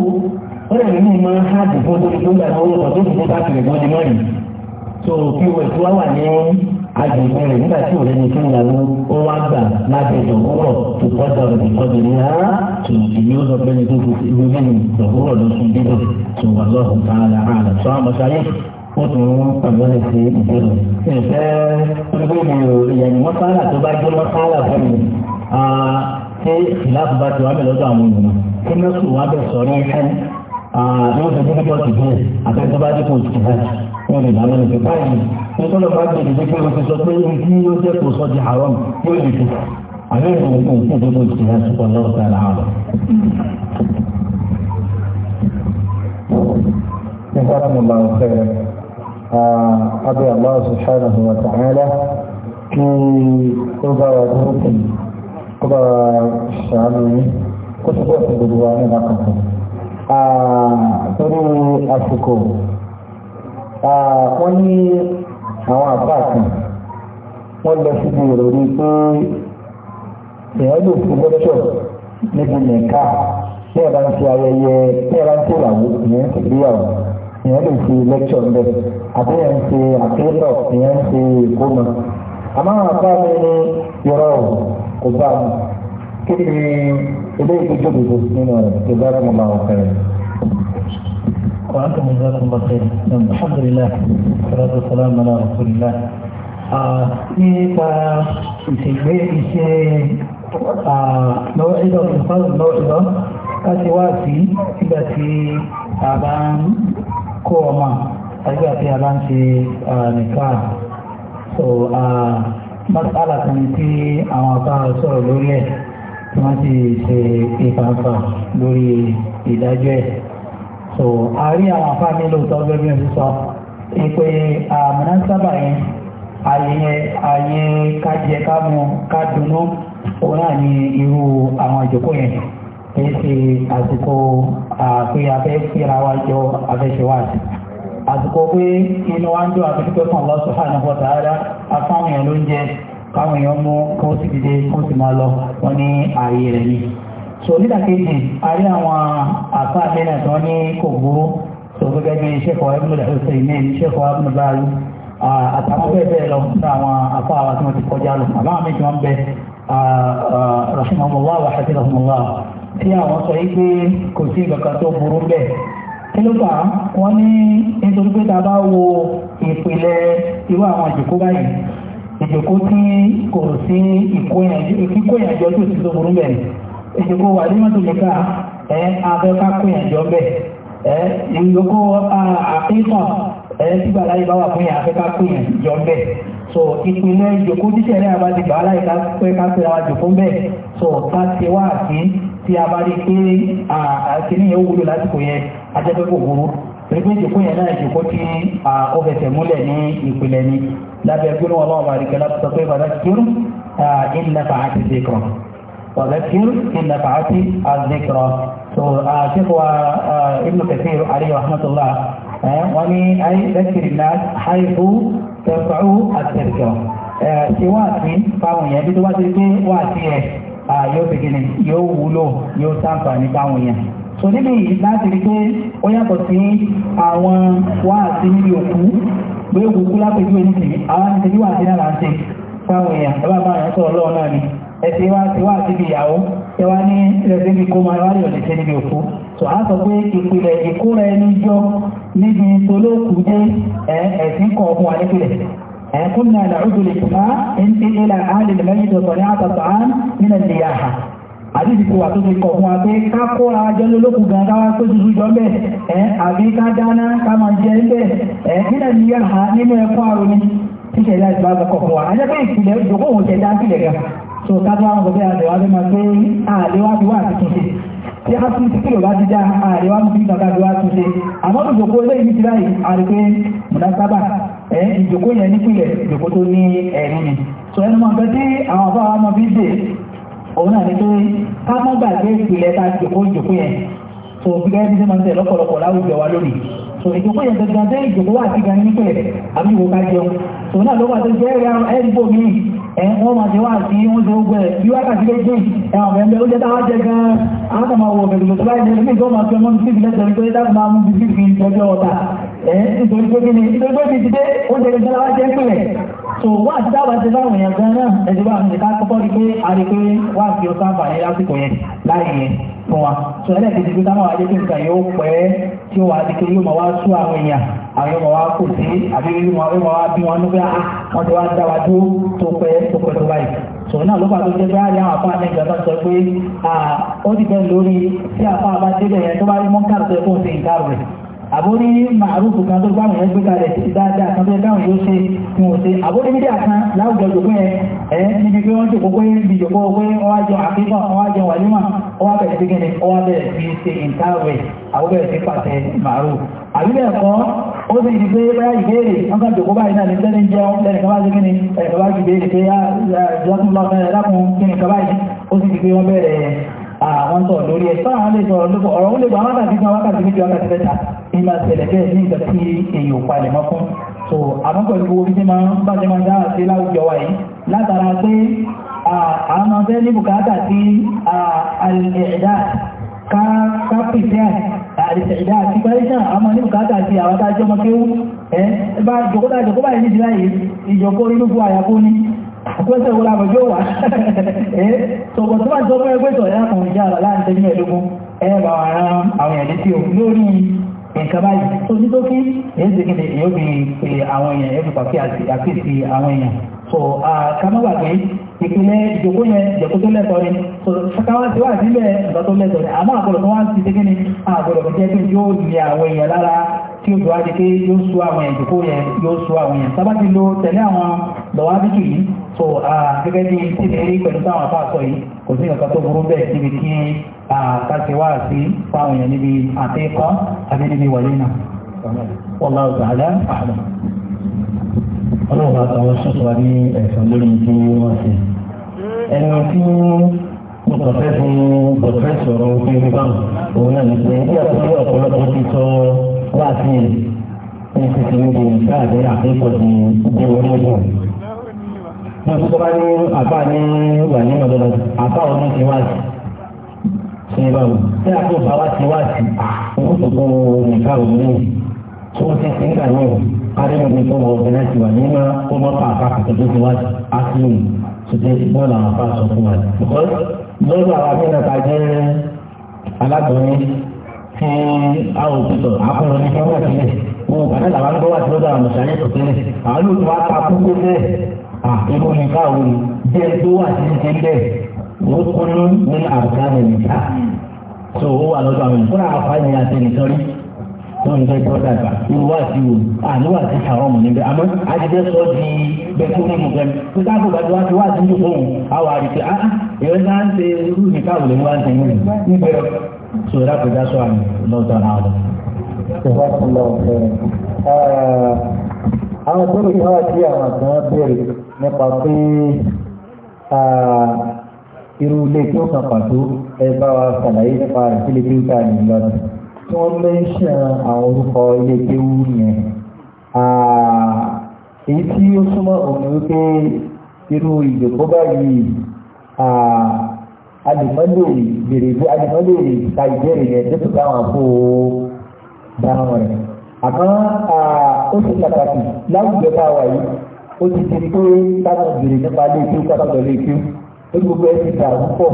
ó lè ní ìmọ̀ háàdì fún ojú tó ń gbà owó bọ̀dé ti dé báńkì rẹ̀ gbọ́dé mọ́rin tó pos wá wà ní agbègbè rẹ̀ nígbà tí òun ẹni tó ń yàwó ó wá gbà lábẹ́ ìdòwúrọ̀ tó kọjá rẹ̀ kọjá rẹ̀ á tó ìdí ó lọ bẹ́ni tó fi ìwé mẹ́rin ìdòwúrọ̀ ló sùn dídò tó wà lọ́hùn tààlà àlà tó àmọ́ sáyé ó tún ń pàmílẹ̀ sí ìbéèrè. ìfẹ́ onígbèmí ìyẹnì mọ́sálà tó bá jẹ́ mọ́sálà fún mi ṣé ìlàkù bá ti wá bẹ̀ lọ́dọ̀ àwọn ènìyàn kí mẹ́sùn wá bẹ̀ sọ ní ẹni yóò fẹ́ dínkù ọ̀sìn wọ́n lè dáná nípa báyìí nítorí ọba gbèdé jẹ́ kí wọ́n fi sọ pé ojú yóò jẹ́ kó sọ di haram yóò lè tó àmì ìrìn òkú òkú abẹ́ Allah subhanahu wa ta'ala kí ó bá wa dúró kù kó bá wa ṣàánú yín kó tó bọ̀ sí gbogbo wa ní ìlànà kan. Torí àsìkò wọ́n ní àwọn àbáàkì wọ́n lọ síbi ìròrí pé èèyàn lè fi lọ́ṣọ̀ níbi nìka bí ẹ bá ń ṣe ayẹyẹ bí ẹ bá ń ṣe ìyàwó ìyẹn ń ṣègbéyàwó ìyẹn lè fi lẹ́kṣọ̀ ń bẹ̀ àbí ẹ̀ ń ṣe àkéyọ̀ ìyẹn ń ṣe ìkómọ. àmọ́ àwọn àbáàkì ní yọrọ kò bá mu kí ni ilé ìgbẹ́jọ́ gbogbo nínú rẹ̀ ìbára mọ̀ máa ń وأنتم جزاكم الله خير الحمد لله والصلاة والسلام على رسول الله nípa ìṣègbè iṣẹ́ lọ́wọ́dọ̀ ìfọ́lù lọ́wọ́dọ̀ láti wá sí nígbà tí a bá ń kó ọmọ nígbà so masala kan tí àwọn apá sọ̀rọ̀ lórí ẹ̀ tí wọ́n ti so àárín àwọn afá mi lóòótọ́ gẹ́gẹ́ bí sọ pé àmọ́nà sábà yẹn ààyè ààyè kájẹ kámu kádùnú òun náà e irú àwọn ìjókòó yẹn kìí ṣe àsìkò àpé afẹ́ fíra wa jọ afẹ́ṣẹ́wáàsì àsìkò pé inú wa ń dùn àfikúpẹ́ fún afáwọn èèyàn ló ń jẹ káwọn èèyàn mú kó sì dìde kó lọ wọn ní so nídàkejì a rí àwọn àfa àmìnà tó ní kò burú so gẹ́gẹ́ bí ṣẹ́kọ̀ọ́ ibùdó ẹ̀sẹ̀ ìmẹ́ ṣẹ́kọ̀ọ́ ibùdó báyìí àtàwọn bẹ́ẹ̀ bẹ́ẹ̀ lọ ní àwọn àfa àwọn tí wọ́n ti kọjá lọ àmọ́ àmì tí wọ́n bẹ rahimahumullah wa hafidhahumullah tí àwọn sọ yìí pé kò sí ìgbàkan tó wo ìpìlẹ̀ irú àwọn ìjòkó báyìí ìjòkó tí kò sí ìkóyànjọ tó ti tó burú bẹ́ẹ̀ ìdìbò wà ní mọ́tò nìka ẹ afẹ́ká kó yàn jọ bẹ́ẹ̀ ẹ ìyókò àpéǹtàn ẹ sígbà láyé bá wà fún yàn afẹ́ká kó yàn jọ bẹ́ẹ̀ so ìpínlẹ̀ ìjòkó jíṣẹ́ rẹ̀ àbájì bá láyé ká pẹ́ ká pẹ́ àwọn àjòkó bẹ́ẹ̀ so ká ti wá àti a bá rí pé àkíní yẹn wúlò lásìkò yẹn ajẹ́pẹ́ kò burú pẹ̀lú ìjòkó yẹn náà ìjòkó tí ó fẹsẹ̀ múlẹ̀ ní ìpínlẹ̀ ni lábẹ́ gbóná ọlọ́run àríkẹ́ láti sọ pé bàbá kírun ìlànà àti ṣe وذكر إن نفعت الذكرى شيخ ابن كثير عليه رحمة الله ومن أي ذكر الناس حيث ترفع التذكرة سواسي فاون يعني دواسي واسي yóò bèkìnì yóò wúlò yóò sáǹfà ní báwọn yẹn so níbi láti rí pé ó yàtọ̀ sí àwọn wáàsí níbi òkú gbé òkú lápẹjú ẹni sí àwọn ìṣẹ́jú wáàsí náà láti fáwọn èèyàn ẹbá bá àyànṣọ́ ọlọ́ọ̀ náà ni ẹ̀sẹ̀ wá ti wá síbi ìyàwó ẹwà ní ẹ̀sẹ̀ bí kó máa wáyọ̀ lè ṣe níbi òkú tó á sọ pé ìpìlẹ̀ ìkóra ẹni jọ níbi tolóòkú jẹ́ ẹ̀sìn kan ọmọ alẹ́pìlẹ̀ ẹ̀kúnnà àlàrúdù lè tùmá ń tí ilẹ̀ àálẹ̀ lẹ́yìndọ̀ sọ̀rọ̀ àtàtà nílẹ̀ ìyàhà àdíjìkò àtúnṣe kọ̀ fún wa pé ká kóra jẹ́ lólókù gan káwá tó dúdú jọ bẹ́ẹ̀ ẹ̀ àbí ká dáná tíṣẹ̀ ilá ìtura kọ̀kọ̀ fún wa a jẹ́ pé ìpìlẹ̀ ìjòkó òun ṣe dá sílẹ̀ gan so káfí àwọn ọmọ bẹ́ẹ̀ àdéhùn abẹ́ máa pé àdéhùn àti wà tuntun ṣe tí a tún ti kílò bá ti dá àdéhùn àti ìgbà ká àdéhùn àtúnṣe àmọ́ ìjòkó eléyìí ti báyìí àrùpé mùnásábà ẹ ìjòkó yẹn nípìnlẹ̀ ìjòkó tó ní ẹ̀rí ni so ẹnu mọ̀ nǹkan tí àwọn ọba àwọn ọmọ bíi dè òun náà ni pé ká mọ́ gbàgbé ìpìlẹ̀ ta ìjòkó ìjòkó yẹn so gẹ́gẹ́ bí sẹ́mọ̀ ń tẹ̀ lọ́pọ̀lọpọ̀ láwùjọ wa lónìí so ìjókòó yẹn gẹ́gẹ́ bẹ́ẹ̀ ìjókòó wà sí gan nípẹ̀ àbí ìwò ká jẹun so náà ló wà tó jẹ́ ẹ̀rọ ẹ̀dìbò mi ẹ̀ wọ́n máa ṣe wá sí wọ́n ṣe ogun ẹ̀ bí wákàtí méjì ẹ̀wọ̀n mẹ́mẹ́ ó jẹ́ táwọn jẹ gan àwọn kan máa wọ bẹ̀rẹ̀ tó báyìí lẹ́nu ìjọ máa fi ọmọ mi síbi lẹ́sẹ̀ nítorí táwọn máa mú bíbí fi ọjọ́ ọ̀tà ẹ̀ nítorí pé kí ni nítorí pé kí ti dé oúnjẹ ìjọba jẹ́ pẹ̀lẹ̀ tó wá àtìdáwà ti bá àwọn èèyàn gan náà ẹ̀sìn bá àwọn ìka kọ́kọ́ rí pé a rí pé wá fi ó sáfà ní lásìkò yẹn láì yẹn fún wa tó ẹlẹ́ẹ̀kejì pé táwọn adé pé nǹkan yóò pẹ́ tí ó wà á di pé yóò máa wá sú àwọn èèyàn àwọn yóò máa wá kò sí àbí yóò máa wá bí wọn nígbà ah, wọn ti wá dá wa dúró tó pẹ́ tó pẹ́ tó báyìí sọ̀rọ̀ náà ló bá tó jẹ́ pé àyà àfa ní ìjọba sọ pé ah, ó dìbẹ̀ lórí tí àfa bá débẹ̀ yẹn tó bá rí mọ́ńkà tó yẹ kó ń ṣe ìdárò rẹ̀ àbórí màálùkù kan tó gbáwọn yẹn gbéga rẹ̀ títí dáadáa kan tó yẹ káwọn yóò ṣe tí wọ́n ṣe àbórí mídíà kan láwùjọ jòkó yẹn ẹ níbi pé wọ́n jòkó pé ibi jòkó pé wọ́n wá jọ àfihàn wọ́n wá jọ wàlímà wọ́n wá bẹ̀rẹ̀ sí kíni wọ́n wá bẹ̀rẹ̀ sí ṣe ìtàwẹ̀ àwọn bẹ̀rẹ̀ sí pàṣẹ màálù àbílẹ̀ ẹ̀kọ́ ó sì di pé báyá ìbéèrè wọ́n ká jòkó báyìí náà ní tẹ́lẹ̀ ń jẹun lẹ́nu kan bá ṣe kíni ẹ̀kọ́ bá ti béèrè pé yá ah, ìjọ́sùn ah, lọ́sẹ̀ ẹ̀dákun kíni kan báyìí ó sì di pé wọ́n bẹ̀rẹ̀ àwọn ah, tó lórí ẹ̀ tó àwọn lè sọ lóko ọ̀rọ̀ ó lè gba wákàtí kan wákàtí méjì wákàtí mẹ́ta ní máa ṣẹlẹ̀ bẹ́ẹ̀ ní ìgbà tí èèyàn palẹ̀ mọ́ fún so àmọ́ pẹ̀lú owó bí máa ń bá jẹ́ máa dára sí láwùjọ wa yìí látara pé àwọn máa fẹ́ ní bùkátà sí àìlẹ̀ẹ̀dá ká pìtẹ́ àìlẹ̀ẹ̀dá àti pẹ́lẹ́sàn àwọn ní bùkátà sí àwọn tájọ́ mọ́ kéwú ẹ́ bá jòkó pẹ́sẹ̀ wo làwọn yóò wá ẹ́ <laughs> eh, sọ̀bọ̀ tó bá jọ fún ẹgbẹ́ ìtọ̀lẹ́ àkùnrin jẹ́ àlọ́ láti tẹ́lẹ̀ ẹ̀dógún ẹ bá wà rán àwọn èèyàn létí o lórí nǹkan báyìí tó ní tó kí èyí ṣe kéde èyí ó fi àwọn èèyàn ẹ̀ fi pàfẹ́ àti àfíìsì àwọn èèyàn so kàmọ́gbàgbé ìpìlẹ̀ ìjòkó yẹn ìjòkó tó lẹ́tọ̀ ni káwá sí wà sílẹ̀ ìjọ tó lẹ́tọ̀ ni àmọ́ àgbọ̀dọ̀ tó wá ń ti dé kíni àgbọ̀dọ̀ tó jẹ́ pé yóò ní àwọn èèyàn lára tí ó dùwádìí pé yóò sú àwọn èèyàn ìjòkó yẹn yóò sú àwọn èèyàn sábà ti lo tẹ̀lé àwọn lọ́wọ́ abíkì yìí so gẹ́gẹ́ bí tí mi rí pẹ̀lú táwọn afá sọ yìí kò sí nǹkan tó burú bẹ́ẹ̀ níbi kí káṣí sí fáwọn èèyàn níbi àtẹ́kọ́ àbí níbi wọlé náà wọ́n lọ́wọ́ ọlọ́run bá tàwọn ṣọ́ṣọ́ ní ẹ̀sán lórí tí wọ́n ṣe ẹni tí mo kàn fẹ́ fi bọ̀tẹ́ sọ̀rọ̀ pé bá òun náà ní pé bí ọ̀pọ̀lọpọ̀ ọ̀pọ̀lọpọ̀ ti sọ wá sí ẹ̀ ní títí níbi káàdé àkẹ́kọ̀ọ́ ti dé orí ẹ̀gbọ́n mo ti tọ́ bá ní àbá ní wà ní ọ̀dọ́dọ́ àbá ọdún ti wá sí ṣe báwo tí a tó bá wá sí wá sí owó ah, tó nìkan òun ní adébẹ̀bẹ̀ tó wọ ọ̀gbẹ́ láti wà nínú ọmọ pàápàá kàtó tó ti wá ákíyù ṣùgbọ́n bọ́ọ̀lù àwọn afá sọ fún wa. lórí àwọn abẹ́rẹ́ ta jẹ́ alágbọ̀nrín tí a ò tutọ̀ akọ̀rọ̀ ní fẹ́rẹ́ sílẹ̀ wọn ò kàtẹ́ làwọn gbọ́ wà tí ó dára mọ̀ṣáyé tó tẹ́lẹ̀ àwọn ló wá ta kúkú bẹ́ẹ̀ àkókò ní káwọn jẹ́ tó wà sí ti bẹ́ẹ̀ wọ́n kún ní àbùkà nìyí so ó wà lọ́dọ̀ àwọn ìfúnra àfáàní àti wọn fẹ́ tọ́ dàgbà irú wá sí o àní wá sí àwọn ọmọ níbẹ̀ àmọ́ àdìdẹ́ sọ di bẹ̀tú ní mu gan tó dáàbò bá ti wá sí wá sí yóò fóun àwọn àdìsẹ́ á ah, ìrẹ́ náà ń ṣe irú mi káwọn lèmi wá ń tẹ̀yìn rẹ̀ níbẹ̀ sọ ìdá kọjá sọ àmì lọ́tọ̀ náà lọ. àwọn tó lè wá sí àwọn àtàn bèrè nípa pé irú ilé tí ó kàn pàtó ẹ bá wa ṣàlàyé nípa ìdílé tí ó tí wọ́n mẹ́ṣẹ̀ àwọn orúkọ ilé kéwú yẹn èyí tí ó súnmọ́ òun wípé irú ìjòkó báyìí alìmọ́lè bèrè bí alìmọ́lè ta ìbéèrè yẹn dẹ́kun táwọn àpò dáhùn rẹ̀ àmọ́ ó ṣe pàtàkì láwùjọ bá wà yìí ó ti di pé táwọn bèrè nípa ilé kéwú kápákọ̀ ilé kéwú ó gbogbo ẹ̀ ti dà púpọ̀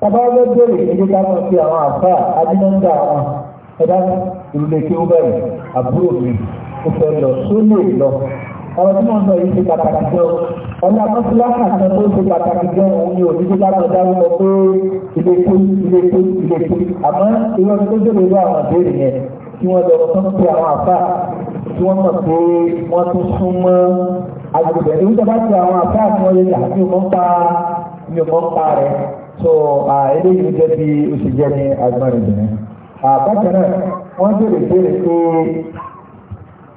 tábà wọ́n bẹ̀rẹ̀ nígbà táwọn fi àwọn àfáà adínọ́ńdà wọn ẹ̀dá ìrùlé kí ó bẹ̀rẹ̀ àbúrò mi ó fẹ́ lọ tó lè lọ ọ̀rọ̀ tí wọ́n sọ yìí ṣe pàtàkì jẹ́ ọ̀nà mọ́síláṣà kan tó ṣe pàtàkì jẹ́ òun ni òní tó dára dáwọ́ lọ pé ilé tó ilé tó ilé tó àmọ́ ìwọ́n tó dèrò lọ àwọn ìbéèrè yẹn tí wọ́n lọ tó ń pe àwọn àfà tí wọ́n mọ̀ pé wọ́n tún sún mọ́ agbègbè ní ìjọba ti àwọn àfà tí wọ́n lè yà sí ò mọ́ ń pa rẹ̀ so eléyìí jẹ́ bí oṣù jẹ́ ní agbọ́nrin àbájẹ́rẹ̀ wọ́n bèèrè bèèrè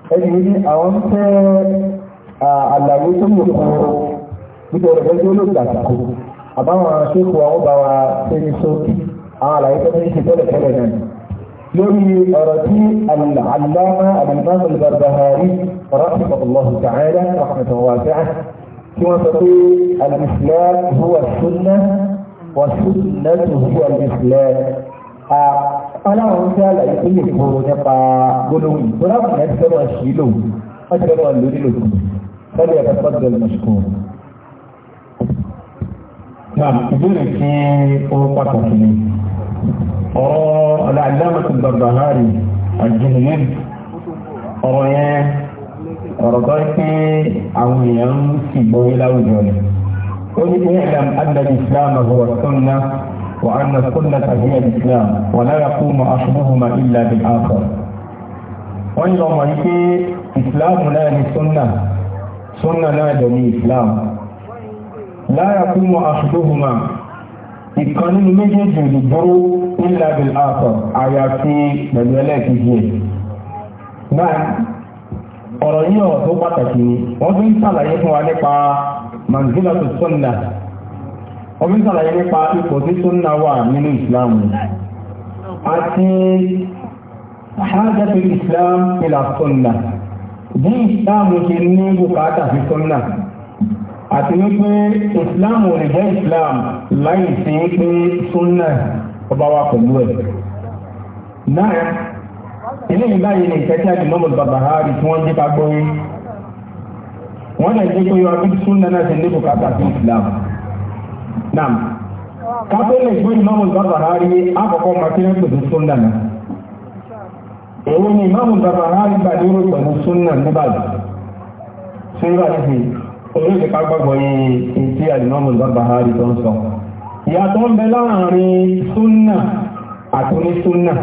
pé ẹni ní àwọn fẹ́ àlàyé tó mú kọ́ nítorí ẹgbẹ́ olóògbà àtàkù àbáwọn ṣékù àwọn bá wa tẹ́lẹ̀ sókí àwọn àlàyé tó ní ṣe tẹ́lẹ̀ tẹ́lẹ̀ náà lórí ọ̀rọ̀ tí aláàmà àbìmáàmù al-Barbahari rahimahullahu ta'ala rahmatan wasi'a tí aláwọn oúnjẹ àlàyé tó lè kó nípa gbólóhùn ìgbóláwùn yẹn ti fẹ́ràn sí lò wọ́n ti fẹ́ràn lórí lò lọ́dọ̀ ẹ̀ka fọ́dọ̀ lọ́sùkú. Náà ìbéèrè kí ó pàtàkì ni ọ̀rọ̀ aláàdámà ti bàbá hárì àjùmọ̀ ọ̀rọ̀ yẹn ọ̀rọ̀ tó ń pé àwọn èèyàn ń sì gbóyé láwùjọ ni. Ó ní bí ẹ̀dàm adàlì ìsìlámù àwọn ọ̀sán náà وأن السنة هي الإسلام ولا يقوم أحدهما إلا بالآخر wọ́n yọ mọ̀ ní pé ìsìláàmù náà ni إسلام لا يقوم jẹ ní ìsìláàmù lára kú mọ̀ àṣùgbóhùnmá ìkan nínú méjèèjì ìdúró nílá bí àpọ̀ àyàfi pẹ̀lú ẹlẹ́ẹ̀kejì ẹ̀ náà ọ̀rọ̀ yíò tó pàtàkì ni wọ́n tún sàlàyé fún wa nípa manzilatu súnnà ọmọ ìsàlàyé nípa ipò tí súnnà wà nínú ìsìláàmù àti hajjatul islam ila súnnà bí ìsìláàmù ṣe ní bùkátà sí súnnà àti wípé ìsìláàmù rẹ̀ jẹ́ ìsìláàmù láì sí pé súnnà ọba wa pẹ̀lú ẹ̀ náà ilé ìbáyìí ni ìkẹ́kẹ́ àdìmọ́mọ̀ bàbáhárì tí wọ́n jẹ́ ká gbọ́yé wọ́n lè jẹ́ pé yọ nam kábẹ́lẹ̀ ìgbé ìmáàmù bàbàrà rí àkọ́kọ́ makílẹ̀ pẹ̀lú súnnà náà èwo ni ìmáàmù bàbàrà rí gbàdúró pẹ̀lú súnnà níbàdàn sí ìbàdàn orílẹ̀ pàgbàgbọ̀ yìí tí alìmọ́mù Barbahari tó ń sọ. Ìyàtọ̀ ń bẹ láàrin súnnà àti onísúnnà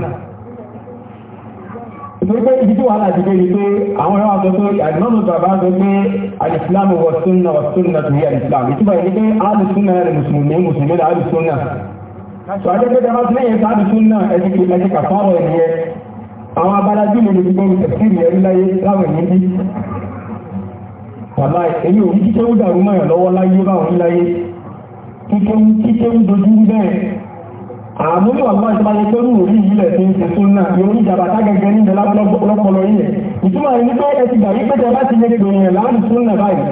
ìgbẹ́gbẹ́ ibi tí wàhálà ti dé ni pé àwọn ẹ̀rọ àgbẹ̀ pé àdìmọ́nù bàbá ń gbé alìsílámù wọ súnà wọ súnà tó yẹ alìsílámù ìtumọ̀ yìí pé alìsúnà rẹ̀ mùsùlùmí mùsùlùmí rẹ̀ alìsúnà tó àjẹgbẹ́ dáná tí lẹ́yìn tó alìsúnà ẹni kì ẹni kàfárọ̀ ẹni yẹ àwọn abalajú mi ni gbogbo tẹ̀síìrì ẹni láyé láwọn èyí bí wàlá èyí ò kíkéwú dàrú mọ́ àmúlò àwọn ìpàdé pẹ̀lú orí ìyílẹ̀ tí ń tuntun náà ní orí ìjàmbá tágẹgẹ ní ìjọba lọ́pọlọ yìí ìtumọ̀ rẹ̀ ní pé ẹ ti gbàgbé pé tẹ́lá ti lè gbòòyìn láàrín tún náà báyìí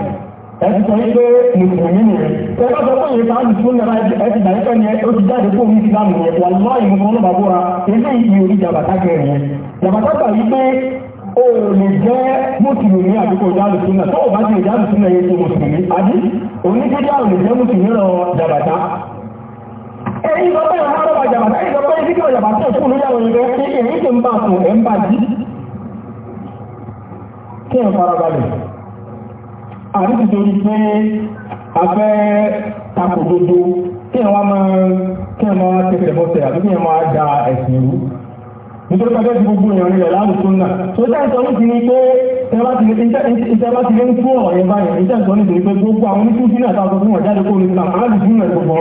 ẹ ti sọ wípé mùsùlùmí nìyẹn tẹ́lá sọ pé ìyẹn láàrín tún náà báyìí ẹ ti gbàgbé pé yẹn ó ti jáde fún omi ìsìlámù yẹn wà lọ́ọ̀ ìmùsùlùmí ọlọ́ba bóra ilé ìyí orí ìjàmbá tágẹgẹ yẹn jàmbá tágẹgẹ o lè jẹ́ mùsùlùmí àdúgbò jáde súnà tó o bá ti jáde súnà yẹn tó mùsùlùmí àbí onídíjà ò lè jẹ́ mùsùlùmí lọ jàbàtà ẹ̀yìn sọ pé ìwọ̀n àrọ̀bà jàbàtà ẹ̀yìn sọ pé ìdíkọ̀ jàbàtà ẹ̀kú lórí àwọn ìgbẹ́ ẹ̀yìn sì ń bá ẹ̀ ń bá jí kí ẹ̀ farabalẹ̀ àti ti pé afẹ́ tako dodo kí ẹ̀ wá máa kí ẹ̀ máa tẹsẹ̀ bọ́sẹ̀ àti da ẹ̀sìn nítorí ti gbogbo rẹ̀ tó náà tó ti ní pé ìjọba ti lé ń fún ọ̀rọ̀ yẹn báyìí ìjọba gbogbo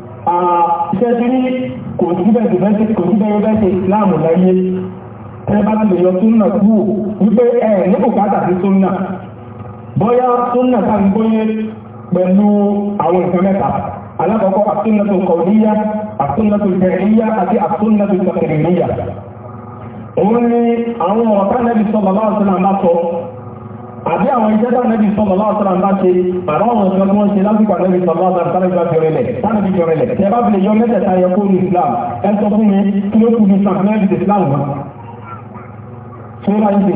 ṣẹ́bí kò síbẹ̀ kò síbẹ̀ yóò bẹ́ẹ̀ ìsìláàmù láyé ẹgbẹ́ láti yọ súnnà kú wípé ẹ̀ ní bùkátà sí súnnà bọ́yá súnnà tàbí gbóyé pẹ̀lú àwọn ìfẹ́ mẹ́ta alákọ̀ọ́kọ́ àsúnnà tó kọ̀ọ̀líyà àsúnnà tó jẹ̀ríyà àti àsúnnà tó tọ̀kẹ̀rẹ̀ríyà òun ni àwọn ọ̀tá nẹ́bí sọ bàbá ọ̀sán àbátọ̀ àbí àwọn iṣẹ́ tánàbí sọmọlá ọ̀sára ńlá ṣe bàbá àwọn ọ̀sán tí wọ́n ṣe lásìkò ànàbí sọmọlá ọ̀sára tánàbí jọrẹlẹ̀ tánàbí jọrẹlẹ̀ tẹ bá fi lè yọ mẹ́tẹ̀ẹ̀ta yẹ kó ní Islam ẹ sọ fún mi kí ló kù ní sàkánẹ́bì Islam mọ́. sọ́ra ìgbè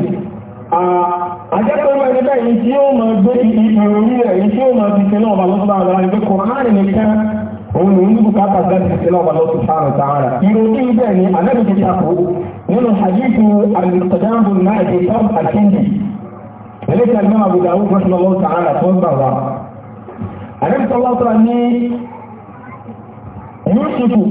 àjẹ́kọ̀ọ́ ẹni bẹ́ẹ̀ tí ó mọ̀ gbé ìròyìn rẹ̀ tí ó mọ̀ fi ṣe náà bá lọ́sọ̀rọ̀ òun ló ń bùkátà láti ṣe lọ́wọ́ lọ́sùn sáàrùn sáàrà. ìròyìn bẹ́ẹ̀ ni anábìtì takò nínú hadithu alìsàdáàbù náà ti tọ́ àkíndì eléyìí kan أبو داود رحمه الله تعالى فوق tó ń bà wá àdébìtọ́lá ọ̀tọ́ ní yúṣùkù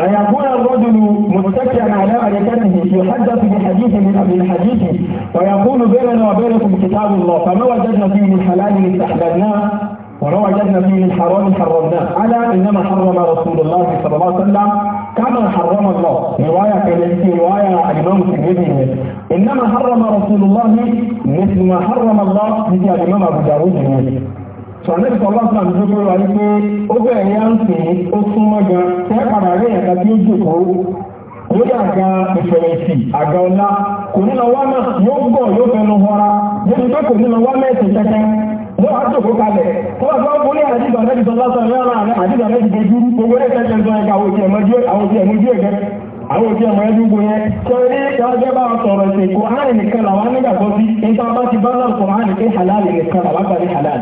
الرجل متكئا على ملكته يحدث بحديث من أبي الحديث ويقول بيننا وبينكم كتاب الله فما وجدنا فيه من حلال استحببناه وروى جنة فيه الحرام حرمناه ألا إنما حرم رسول الله صلى الله عليه وسلم كما حرم الله رواية كذلك رواية الإمام الترمذي إنما حرم رسول الله مثل ما حرم الله مثل الإمام أبو داود sọ̀rọ̀ ìsọ̀ lọ́sàn àti gbogbo wa wípé ó bẹ̀rẹ̀ yá ń sìn ó súnmọ́ gan tẹ́ padà rẹ̀ ẹ̀ka tí ó jòkó lórí àga ìfẹ̀rẹ̀sì àga ọlá kò nílọ wá náà yóò gbọ̀ yóò fẹnu họra débi pé kò nílọ wá mẹ́sìn kẹ́kẹ́ wọ́n wá jòkó kalẹ̀ wọ́n wá gbọ́ ní àdìgbà náà ìjọba sọ̀rọ̀ náà àdìgbà náà ti dojú owó rẹ̀ tẹ́jẹ́ ń sọ ẹ̀ka àwọn òkè ẹ̀mọ́jú ẹ̀gẹ́ àwọn òkè ẹ̀mọ́ ẹ̀dú gbò yẹn tí wọ́n ní ìjọba bá sọ̀rọ̀ ṣe kò hàn nìkan làwọn nígbàgbọ́ sí nípa bá ti bá náà sọ̀rọ̀ hàn nìkan halal nìkan làwọn gbà ní halal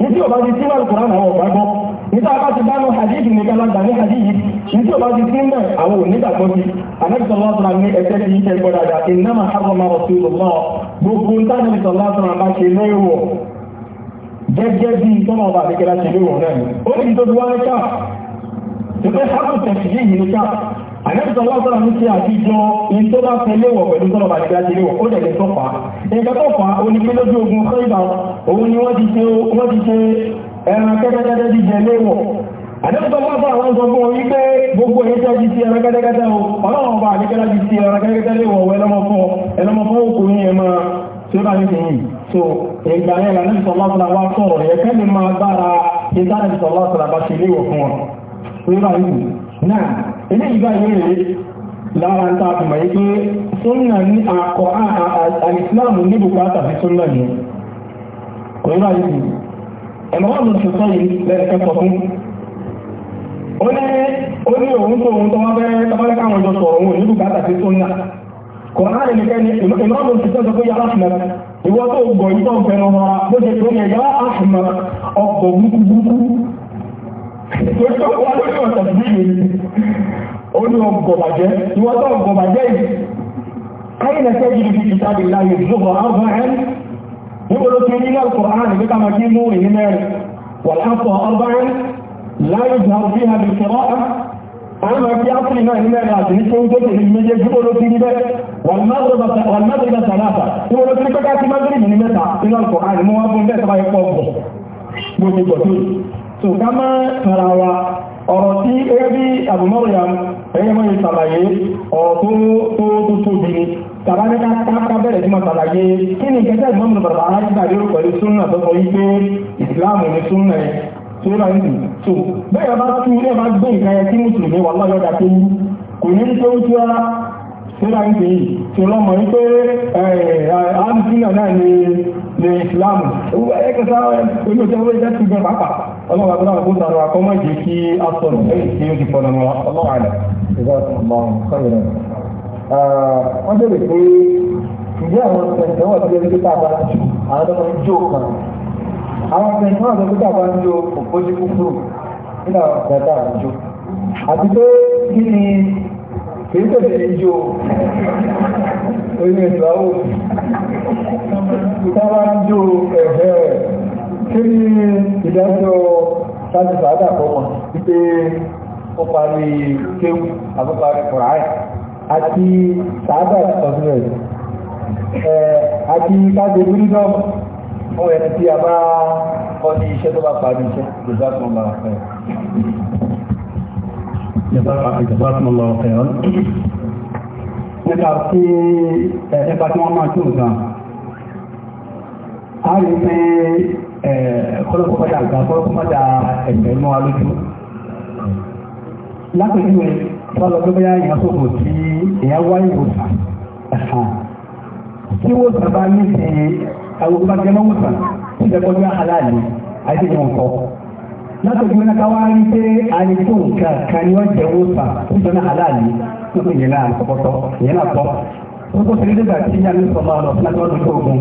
nítorí ọba ti sí wàlùkùrá àwọn ọba gbọ́ nítorí ọba ti bá ní hadith nìkan lágbà ní hadith nítorí ọba ti sí mẹ́ àwọn onígbàgbọ́ sí anábìsọ̀lá ọ̀sán ní ẹgbẹ́ tí lẹ́wọ̀ gẹ́gẹ́ bí tọ́nà ọba àfikẹ́lá ṣe léwọ̀n náà ó ní tó bí wá ní káà tó fẹ́ sábà tẹ̀sí yìí ní káà àyẹ́sọ̀ lọ́sọ̀rọ̀ ní ṣe àfihàn in tó bá fẹ́ léwọ̀ pẹ̀lú tọ́nà ọba àfikẹ́lá ṣe léwọ̀n ó dẹ̀lẹ̀ tó fà á nǹkan tó fà á ó ní pé lójú ogun kọ́ìbà òun ni wọ́n ti ṣe ẹran kẹ́kẹ́kẹ́kẹ́ jíjẹ léwọ̀ àdẹ́sọ̀ lọ́sọ̀ àwọn sọ fún orí pé gbogbo èyí tẹ́ ti ti ẹran kẹ́kẹ́kẹ́kẹ́ o ọlọ́run ọba àfikẹ́lá ti ti ẹran kẹ́kẹ́kẹ́ léwọ̀ ẹlọ́mọ fún ọkùnrin ẹ̀ máa tí ó bá ní sẹ́yìn so ìgbà yẹn lànà ìsọlọ́sọlá wá sọ̀rọ̀ yẹ kẹ́lẹ́ máa gbára ìdáná ìsọlọ́sọlá bá ṣe léwọ̀ fún ọ tí ó bá ní sẹ́yìn náà ilé ìgbà yẹn rèé lára ń tàbí mọ̀ yìí pé súnà ní àkọ́ àìsíláàmù ní bùkátà sí súnà yẹn kò yí bá yìí sẹ́yìn ẹ̀mọ́ wọn lọ sọ yìí lẹ́ẹ̀kẹ́kọ̀ọ́ fún ó ní òun tó òun tó wọ́n fẹ́ tọ́bọ́lẹ́káwọn jọ sọ̀rọ̀ òun ní bùkátà sí súnà kọ̀ọ̀nà ẹnikẹ́ni ìmọ̀lù ti tẹ́sọ pé aláṣùmọ̀rẹ́ ìwọ tó gbọ̀ ìtọ́ ìfẹ́nu ọmọ bó ṣe tó ní ẹ̀yà aláṣùmọ̀rẹ́ ọkọ̀ burúkú tó tó wá lórí ọ̀tọ̀ sí ìlú ó ní ọgọ̀ bàjẹ́ ìwọ tó ọgọ̀ bàjẹ́ káyìn ẹ̀sẹ̀ yìí láyé zọ́bọ̀ àwọn ẹ̀ níbo ló ti nílẹ̀ ọkọ̀ òun lọ bí ápùlì náà ní mẹ́rin àti ní tóun tó tè ní méjèèjì ó ló ti ní bẹ́ẹ̀ wọ́n mẹ́rin sàlátà tí wọ́n ló ti ní pẹ́ká sí mẹ́rin ní mẹ́ta nínú ọkọ̀ àrùn mọ́ fún bẹ́ẹ̀ sábà ẹ̀kọ́ ọ̀pọ̀ gbogbo gbọ̀tún so ká má tara wa ọ̀rọ̀ tí ẹbí àbùmọ́rìyà ẹgbẹ́mọ́ ìsàlàyé ọ̀tún tó tó tóbi ni tàbá ní káàkà bẹ̀rẹ̀ tí ma sàlàyé kí ni ìkẹta ìmọ́mù bàbá aláìsàdé pẹ̀lú súnnà tó tí ó náà ń sìn so bẹ́ẹ̀ bá tú ilé bá gbé ìka yẹn tí mùsùlùmí wà lọ́yọ̀ dá tó yí kò ní tó ń tú rárá tí ó náà ń sìn yìí tí ó lọ́mọ yìí pé àmìsínà náà ni ni Islam ẹ̀kẹta omi ò tẹ́wọ́ ẹ̀jẹ̀ ti gbẹ pàápàá ọlọ́wà tó náà kó sàrọ̀ àkọ́mọ́ ìdí kí a sọ̀rọ̀ lẹ́yìn tí ó ti àwọn ọmọ ìṣúná àti ọdún tàbá ń lo òpójú kúkúrú nínú àwọn ọ̀dàdà àjò àti pé kí ni kìí tẹ̀lé ìjó orí ìgbàwó ìtàbá ń jó ẹ̀fẹ́ rẹ̀ kí ni ìdájọ́ sáàtì fàádà kọ́mọ̀ wípé ó parí kéwù àbúparí kùràáì àti fàádà ọdún àti káàkiri mílíọ̀nù fún ẹni tí a bá kọ́ ní iṣẹ́ tó bá parí iṣẹ́ ìjọba tó ń bá wọn fẹ́. ìjọba tó ń lọ fẹ́ ọ́ nípa tí ẹ̀ẹ́pa tí wọ́n máa tó nǹkan a rí pé kọ́lọ́kọ́mọ́dà nǹkan kọ́lọ́kọ́mọ́dà ẹ̀gbẹ́ mọ́ wa lójú lápẹ̀jú ẹ̀ tọ́lọ tó bẹ́yà èèyàn tó kò tí èèyàn wáyé òsàn ẹ̀sàn tí wọ́n tàbá ní àwọn tó bá jẹ́ mọ́ mùsùlùmí ti fẹ́ kọjú aláàlú àti ìwọ̀n kọ́. látọ̀jú ní ká wá rí pé àlejò nǹkan kan ni wọ́n jẹ́ wọ́sà tó jẹ́ náà aláàlú tó fi yẹn náà kọ́kọ́tọ́ yẹn náà tọ́. ó kó sí nígbà tí yàrá ní sọ̀rọ̀ ọ̀rọ̀ fún àtọ́jú tó ogun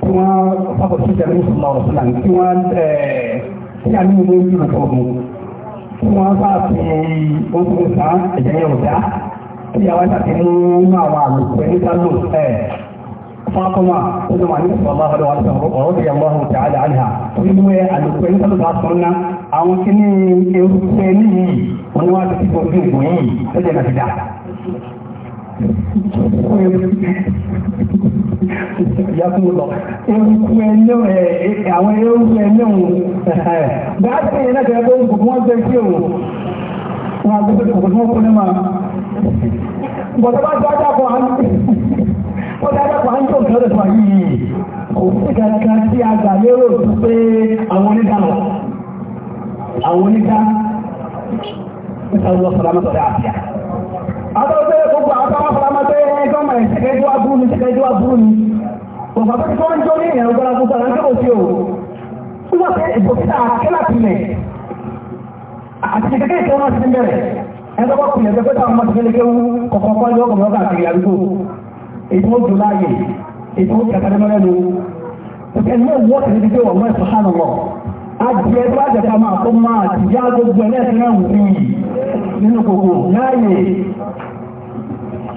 tí wọ́n fàbọ̀ sí yàrá ní sọ̀rọ̀ ọ̀rọ̀ fún àtọ́jú tí wọ́n yàrá ní sọ̀rọ̀ ogun tí wọ́n bá fi oṣù sàn ẹ̀jẹ̀ yọ̀dá tí àwọn àti mú àwọn àlùkò ẹni sálò ẹ̀ fatima ummu ali sallallahu alaihi wa radiyallahu ta'ala anha nínú ẹ àlùkò ní sọ́dọ̀ sọ́nà àwọn kí ní erùpẹ̀ níyì wọn ni wọ́n ti fi fojú ìgbò yìí tó jẹ́ nàìjíríà yàtúndọ̀ eruku ẹlẹ́wọ̀n ẹ̀ àwọn eruku ẹlẹ́wọ̀n bá a ti yẹn náà kẹ́kẹ́ bóyá gbogbo wọn bẹ́ẹ̀ sí òun wọn àgbẹ̀fẹ́ kòkòrò wọn kò ní ma bọ̀dọ̀ bá ti wájà kọ́ àwọn ó dájọ́pọ̀ á ń tó ìjọ́ lẹ́fà yìí kò sí kẹrẹkẹ tí a gbà lérò tó pé àwọn onídà lọ àwọn onídà ìsàlùwọ̀ sọ̀rọ̀mọ́sọ̀rọ̀ àbíyà àtọ́jọ́ gbogbo àtàwọn fọlámọ́tẹ́ gọ́mà ìṣẹ́kẹ́jọ́ abúrú ni ṣẹ́kẹ́jọ́ abúrú ni òfà tó ti kọ́ ń jó ní ìyẹn ọgbọ́n agbógbó àwọn akẹ́kọ̀ọ́ sí o wọ́n fẹ́ ìbòkítà akẹ́làpìlẹ̀ àti ìkẹ́kẹ́ ìkẹ́ wọn ti bẹ̀rẹ̀ ẹgbẹ́ kọ́kùnrin ẹgbẹ́ pẹ́ta ọmọ ti fẹ́lẹ́kẹ́ wú kọ̀kọ́ èyí ó dùn láàyè èyí ó kẹtẹrẹ mẹ́rẹ́ lu ẹni náà wọ́n ti di pé wọ́n mọ́ ẹ̀sán hàn lọ adìẹ tó àjẹká máa kó máa tìyá gbogbo ẹlẹ́sìn náà wù mí nínú gbogbo láàyè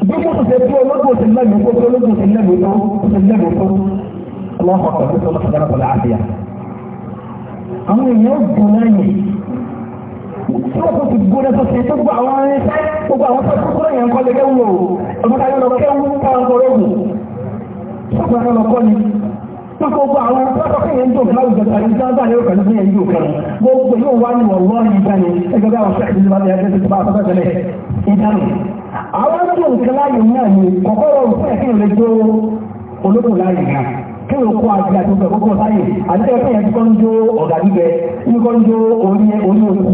bí mo ṣe tí ológun ti lẹ́nu kó tí ológun ti lẹ́nu tó ti lẹ́nu tó ọlọ́pàá pẹ̀lú tó lọ́pàá dára àwọn èèyàn dùn lẹ́yìn Fúnra tó ti gbóná tó ṣe tó gbọ́ àwọn arìn gbogbo àwọn tó yẹn kọ́ lè kẹ́wù o. Ọmọdé ayé lọ kẹ́wù káwọn kọ́ lóògùn. Sọ́kùnrin náà lọ kọ́ ni. Sọ́kùn gbogbo àwọn pátákó yẹn ń dùn láwùjọ ìjọba àti ìjọba àti ìjọba àti ìjọba àti ìjọba. Gbogbo yóò wá ní wọ̀wọ́ ní ìjọba ẹgbẹ́ bí àwọn sẹ́ẹ̀dì ìjọba àti ìjọba àti ìjọba àwọn tó nǹkan láàyè jó ọ̀gá gbígbẹ ní kan jó orí orí òkú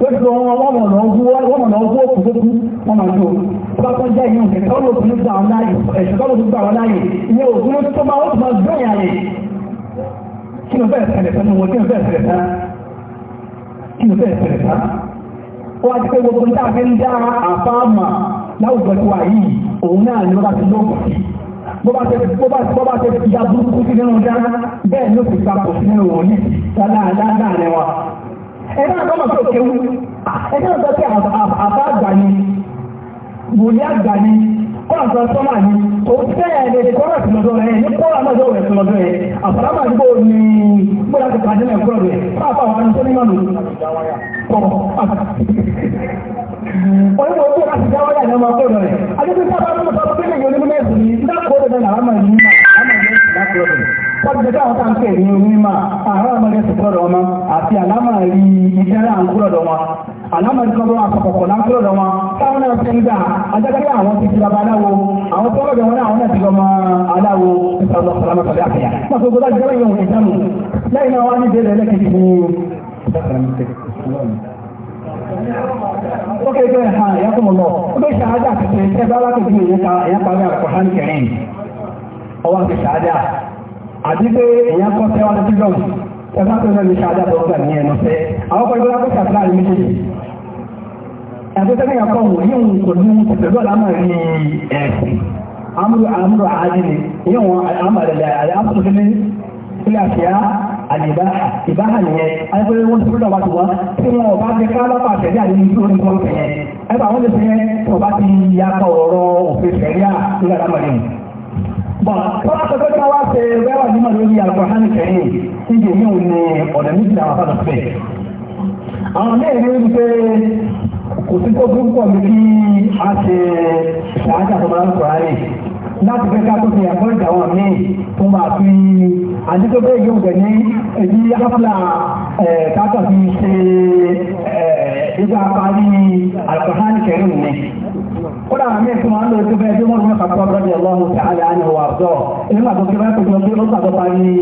lójú wọn wọ́n mọ̀ náà gún wọ́n mọ̀ náà gún òkú tó kú wọ́n máa lò bákan jẹ́ ìyẹn òkè tọ́lọ̀ tó gbà wọn láàyè ẹ̀sùn tọ́lọ̀ tó gbà wọn láàyè ìyẹn òkú ló tó máa ó tó máa gbé ìyá rẹ̀ kí ló bẹ́ẹ̀ tẹ̀lẹ̀ tán wọn kí ló bẹ́ẹ̀ tẹ̀lẹ̀ tán kí ló bẹ́ẹ̀ tẹ̀lẹ̀ tán ó wá ti pé gbogbo ní táàfin dá àfáàmà láwùjọ ti wà yìí òun náà ni wọ́n bá ti lóògùn sí bó bá ṣe ya burúkú sí nínú dáná bẹ́ẹ̀ ló fi papọ̀ sí nínú òun ní láàárín wa ẹ̀dá àgbàmọ̀ tó kéwú ẹ̀dá àgbà tí àbá àgbà ni wòlíì àgbà ni kọ́ọ̀tọ̀ sọ́mà ni tó fẹ́ẹ̀ lè kọ́rọ̀ sí lọ́dọ̀ rẹ̀ ní kọ́rọ̀ náà lọ́wọ́ rẹ̀ sí lọ́dọ̀ rẹ̀ àfàlámà àdúgbò ni gbọ́dọ̀ ti pàdé náà kúrọ̀ rẹ̀ pàápàá wà ní sọ́nìmọ̀ nù. onímọ̀ owó láti já wáyà ní ọmọ akọ́rọ̀ rẹ̀ ní ìyọ̀ onímọ̀ Pọ́jùjẹ́ káwọn tá ń pè ní mímọ̀ àárọ̀ ọmọdé sọ̀rọ̀ wọn àti àlámà rí ìjẹ́rẹ́ àǹkúrọ̀dọ̀ wọn. Àlámà rí kọ́bọ́ àpapọ̀pọ̀ láǹkúrọ̀dọ̀ wọn. Táwọn náà fi ń gbà ajágbé àwọn ti fi babaláwo. Àwọn tọ́rọ̀ dẹ̀ wọn náà àwọn náà ti lọ mọ aláwo ìsọ̀rọ̀ sọ̀rọ̀ tọ̀lé àkẹyà. Mọ̀tò gbọ́dọ̀ jẹ́rẹ́ yóò wọ̀ ìjánu. Lẹ́yìn náà wá ní ìdílé lẹ́kẹ̀ẹ́ fún Ok, good, ha, yakumullah. Ó bẹ́ ṣàájà ti ṣe ṣẹ́gbẹ́ alákòókò Ọwọ́ ti ṣàájà àti pé èèyàn kọ́ tẹ́wà lọ sí lọ́wọ́ ẹgbẹ́ tó lọ́wọ́ iṣẹ́ ajá tó ń gbà ní ẹnu fẹ́ àwọn ọkọ̀ ìgbọ́lá pẹ̀sà tó láàrin méjèèjì ẹgbẹ́ tẹ́lẹ̀ yà kọ́ wòye òun kò ní pẹ̀lú àlámà rí ẹ̀sìn amúrò amúrò àádìní yóò wọn àmàlẹ̀lẹ̀ àdáfọ́sílẹ̀ sílẹ̀ àṣíyá ìbáhà nìyẹn agbẹ́rẹ́ wọn tó lọ́wọ́ tó wá tí wọn ọba jẹ ká lọ́pàá tẹ̀lé àdínní tó ní kọ́ tẹ̀yẹn ẹgbẹ́ àwọn lè fẹ́ ọba ti yakọ̀ ọ̀rọ̀ òfin tẹ̀lé à nígbà lámàlẹ́yìn Bọ́lá tó fẹ́ wá ṣe rẹ́wà nímọ̀ lórí Al-Qur'an Karim tí ìdè yìí ní ọ̀nà méjì àwọn afárá pẹ̀. Àwọn mẹ́rin ní wípé kò sí tó fún pọ̀ ní kí a ṣe ṣáájà tó máa ń kọ̀ rárẹ̀. Láti fẹ́ ká tó fi ẹ̀kọ́ ìdáwọn míì tó máa fi àdídọ́gbé yóò bẹ̀ ní èyí áfíà káàkiri ṣe ìjà parí Al-Qur'an Karim ni kódà àmì ẹ̀sìn wọn lọ sí bẹ́ẹ̀ tí wọ́n mú kàkọ́ rọ́dì ọlọ́run tí a lè á ní wà ọ̀dọ́ èyí màá tó kí wọ́n tó gbé lọ́sà tó parí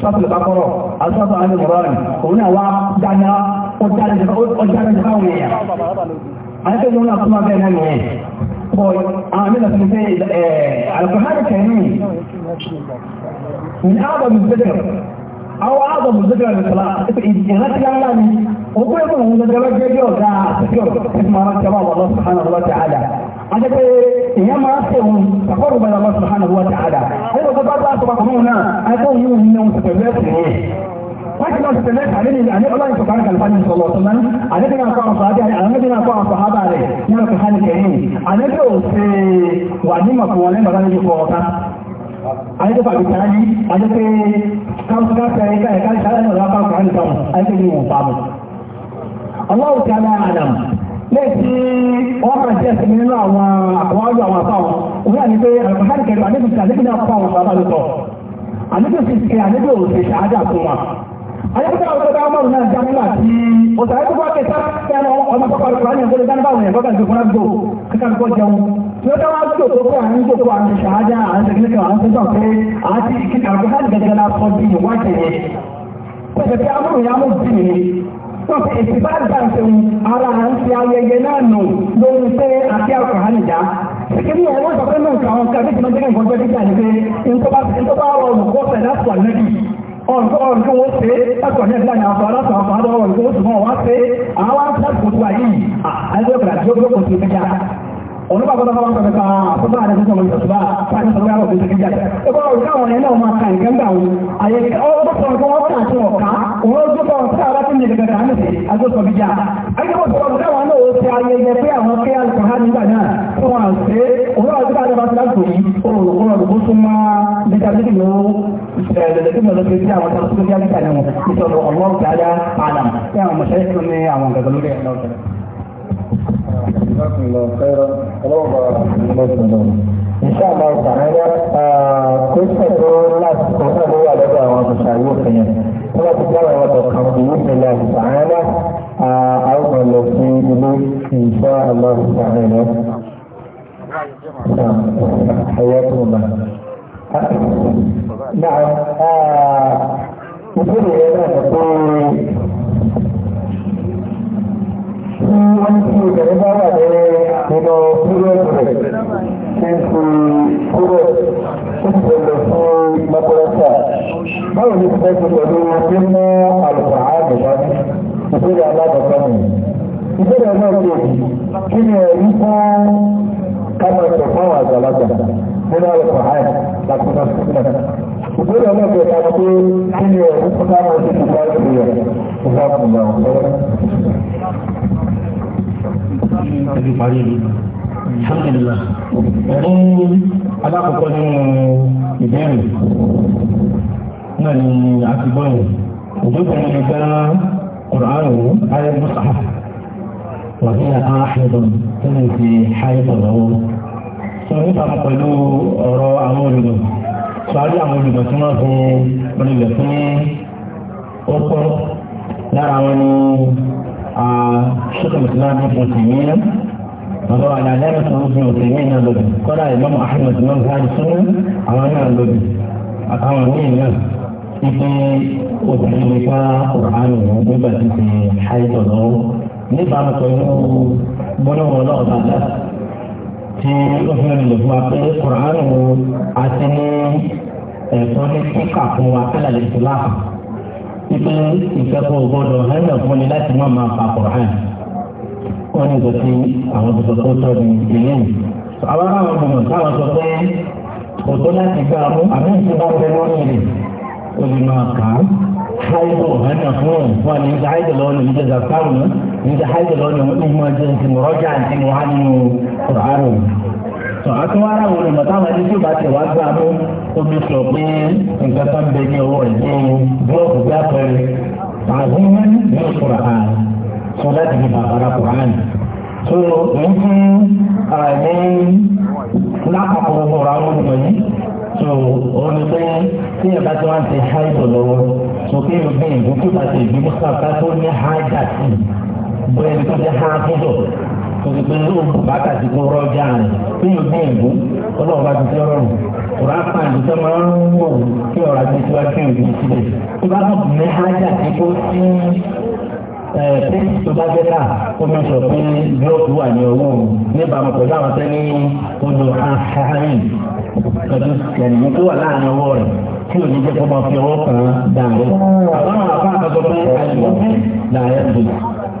sọ́tìlì pápọ́rọ̀ àṣọ́tọ̀ àmì ìrọ̀rùn òun náà wá dáná ọjà rẹ̀ fáwọn èèyàn àyẹ́kẹ́ ló ń lọ súnmọ́ bẹ́ẹ̀ náà nìyẹn bọ̀ àwọn mílọ̀ tó ṣe alùpùpù kẹ́rin ní ààbọ̀ mùsùlùmí àwọn ààbọ̀ mùsùlùmí nìkọlá ìrántí ńlá ni ó kó ẹ̀kọ́ òun lọ́jọ́ lọ́jọ́ bí ọ̀gá àti ọ̀gá ìfúnmọ́ ọ̀rọ̀ tẹ́wọ́ àwọn ọlọ́sùn àtẹ́gbẹ́ èèyàn máa fẹ́ òun kàkọ́rù bá lọ́wọ́ subhanahu wa ta'ala ẹ̀rọ tó bá bá sọ pàkọ́ mọ́ náà ẹ̀kọ́ yìí wù ní oṣù pẹ̀lú ẹ̀sìn yẹn wọ́n ti lọ sí tẹ̀lé àdébí àdébí ọlọ́run sọ̀kan kàlùfà ní sọ̀lọ̀ ọ̀tún náà àdébí náà kọ́ àwọn sọ̀hábà rẹ̀ àdébí náà kọ́ àwọn sọ̀hábà rẹ̀ nínú kẹfà ní kẹyìn àdébí ò ṣe wà ní mọ̀kù wọn lẹ́nu ọ̀dánilé fọ ọ̀tá àdébí fàbí tààlí àdébí káfíńkáfíń ẹ̀ka ẹ̀ka ìṣàlẹ̀ ọ̀dọ́ lẹ́ẹ̀tí wọ́n máa jẹ́ ẹ̀sìn nínú àwọn àkọwájú àwọn apá wọn òun àti pé àlùfáàdì kẹrù àdébù sí àdébù náà fún àwọn bàbá lùtọ̀ àdébù sí ṣe àdébù òṣè ṣáájà fún wa àdébù náà tó dáwọn márùn náà já nígbà tí òṣà ẹ̀kú bá kẹta kẹrin ọmọ pọpọ lùkọ ní ìgbélé dáná báwọn ẹ̀kọ́ kàdùkú náà gbò kíkà lùkọ jẹun tí ó dáwà tó tó kó àrùn tó kó àrùn ṣáájà àrùn tẹkíníkì àrùn tó sàn pé àti àlùfáàdì kẹta lásán bí ìwádìí yẹn pẹ̀lú pé amúrùn yà mú bí tọ́sí ìsìnká dànsẹ̀ mu ara à ń fi ayẹyẹ náà nù lórí pé àti àkùnrin àjà. Ìkíni ẹ̀ wọ́n sọ pé náà kà wọn kàbí ìtìmọ̀ jẹ́kẹ̀ ìfọ̀jọ́ dídà ní pé ntọ́ba ọ̀rùn kọ́ fẹ̀ láti wà lẹ́bi. Ọ̀rùn kọ́ ọ̀rùn kí wọ́n ṣe láti wà ní ẹ̀dá ní àwọn ọ̀rọ̀ àwọn ọ̀rọ̀ ọ̀rùn kí wọ́n sùn mọ́ wọn ṣe àwọn àti láti kòtò wáyé yìí. Àlejò kàdà tí ó gbé kòtò ìgbéjà òun bá gbọ́dọ̀ fọwọ́ pẹ̀lú kan àkókò àti ìṣòwò ìṣòwò fáwọn ìṣòwò yàrá òfin ṣèkíjà ó bá òun káwọn ẹ̀ náà máa ka nǹkan gbà wọn àyè ọwọ́ sọ pé wọ́n kà sí ọ̀ka òun ó dúpọ̀ sí ara tí nìyẹn kankan ní sí agbóso bíjà agbóso sọ káwọn náà ó ti ayẹyẹ pé àwọn kí alùpàá nígbà náà tó wọn ṣe òun náà dúpọ̀ àdébà tí láti yìí òun rò kó súnmọ́ bíjà bí kìlọ̀ lẹ́lẹ́ tí mo lọ sí àwọn tó ń sọ bí alùpàá náà ìṣòro ọlọ́ọ̀tà جزاكم الله خيرا insha Allah ta'ala ko sanu lati ko sanu wa daga àwọn masayu kan kuma ti kala wa to kan bi Allah ta'ala a ko lo fi ilu insha Allah ta'ala حياكم الله نعم آه يقول هنا tí wọ́n tí obìnrin bá wà ní nínú púrẹ́ẹ̀tì rẹ̀ ṣe ń fi púrẹ́ẹ̀tì ó ti bẹ̀rẹ̀ fún mẹ́kọ́lẹ́sà. Báwo ni ti fẹ́ pẹ̀lú mímú àlùfà àgbẹ̀dá ìbéèrè alábọ̀tán mi? Ìbéèrè náà lè kí ni ẹ̀rí fún kámẹ́tọ̀ fáwọn àgbàlagbà nínú àlùfà àgbẹ̀dá Ìbéèrè náà lè kí ni ẹ̀rí fún kámẹ́tọ̀ fáwọn àgbàlagbà nínú àlùfà àgbẹ̀dá ẹbí parí ìlú alhamdulillah ẹ̀rín alákọ̀ọ́kọ́ nínú ìbéèrè náà ni a ti gbọ́ yìí ìjókòó ní ẹgbẹ́ Kùránù ayé mùsàlá wà ní àáhìdùn tó lè fi háìdùn lọ́wọ́ sọ nípa pẹ̀lú ọ̀rọ̀ àwọn olùdó sọ àrí àwọn olùdó tí wọ́n fi orílẹ̀ fún ọkọ̀ lára wọn ni ṣẹ́kọ̀ọ́ ìsìláàmù fún tìmíyà bàbá wa dáadáa ní sọ̀rọ̀ fún tìmíyà náà lòdì kọ́dà Imam Ahmad náà sáré sínú àwọn náà lòdì àtàwọn míì náà ibi obìnrin lè ká ọ̀ránù nígbà tí ti ṣáìtọ̀ lọ́wọ́ nípa pẹ̀lú gbọ́dọ̀wọ́ náà dáadáa tí ó fi rìn lè fún wa pé ọ̀ránù àti ní ẹ̀tọ́ ní kíkà fún wa kálà lè fi láàpù wípé ìfẹ́kọ̀ọ́ gbọ́dọ̀ hẹ́nà fún ni láti má máa pa Kùránì wọ́n ní kò sí àwọn tó tó tọ́ ní ìyẹn. àwọn àwọn ọmọ táwọn sọ pé kò tó láti gbà mú àmì ìtura bẹ lórí rẹ̀ ó lè máa kà á. Haidu hẹ́nà fún òun fún àmì ìjà haidu lọ́nà ìjà zakaru náà ìjà haidu lọ́nà ìmọ̀ jẹ́ ìmọ̀rọ̀jà àti ìwà àtúwárà àwọn olùmọ̀táwọn ẹni tí ó bá tẹ̀ wá gbà mú omi sọ pé nǹkan tó ń bẹ ní ọwọ́ ìdí búlọ́ọ̀kù bí àpẹẹrẹ àgúnmọ́ ní ìfura hàn tó láti fi bàbára kùrán tó ń fún àìní lápapọ̀ ọ̀rọ̀ àwọn olùmọ̀ yìí So, orí pé tí ẹ bá tí wọ́n ti ha ìtò lọ́wọ́ tó kí ló gbé ìgbókùbà ti ìgbókùbà tó ní ha ìdásí bẹ́ẹ̀ ni tó ti ha àkójọ torí pé ó bàtà ti kó rọ́jà rẹ̀ tí yóò dín ìbú ọlọ́run bá ti tẹ́ rọrùn kòrá pa ìdíjọ́ máa ń wò kí ọ̀rọ̀ àti ìtura kí òbí sílẹ̀ tó bá mọ̀ ní ájà tí kò sí pẹ́ẹ́sì tó bá jẹ́ ká ó mọ̀ sọ pé búlọ́ọ̀kì wà ní ọwọ́ òun níbàámu pẹ̀lú àwọn tẹ́ ní odò ahárìn pẹ̀lú ẹ̀yìn tó wà láàrin ọwọ́ rẹ̀ tí ò jẹ́ kó máa fi ọwọ́ kan dàrú. àbáwọn àbá àtọ́jọ́ pé àìmọ́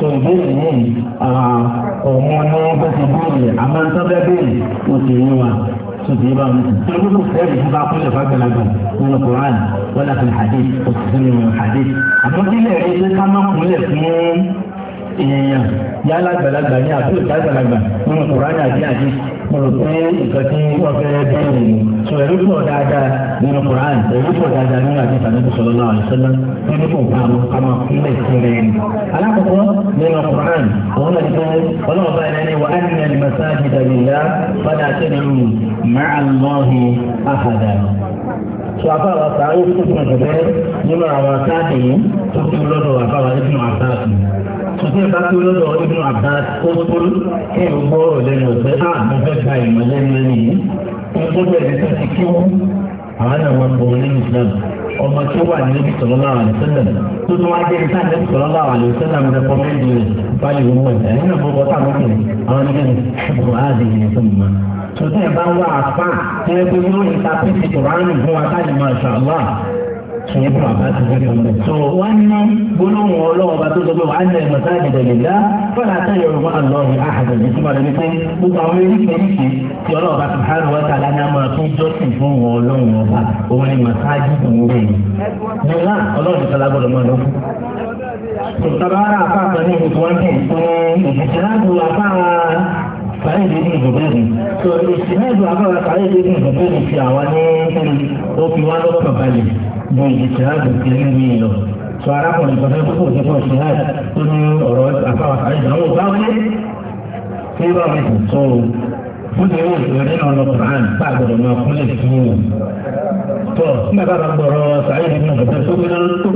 tó ìbéèrè yìí ọ̀hún ní bó ti béèrè àmọ́ ń tọ́bẹ́ béèrè ó ti rí wa tó ti bá wọn tó ní kò fẹ́ẹ́ yìí bá kúlẹ̀ fagbalagbà nínú Quran wọ́n fi hadith kò sì sí nínú hadith àmọ́ kílẹ̀ rí pé ká má kúlẹ̀ fún èèyàn yálà àgbàlagbà ní àbúrò àgbàlagbà nínú Quran àti hadith mo rò pé nǹkan tí wọ́n fẹ́rẹ́ bẹ́ẹ̀ ni sọ ẹ̀rí pọ̀ dáadáa nínú Quran ẹ̀rí pọ̀ dáadáa nínú àti ìsàlẹ̀bí sọ̀rọ̀ náà àìsọ́lá nínú kò bá wọn ká máa kú ilẹ̀ sí rẹ̀ ni. alákọ̀ọ́kọ́ nínú Quran òun náà ti pé ọlọ́run bá ẹni wà á nìyẹn mẹ́ta jìdàlì ìyá padà sẹ́nu ma'allahi ahada sọ afáwà sáré fún ní ẹ̀ka tí olóòtú ọdún àbá tó tó kí n gbọ́ ọ̀lẹ́nu ọ̀fẹ́ náà mo fẹ́ gba ìmọ̀ lẹ́nu ẹni yìí mo tó bẹ̀rẹ̀ tó ti kí wọ́n àwọn àwọn ọmọ orí Islam ọmọ tó wà ní ibi sọ̀rọ̀ náà àlè sẹ́lẹ̀ tó tó wá dé níta ní sọ̀rọ̀ náà àlè sẹ́lẹ̀ mi lẹ́kọ̀ọ́ méjì rẹ̀ báyìí wọ́n mọ̀ ẹ̀ ẹ̀yìn ọ̀bọ̀ tá àwọn kìnnì àwọn oníkẹ́ni ṣùgbọ́n á di ìyẹn fún mi mọ́. tòtẹ́ ẹ̀ bá wà á fà ẹ̀ yóò ní ta pé ti Kùránì fún wa káyìí máa ṣàlọ́ ìyẹn bí bàbá ti gbé ọmọ rẹ̀. tó wá ní gbólóhùn ọlọ́wọ́ bá tó sọ pé wàá nà ẹ̀mọ̀tá ìdẹ̀lẹ̀ dá fọ́nà àtàyè ọ̀rọ̀ àlọ́ọ̀rì àhàdà yìí tó bàdé wípé gbogbo àwọn eríkèéríkè tí ọlọ́wọ́ bá ti hàn wọ́n tààlà ní àmọ́ tó jọ́sìn fún wọn ọlọ́run ọba òun ni màsáàjì ìwé yìí. bọ́lá ọlọ́run ìtàlá gbọ́dọ̀ máa lọ fún. tòtàbára àpáàpá ní ìbùkún wọn bẹ̀ tó ìsìnẹ́jù àbára sàyẹ̀dì ní ìbùbẹ́rì ti àwa ní ó fi wá lọ́kàn balẹ̀ ju ìṣèhádùn ti ní mi lọ sọ arákùnrin kan fẹ́ kókò sí fún ìṣèhádùn tó ní ọ̀rọ̀ àfáwọn àìsàn ó bá wọlé tí ó bá wọlé tó sọ o fún ìwé ìrẹ́ náà lọ kùrán bá gbọ́dọ̀ máa kúnlẹ̀ sí i tọ́ nígbà bá bá gbọ́rọ̀ sàyẹ̀ nínú ìgbà tó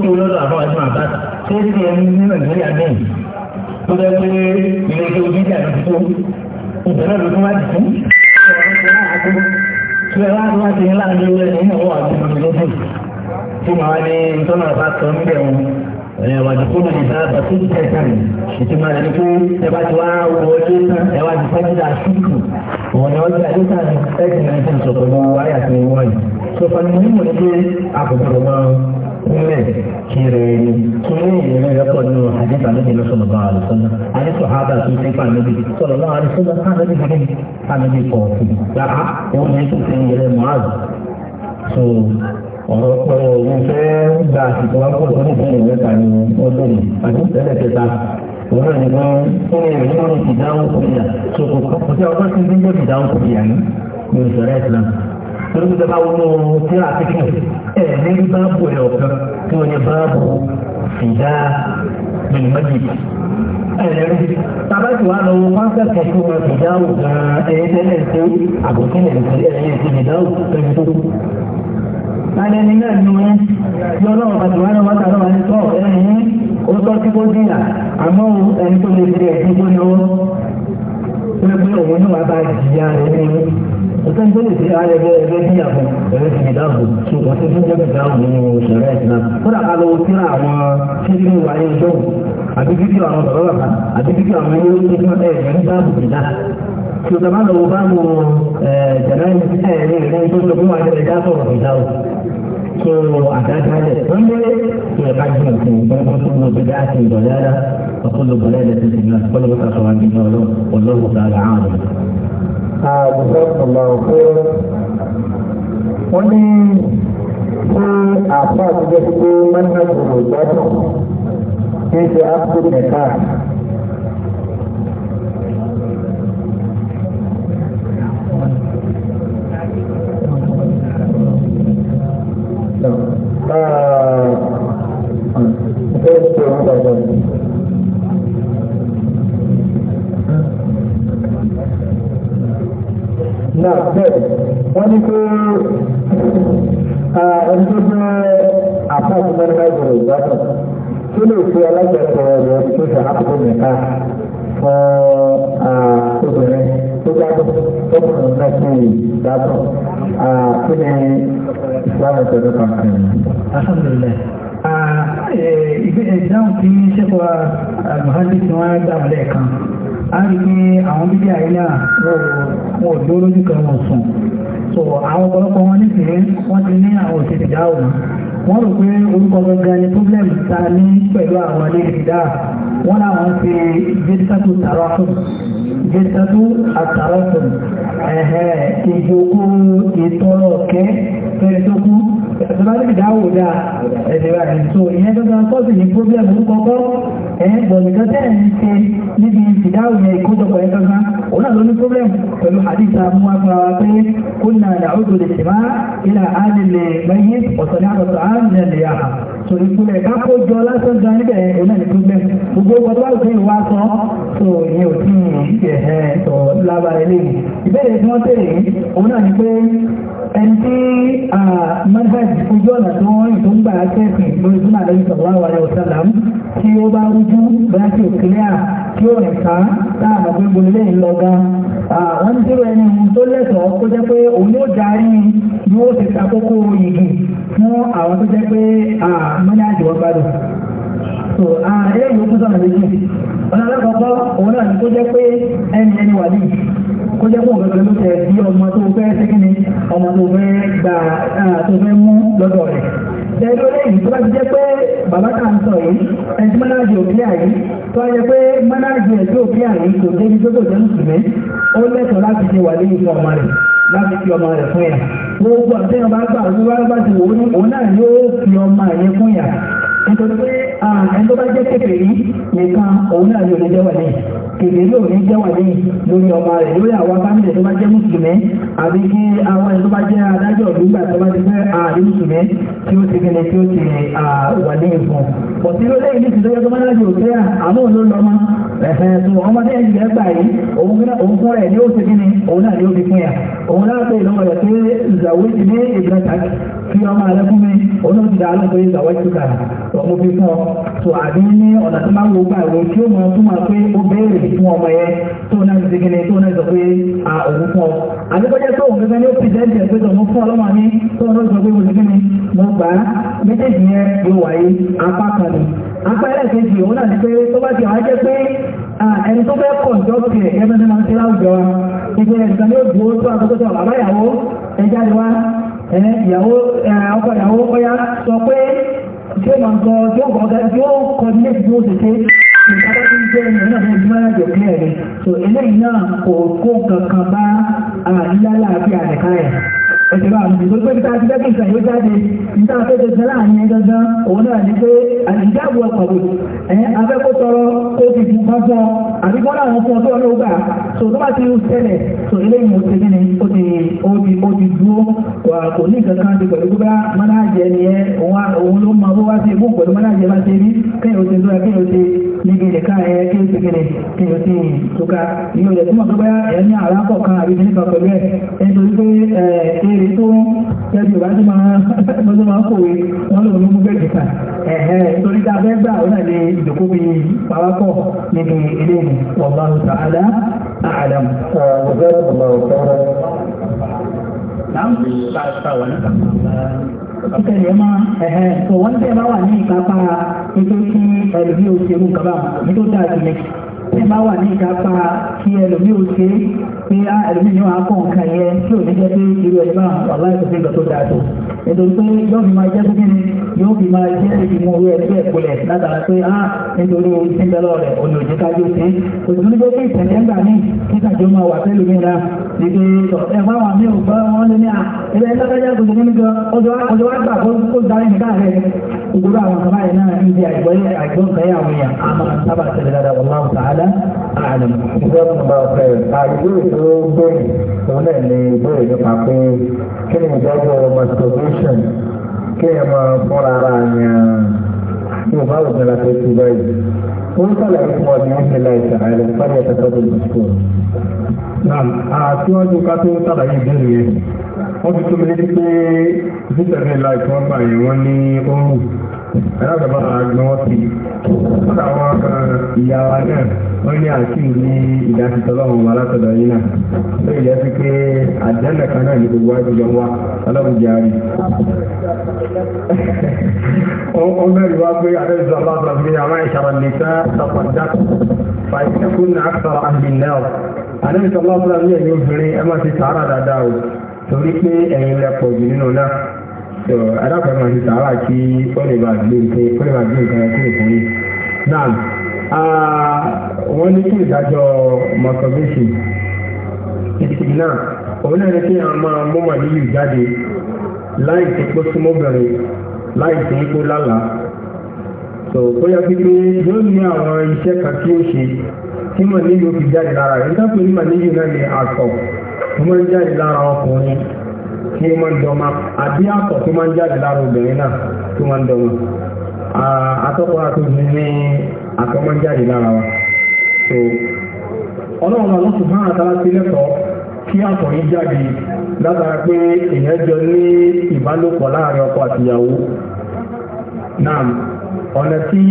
kí lọ́dọ̀ àfáwọn àìsàn àbá tó ń ṣe ní nàìjíríà náà tó jẹ́ pé ilé tó bí jà ti tó ìbẹ̀rẹ̀ ló tún wá ti fún ọ̀rọ̀ tó wá ti ń láàrin ẹ̀yìn àwọn àgbẹ̀rẹ̀ lọ́dọ̀ tí màá ní ntọ́nà bá tọ́ ń bẹ̀ wọn ẹ wàjú kó lóde bá bá tó jẹ tán ìtumọ̀ rẹ̀ ni pé ẹ bá ti wá wọlé tán ẹ wá ti fẹ́jìlá síkù wọn ni ọjà yóò tàn ẹ̀sìn náà ti sọ pẹ̀lú wáyà tó wọ́n yìí tó fani mo ní mo ní pé àkókò mọ́ kúnlẹ̀ kiri ni kúnlẹ̀ ìrìn rẹ̀ pọ̀ nínú àdéhùn àlejò lọ́sọ̀nà bá àlùsọ́nà àdéhùn àbá tó ti pa àlejò sọ̀rọ̀ náà àlùsọ́nà àlejò gẹ́gẹ́ àlejò kọ̀ọ̀kì gbàgbà òun ni kò sí ìrẹ̀ mọ́ àlù ọ̀rọ̀pọ̀ òun fẹ́ gba àsìkò wákò tó ní ìpínlẹ̀ mẹ́ta ni ó lórí àti ìpínlẹ̀ kẹta òun náà nìkan ó lè rí lórí ìdáhùn kòkìyà tó kò kọ́ kò sí ọgbọ́n tí ń dín lórí ìdáhùn kòkìyà ní ní ìṣẹ̀lẹ̀ Islam torí pé bá wọnú tíra àtìkù ẹ̀ ní báàbù ẹ̀ ọ̀kan tí wọ́n ní báàbù ìdá mìlímẹ́jì ẹ̀rẹ́rí tàbátì wà lọ pàṣẹ́kẹ̀ tó wọ́n ìdáhùn ẹ̀yẹ́dẹ́lẹ̀ tó àbòkílẹ̀ ẹ̀yẹ́ ìdáhùn tó láti ẹni náà nù ẹ́ tí ọlọ́run bàtà wà náà wàtà lọ́wọ́ ẹni tọ́ ẹ̀yìn ó tọ́ sí kó dìyà àmọ́ ẹni tó lè di ẹ̀sìn tó lọ́wọ́ ó lè pé òun náà bá jìyà rẹ̀ ní ọ̀sán tó lè fi ààrẹ bẹ ẹgbẹ́ bí àwọn ẹ̀rẹ́ ti dáàbò tó wọ́n ti fún jẹ́bi dáàbò nínú ìṣẹ̀rẹ́ ìsìnà kódà ká lọ sí àwọn fídíò wáyé ìjọ́wò àbí fídíò àwọn bàbá bàbá àbí fídíò àwọn ilé tó fún ẹ̀rẹ́ ní dáàbò tó tàbá lọ fún wáyé ìdá sọ̀rọ̀ ìdáwò ṣe àdájá lẹ̀ nílé tí ẹ bá jẹ́ òfin ìgbẹ́gbẹ́ tó ló bí dáàtì ìdọ̀lára ọ̀pọ̀lọpọ̀ lẹ́lẹ̀ tó ti náà kọ́lọ́wọ́ ká sọ̀rọ̀ nínú ọlọ́run ọlọ́run sára àrùn. àgùsọ ọ̀la òkú wọn ní ṣé àpá àtijọ́ ti pé mọ́nà ìgbàdùn kí ṣe ápùtù máa fẹ́ ṣe wọn gbàgbọ́ ni. náà bẹ́ẹ̀ wọ́n ní pé ẹni tó jẹ́ àpáàtì mẹ́rin ìgbọ̀rọ̀ ìgbàgbọ́ tó lè fi alájọpọ̀ ọ̀rọ̀ tó ṣe àpò mẹ́ta fún obìnrin náà ìbára pẹ̀lú pàtàkì. alhamdulillah ìdáhùn tí ṣẹ́kọ̀ àmàhálì tí wọ́n a rí pé àwọn bíbí àìlà wọ́n dó lójú kan wọ́n sùn so àwọn ọ̀pọ̀lọpọ̀ wọn nísìnyí wọ́n ti ní àwọn òṣèlú dáhùn wọ́n rò pé orúkọ gangan ni problem ta ní pẹ̀lú àwọn ilé ìdá wọ́n láwọn ṣe gbé sátó tààrà fún jẹ́sàdú àtàrọ̀tùn ẹ̀hẹ́ ìjókòó ìtọ́lọ̀kẹ́ fẹ́ẹ́ tó kú ẹ̀sọ́láríkì dáwò dá ẹ̀dẹ̀wà ẹ̀tò ìyẹn tó gan sọ́ọ̀sì ní pọ́blẹ̀mù kọ́kọ́ ẹ̀yẹn gbọ̀nìkan tẹ́ ẹ̀yìn ṣe níbi ìdáwò yẹn ìkójọpọ̀ ẹ̀ gangan òun náà ló ní pọ́blẹ̀mù pẹ̀lú àdìsá mú agbára wa pé kó nà àdàwòdò lè ṣe máa ilà ádìlẹ̀ mẹ́yìn ọ̀sán ní àtọ̀tọ̀ àmìlẹ̀ lè yà so ìpínlẹ̀ kápó jọ lásán gan níbẹ̀ òun ẹni tí manifest láti fojú ọ̀nà tí wọ́n rìn tó ń gbà kẹ́sìn lórí súnà lẹ́yìn sallallahu alaihi wasallam tí ó bá rújú bá ti òkèlè à tí ó rìn ká táàmù pé gbogbo lẹ́yìn lọ gan wọ́n ti rẹ̀ ní ohun tó lẹ́tọ̀ọ́ kó jẹ́ pé òun yóò darí bí ti takókó yìí fún àwọn tó jẹ́ pé mọ́nà àjọwọ́ gbádùn so eléyìí ó kú sọ̀nà méjì ọ̀nà alákọ̀ọ́kọ́ òun náà ni kó jẹ́ pé ẹni ẹni wà níyì kó jẹ́ fún ọ̀gọ́gọ́ ló tẹ̀ bí ọmọ tó fẹ́ síkíní ọmọ tó fẹ́ gbà tó fẹ́ mú lọ́dọ̀ rẹ̀ tẹ́lú lẹ́yìn tó bá ti jẹ́ pé bàbá kà ń sọ yìí ẹni mọ́nájì òkè àyí tó wá jẹ́ pé mọ́nájì ẹ̀sí òkè àyí kò débi tó kò jẹ́nu sùn mí ó lẹ́tọ̀ọ́ láti ṣe wà lẹ́yìn ọmọ rẹ̀ láti fi ọmọ rẹ̀ fún yà gbogbo àtẹ́yìn bá gbà wọ́n bá bá ti wò ó ní òun náà yóò fi ọmọ yẹn fún yà nítorí pé ẹni tó bá jẹ́ kékeré nìkan òun náà yóò lè jẹ́ wà lẹ́yìn kèrè ló ní jẹ́wọ̀n ní lórí ọmọ rẹ̀ lórí àwọn fámìlì tó bá jẹ́ mùsùlùmí àbí kí àwọn ẹni tó bá jẹ́ adájọ́ ìlúgbà tó bá ti fẹ́ ààrí mùsùlùmí tí ó ti gẹ̀lẹ̀ tí ó ti wà ní ìfún. bọ̀tí ló lẹ́yìn ní ti lọ́jọ́ tó bá lájọ òkè àmọ́ ló lọ ẹ̀fẹ́ tó ọmọdé ẹ̀jì rẹ̀ gbà yìí òun fún rẹ̀ ní ó ti gíní òun náà ni ó fi fún yà òun náà pé ìlọ́wọ́ rẹ̀ pé ìzàwé ti ní ìbílẹ̀ tàbí kí ọmọ rẹ̀ fún mi òun náà ti dà á lọ́pọ̀ ìzàwé tó kà mo fi fún ọ. tó àbí ní ọ̀nà tó máa ń wo gbà wo kí ó mọ tó máa pé ó béèrè fún ọmọ yẹn tó náà ti segin ní tó náà sọ pé a òun fún ọ. àbíkọ́jẹ́ tó òun gẹ́gẹ́ ní ó pìrìsẹ́ǹtì ẹ̀ pé tó mú fún ọlọ́mọ mi tó náà sọ pé mo segin ní mo gbà á méjèèjì yẹn yóò wáyé apá kan ní. apá ẹlẹ́kejì òun náà ti pé tó bá ti wá jẹ́ pé ẹni tó fẹ́ kọ̀ ìjọ́ tiẹ̀ ẹgbẹ́ tó máa ń ṣe láwùjọ wa ìgbẹ́ ẹ̀sán yóò dúró tó àkókò tó bàbá ìyàwó ẹja ni wá ìyàwó ọkọ ìyàwó ọyá sọ pé tí ó máa ń sọ tí ó kọ̀ọ̀kan tí ó kọ̀ọ̀dínlẹ̀ tí ó ṣe ṣe nǹkan tó ń jẹ́ ìrìnà fún ìdúmọ̀ kí ẹ̀rẹ́ so eléyìí náà kò kó kankan bá àìyálà ah, àbí àdìkáyà ẹ̀sìn máa lò pé pé tá a ti dẹ́kun ìṣàyè jáde níta tó ti sẹ́lá àyẹn gangan òun náà ní pé àdìjáàbò ọ̀pọ̀lù ẹ̀yìn afẹ́kọ́ tọrọ tó ti fún kan fún ọ àbí wọ́n láwọn fún ọ tó ọlọ́wọ́ gbà tó tó bá ti ń ṣẹlẹ̀ tó eléyìí ó ti ní ó ti ó ti ó ti kò ní nǹkan kan ti pẹ̀lú gbogbo mọ́nájẹ ni ẹ òun ló mọ bó wá sí ibú pẹ̀lú mọ́nájẹ bá ṣe rí kéèyàn ó ti dúró kéèyàn ó ti níbi ìdíkà ẹ kéèyàn ti kéèyàn kéèyàn ti tóka ìyóò rẹ̀ túmọ̀ tó bá ẹ̀ ní àrà kọ̀ọ̀kan àbí nípa pẹ̀lú ẹ̀ nítorí pé ẹ̀ ẹni tó ẹbí ọ̀rá tó máa ń kòwé wọ́n lòun ló mú bẹ́ẹ̀ jìkà ẹ̀ẹ́ torí tá a fẹ́ gbà ó náà ní ìdòkó mi pàwápọ̀ nínú ilé mi wallahu ta'ala a'lam. ọ̀gá ọ̀gá ọ̀gá Ìkẹ̀lẹ̀ ọmọ ẹ̀hẹ́ tó wọ́n tẹ́ bá wà ní ìkápá nítorí kí ẹlòmí òṣèlú kaba nítorí dáa jùlẹ̀ tí ẹ bá wà ní ìkápá kí ẹlòmíì ò ṣe pé ah, á ẹlòmíì yóò akọ nǹkan yẹ tí ò ní jẹ́ pé irú ẹni máa wà láìpẹ́ sí ìgbà tó dáa tó ètò pé yóò fi máa jẹ́ pé kíni yóò fi máa jẹ́ ìmú orí ẹni bẹ́ẹ̀ kulẹ̀ látara pé á ah, nítorí ìsìnbẹ́lọ́ rẹ̀ òní òjì kájú sí òtún ní pé kí ìtẹ̀lẹ́ ń gbà ní kíkàjọ́ máa wà pẹ́lú mi náà níbi ẹ̀fọ́ àwọn mi ò gbọ́ wọn lé ní à ilẹ̀ ẹlẹ́gbẹ́jẹ́ tuntun nínú gan ọjọ́ wá gbà kó darí nìkan rẹ̀ ìgbòrò àwọn kàmáyé náà ń di àìgbọ́n kẹ́yà àwọn èèyàn àmọ́ sábà tẹ̀lé dáadáa wọ́n máa ń sàádà ta'ala àlè. ìjọba ọba ọ̀fẹ́ àìsí tó gbẹ̀yìn òun náà lè béèrè nípa pé kí ni ìdájọ́ masturbation kí ẹ máa fúnra ara yẹn yóò bá òfin la fẹ́ tu báyìí. ó ń sọ̀rọ̀ ìfún ọdún ní ìlà ìṣẹ̀lẹ̀ àìlè fún ẹ̀ka tó dùn sùkúl. náà àtiwájú ká tó sàlàyé ìbéèrè yẹn wọ́n fi tó mi létí pé vitamin life wọ́n gbà yẹn wọ́n ní oorun ẹ̀rọ bàbá àgbọn ti wọ́n àwọn ìyá wa náà wọ́n ní àkíyù ní ìdásítọ́lọ́run wa látọ̀dọ̀ yìí náà tó ìjẹ́ sí pé àjẹ́lẹ̀ kan náà ní gbogbo àjọyọ̀ wa ọlọ́run jẹ́ àrí. <laughs> ó mẹ́rin wá pé àrẹ́sọ̀ aláàbọ̀ pé àwọn ìṣàrọ̀ nìta sàpàdà fàìsẹ́kùn náà sọ̀rọ̀ àmì náà àrẹ́sọ̀ aláàbọ̀ ní ẹ̀yìn obìnrin ẹ tó adákan máa ń sàárà kí ó lè máa gbé nǹkan ó lè máa gbé nǹkan kúrò fún yìí náà wọ́n ní kí ìdájọ́ masturbation ìsìn náà òun náà ní kí àwọn máa mú màlúù jáde láì tó pé súnmọ́bìnrin láì tó pé lálàá tó bóyá pípé yóò ní àwọn iṣẹ́ kan tí ó ṣe tí màlúù fi jáde lára rẹ̀ nígbà tó ní màlúù náà ní àtọ̀ tó máa ń jáde lára ọkùnrin tí ó máa ń dọ́mà àti àtọ̀ tí ó máa ń jáde lára obìnrin náà tó máa ń dọ́mà àtọ́kọ̀ àtòjì ní àtọ́ máa ń jáde lára wa so ọlọ́run àwọn tó máa tara sí lẹ́kọ̀ọ́ kí àtọ̀ yìí jáde látara pé èèyàn jọ ní ìbálòpọ̀ láàrin ọkọ àtìyàwó náà ọ̀nà tí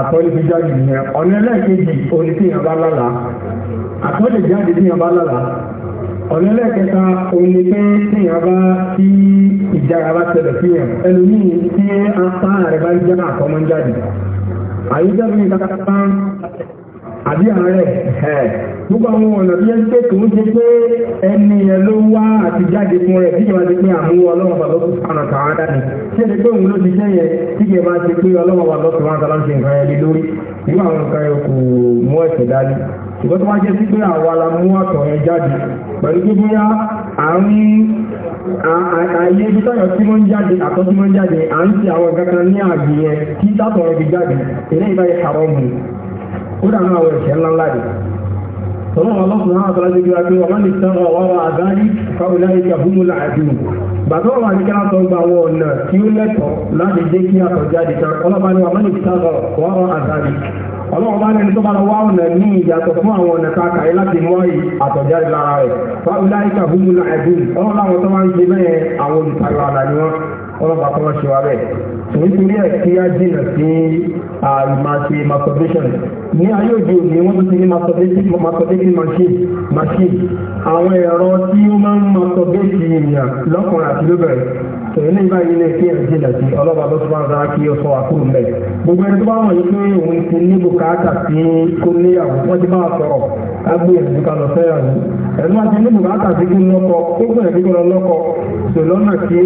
àtọ́lé fi jáde nìyẹn ọ̀nà ẹlẹ́ẹ̀kejì oní tí èèyàn bá lálàá àtọ́lé jáde tí èèyàn bá lálàá ọ̀lẹ́lẹ̀ kẹta omi pé tí a bá tí ìjára bá tẹ̀lẹ̀ sí ẹ̀ ẹlòmí tí a pa rẹ̀ bá jẹ́ àkọ́mọ́ jáde àyíjẹ́bí kàkàkà àbí ààrẹ ẹ̀ gbogbo àwọn ọ̀nà bí ẹni pé tòun ti pé ẹni ẹ ló wá àti jáde fún rẹ̀ bí ìjọba ti pé àmú ọlọ́wọ́ bàbá sùpànà tààdà ni tí ẹni pé òun ló ti jẹ́yẹ tí ìjọba ti pé ọlọ́wọ́ bàbá sùpànà tààdà ń ṣe ṣùgbọ́n tó máa jẹ́ sí pé àwọn alamú àtọ̀ ẹ jáde pẹ̀lú gbogbo yá àárín ààyè ibi táyọ̀ tí wọ́n ń jáde àtọ́ tí wọ́n ń jáde à ń ti àwọn kankan ní ààbì yẹn kí sátọ̀ ẹ fi jáde ilé ìbáyé kàrọ̀ mù ó dànù àwọn ẹ̀ṣẹ̀ ńlá ńlá rẹ̀ tọ́lọ́ wọn lọ́sùn náà tọ́lá ti gbéra pé wọ́n máa ń sọ̀rọ̀ ọ̀rọ̀ àdáyé fáwọn ilé ìkàbùmùlà àdùn bàtọ́ wà ní kíláà tó gba àwọn ọ̀nà tí ó lẹ́tọ̀ọ́ láti dé kí àtọ̀ jáde kan ọlọ́pàá ni wà máa ń sọ̀rọ̀ ọ̀rọ̀ àdáyé ọlọ́run bá nẹni tó bá lọ wá ọ̀nà ní ìyàtọ̀ fún àwọn ọ̀nà tá a kàyé láti mọ́ àtọ̀jáde lára rẹ̀ fáwọn láìka búmúlà ẹ̀dùn ọlọ́run láwọn tó máa ń ṣe bẹ́ẹ̀ àwọn olùtayọ̀ àlà ni ọlọ́pàá kọ́ ṣe wa bẹ́ẹ̀ nítorí ẹ̀ kí á jìnà sí àìmáṣe masturbation ní ayé òde òní wọ́n ti ní masturbation machine machine àwọn ẹ̀rọ tí ó máa ń masturbate ènìyàn lọ́kùnrin àti lóbìnrin tòun ní báyìí ní kí ẹ̀ jìnà sí ọlọ́pàá tó tún bá dára kí ó sọ àkúrò mẹ́ gbogbo ẹni tó bá wọ̀nyí pé òun ti ní bùkátà sí kó ní àwọn wọ́n ti bá wa sọ̀rọ̀ agbé ẹ̀sìn kan lọ fẹ́ràn ní ẹ̀rọ àti ní bùkátà sí kí lọ́kọ ó gbọ́dọ̀ kí lọ́kọ sọ lọ́nà tí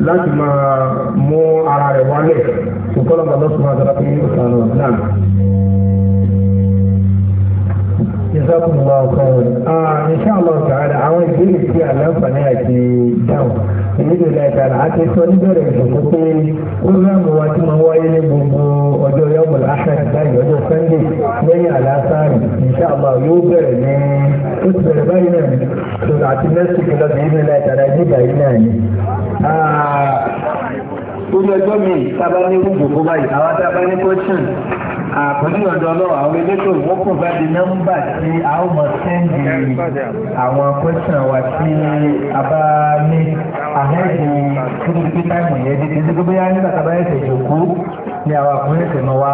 láti máa mú ara rẹ̀ wálẹ̀ kó kọ́ lọ́mọdé tó máa náà. Jazakumullahu khairan. Ah, Insha Allah ta'ala àwọn ìbéèrè tí àlàǹfààní àti dáhùn ìbéèrè lẹ́ẹ̀kan àti sọ níbẹ̀rẹ̀ ìṣòkó pé púrógrámù wa ti máa wáyé ní gbogbo ọjọ́ yọ̀bùl ahad báyìí ọjọ́ Sunday lẹ́yìn àlàáfáàrì Insha Allah yóò bẹ̀rẹ̀ ní ó ti bẹ̀rẹ̀ báyìí náà ni àti mẹ́sìkì lọ́dún ìbéèrè lẹ́ẹ̀kan àti ìbéèrè náà ni. Ah, orí ọjọ́ mi sábà ní gbogbo kó báyìí àwọn sábà ní question àpẹẹrẹ ọ̀dọ́ ọlọ́wọ́ àwọn elétò wọ́n kò bá di nọ́mbà tí a ó mọ̀ sẹ́ndì àwọn question wa tí a bá ní àhẹ́dì kúrúkú táìmù yẹn dídí sí gbogbo yá nígbà tá a bá yẹ̀ àwọn àkúrẹ́sẹ̀ mọ́ wá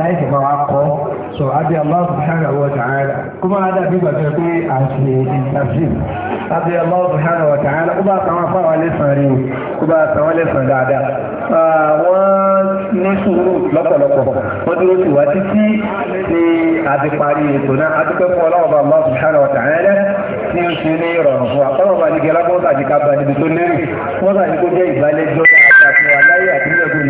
láì tẹ̀mọ́ wa kọ́ sọ adé Allah subhanahu wa ta'ala kó máa dàbí gbàgbé pé a ṣe ìtàṣì adé Allah subhanahu wa ta'ala kó bá àtàwọn afáwọn lẹ́sàn rí o kó bá àtàwọn lẹ́sàn dáadáa wọ́n ní sùúrù lọ́pọ̀lọpọ̀ wọ́n dúró sí wá títí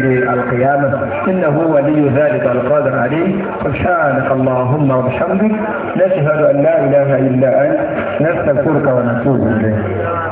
القيامة إنه ولي ذلك القادر عليه سبحانك اللهم وبحمدك نشهد أن لا إله إلا أنت نستغفرك ونتوب إليك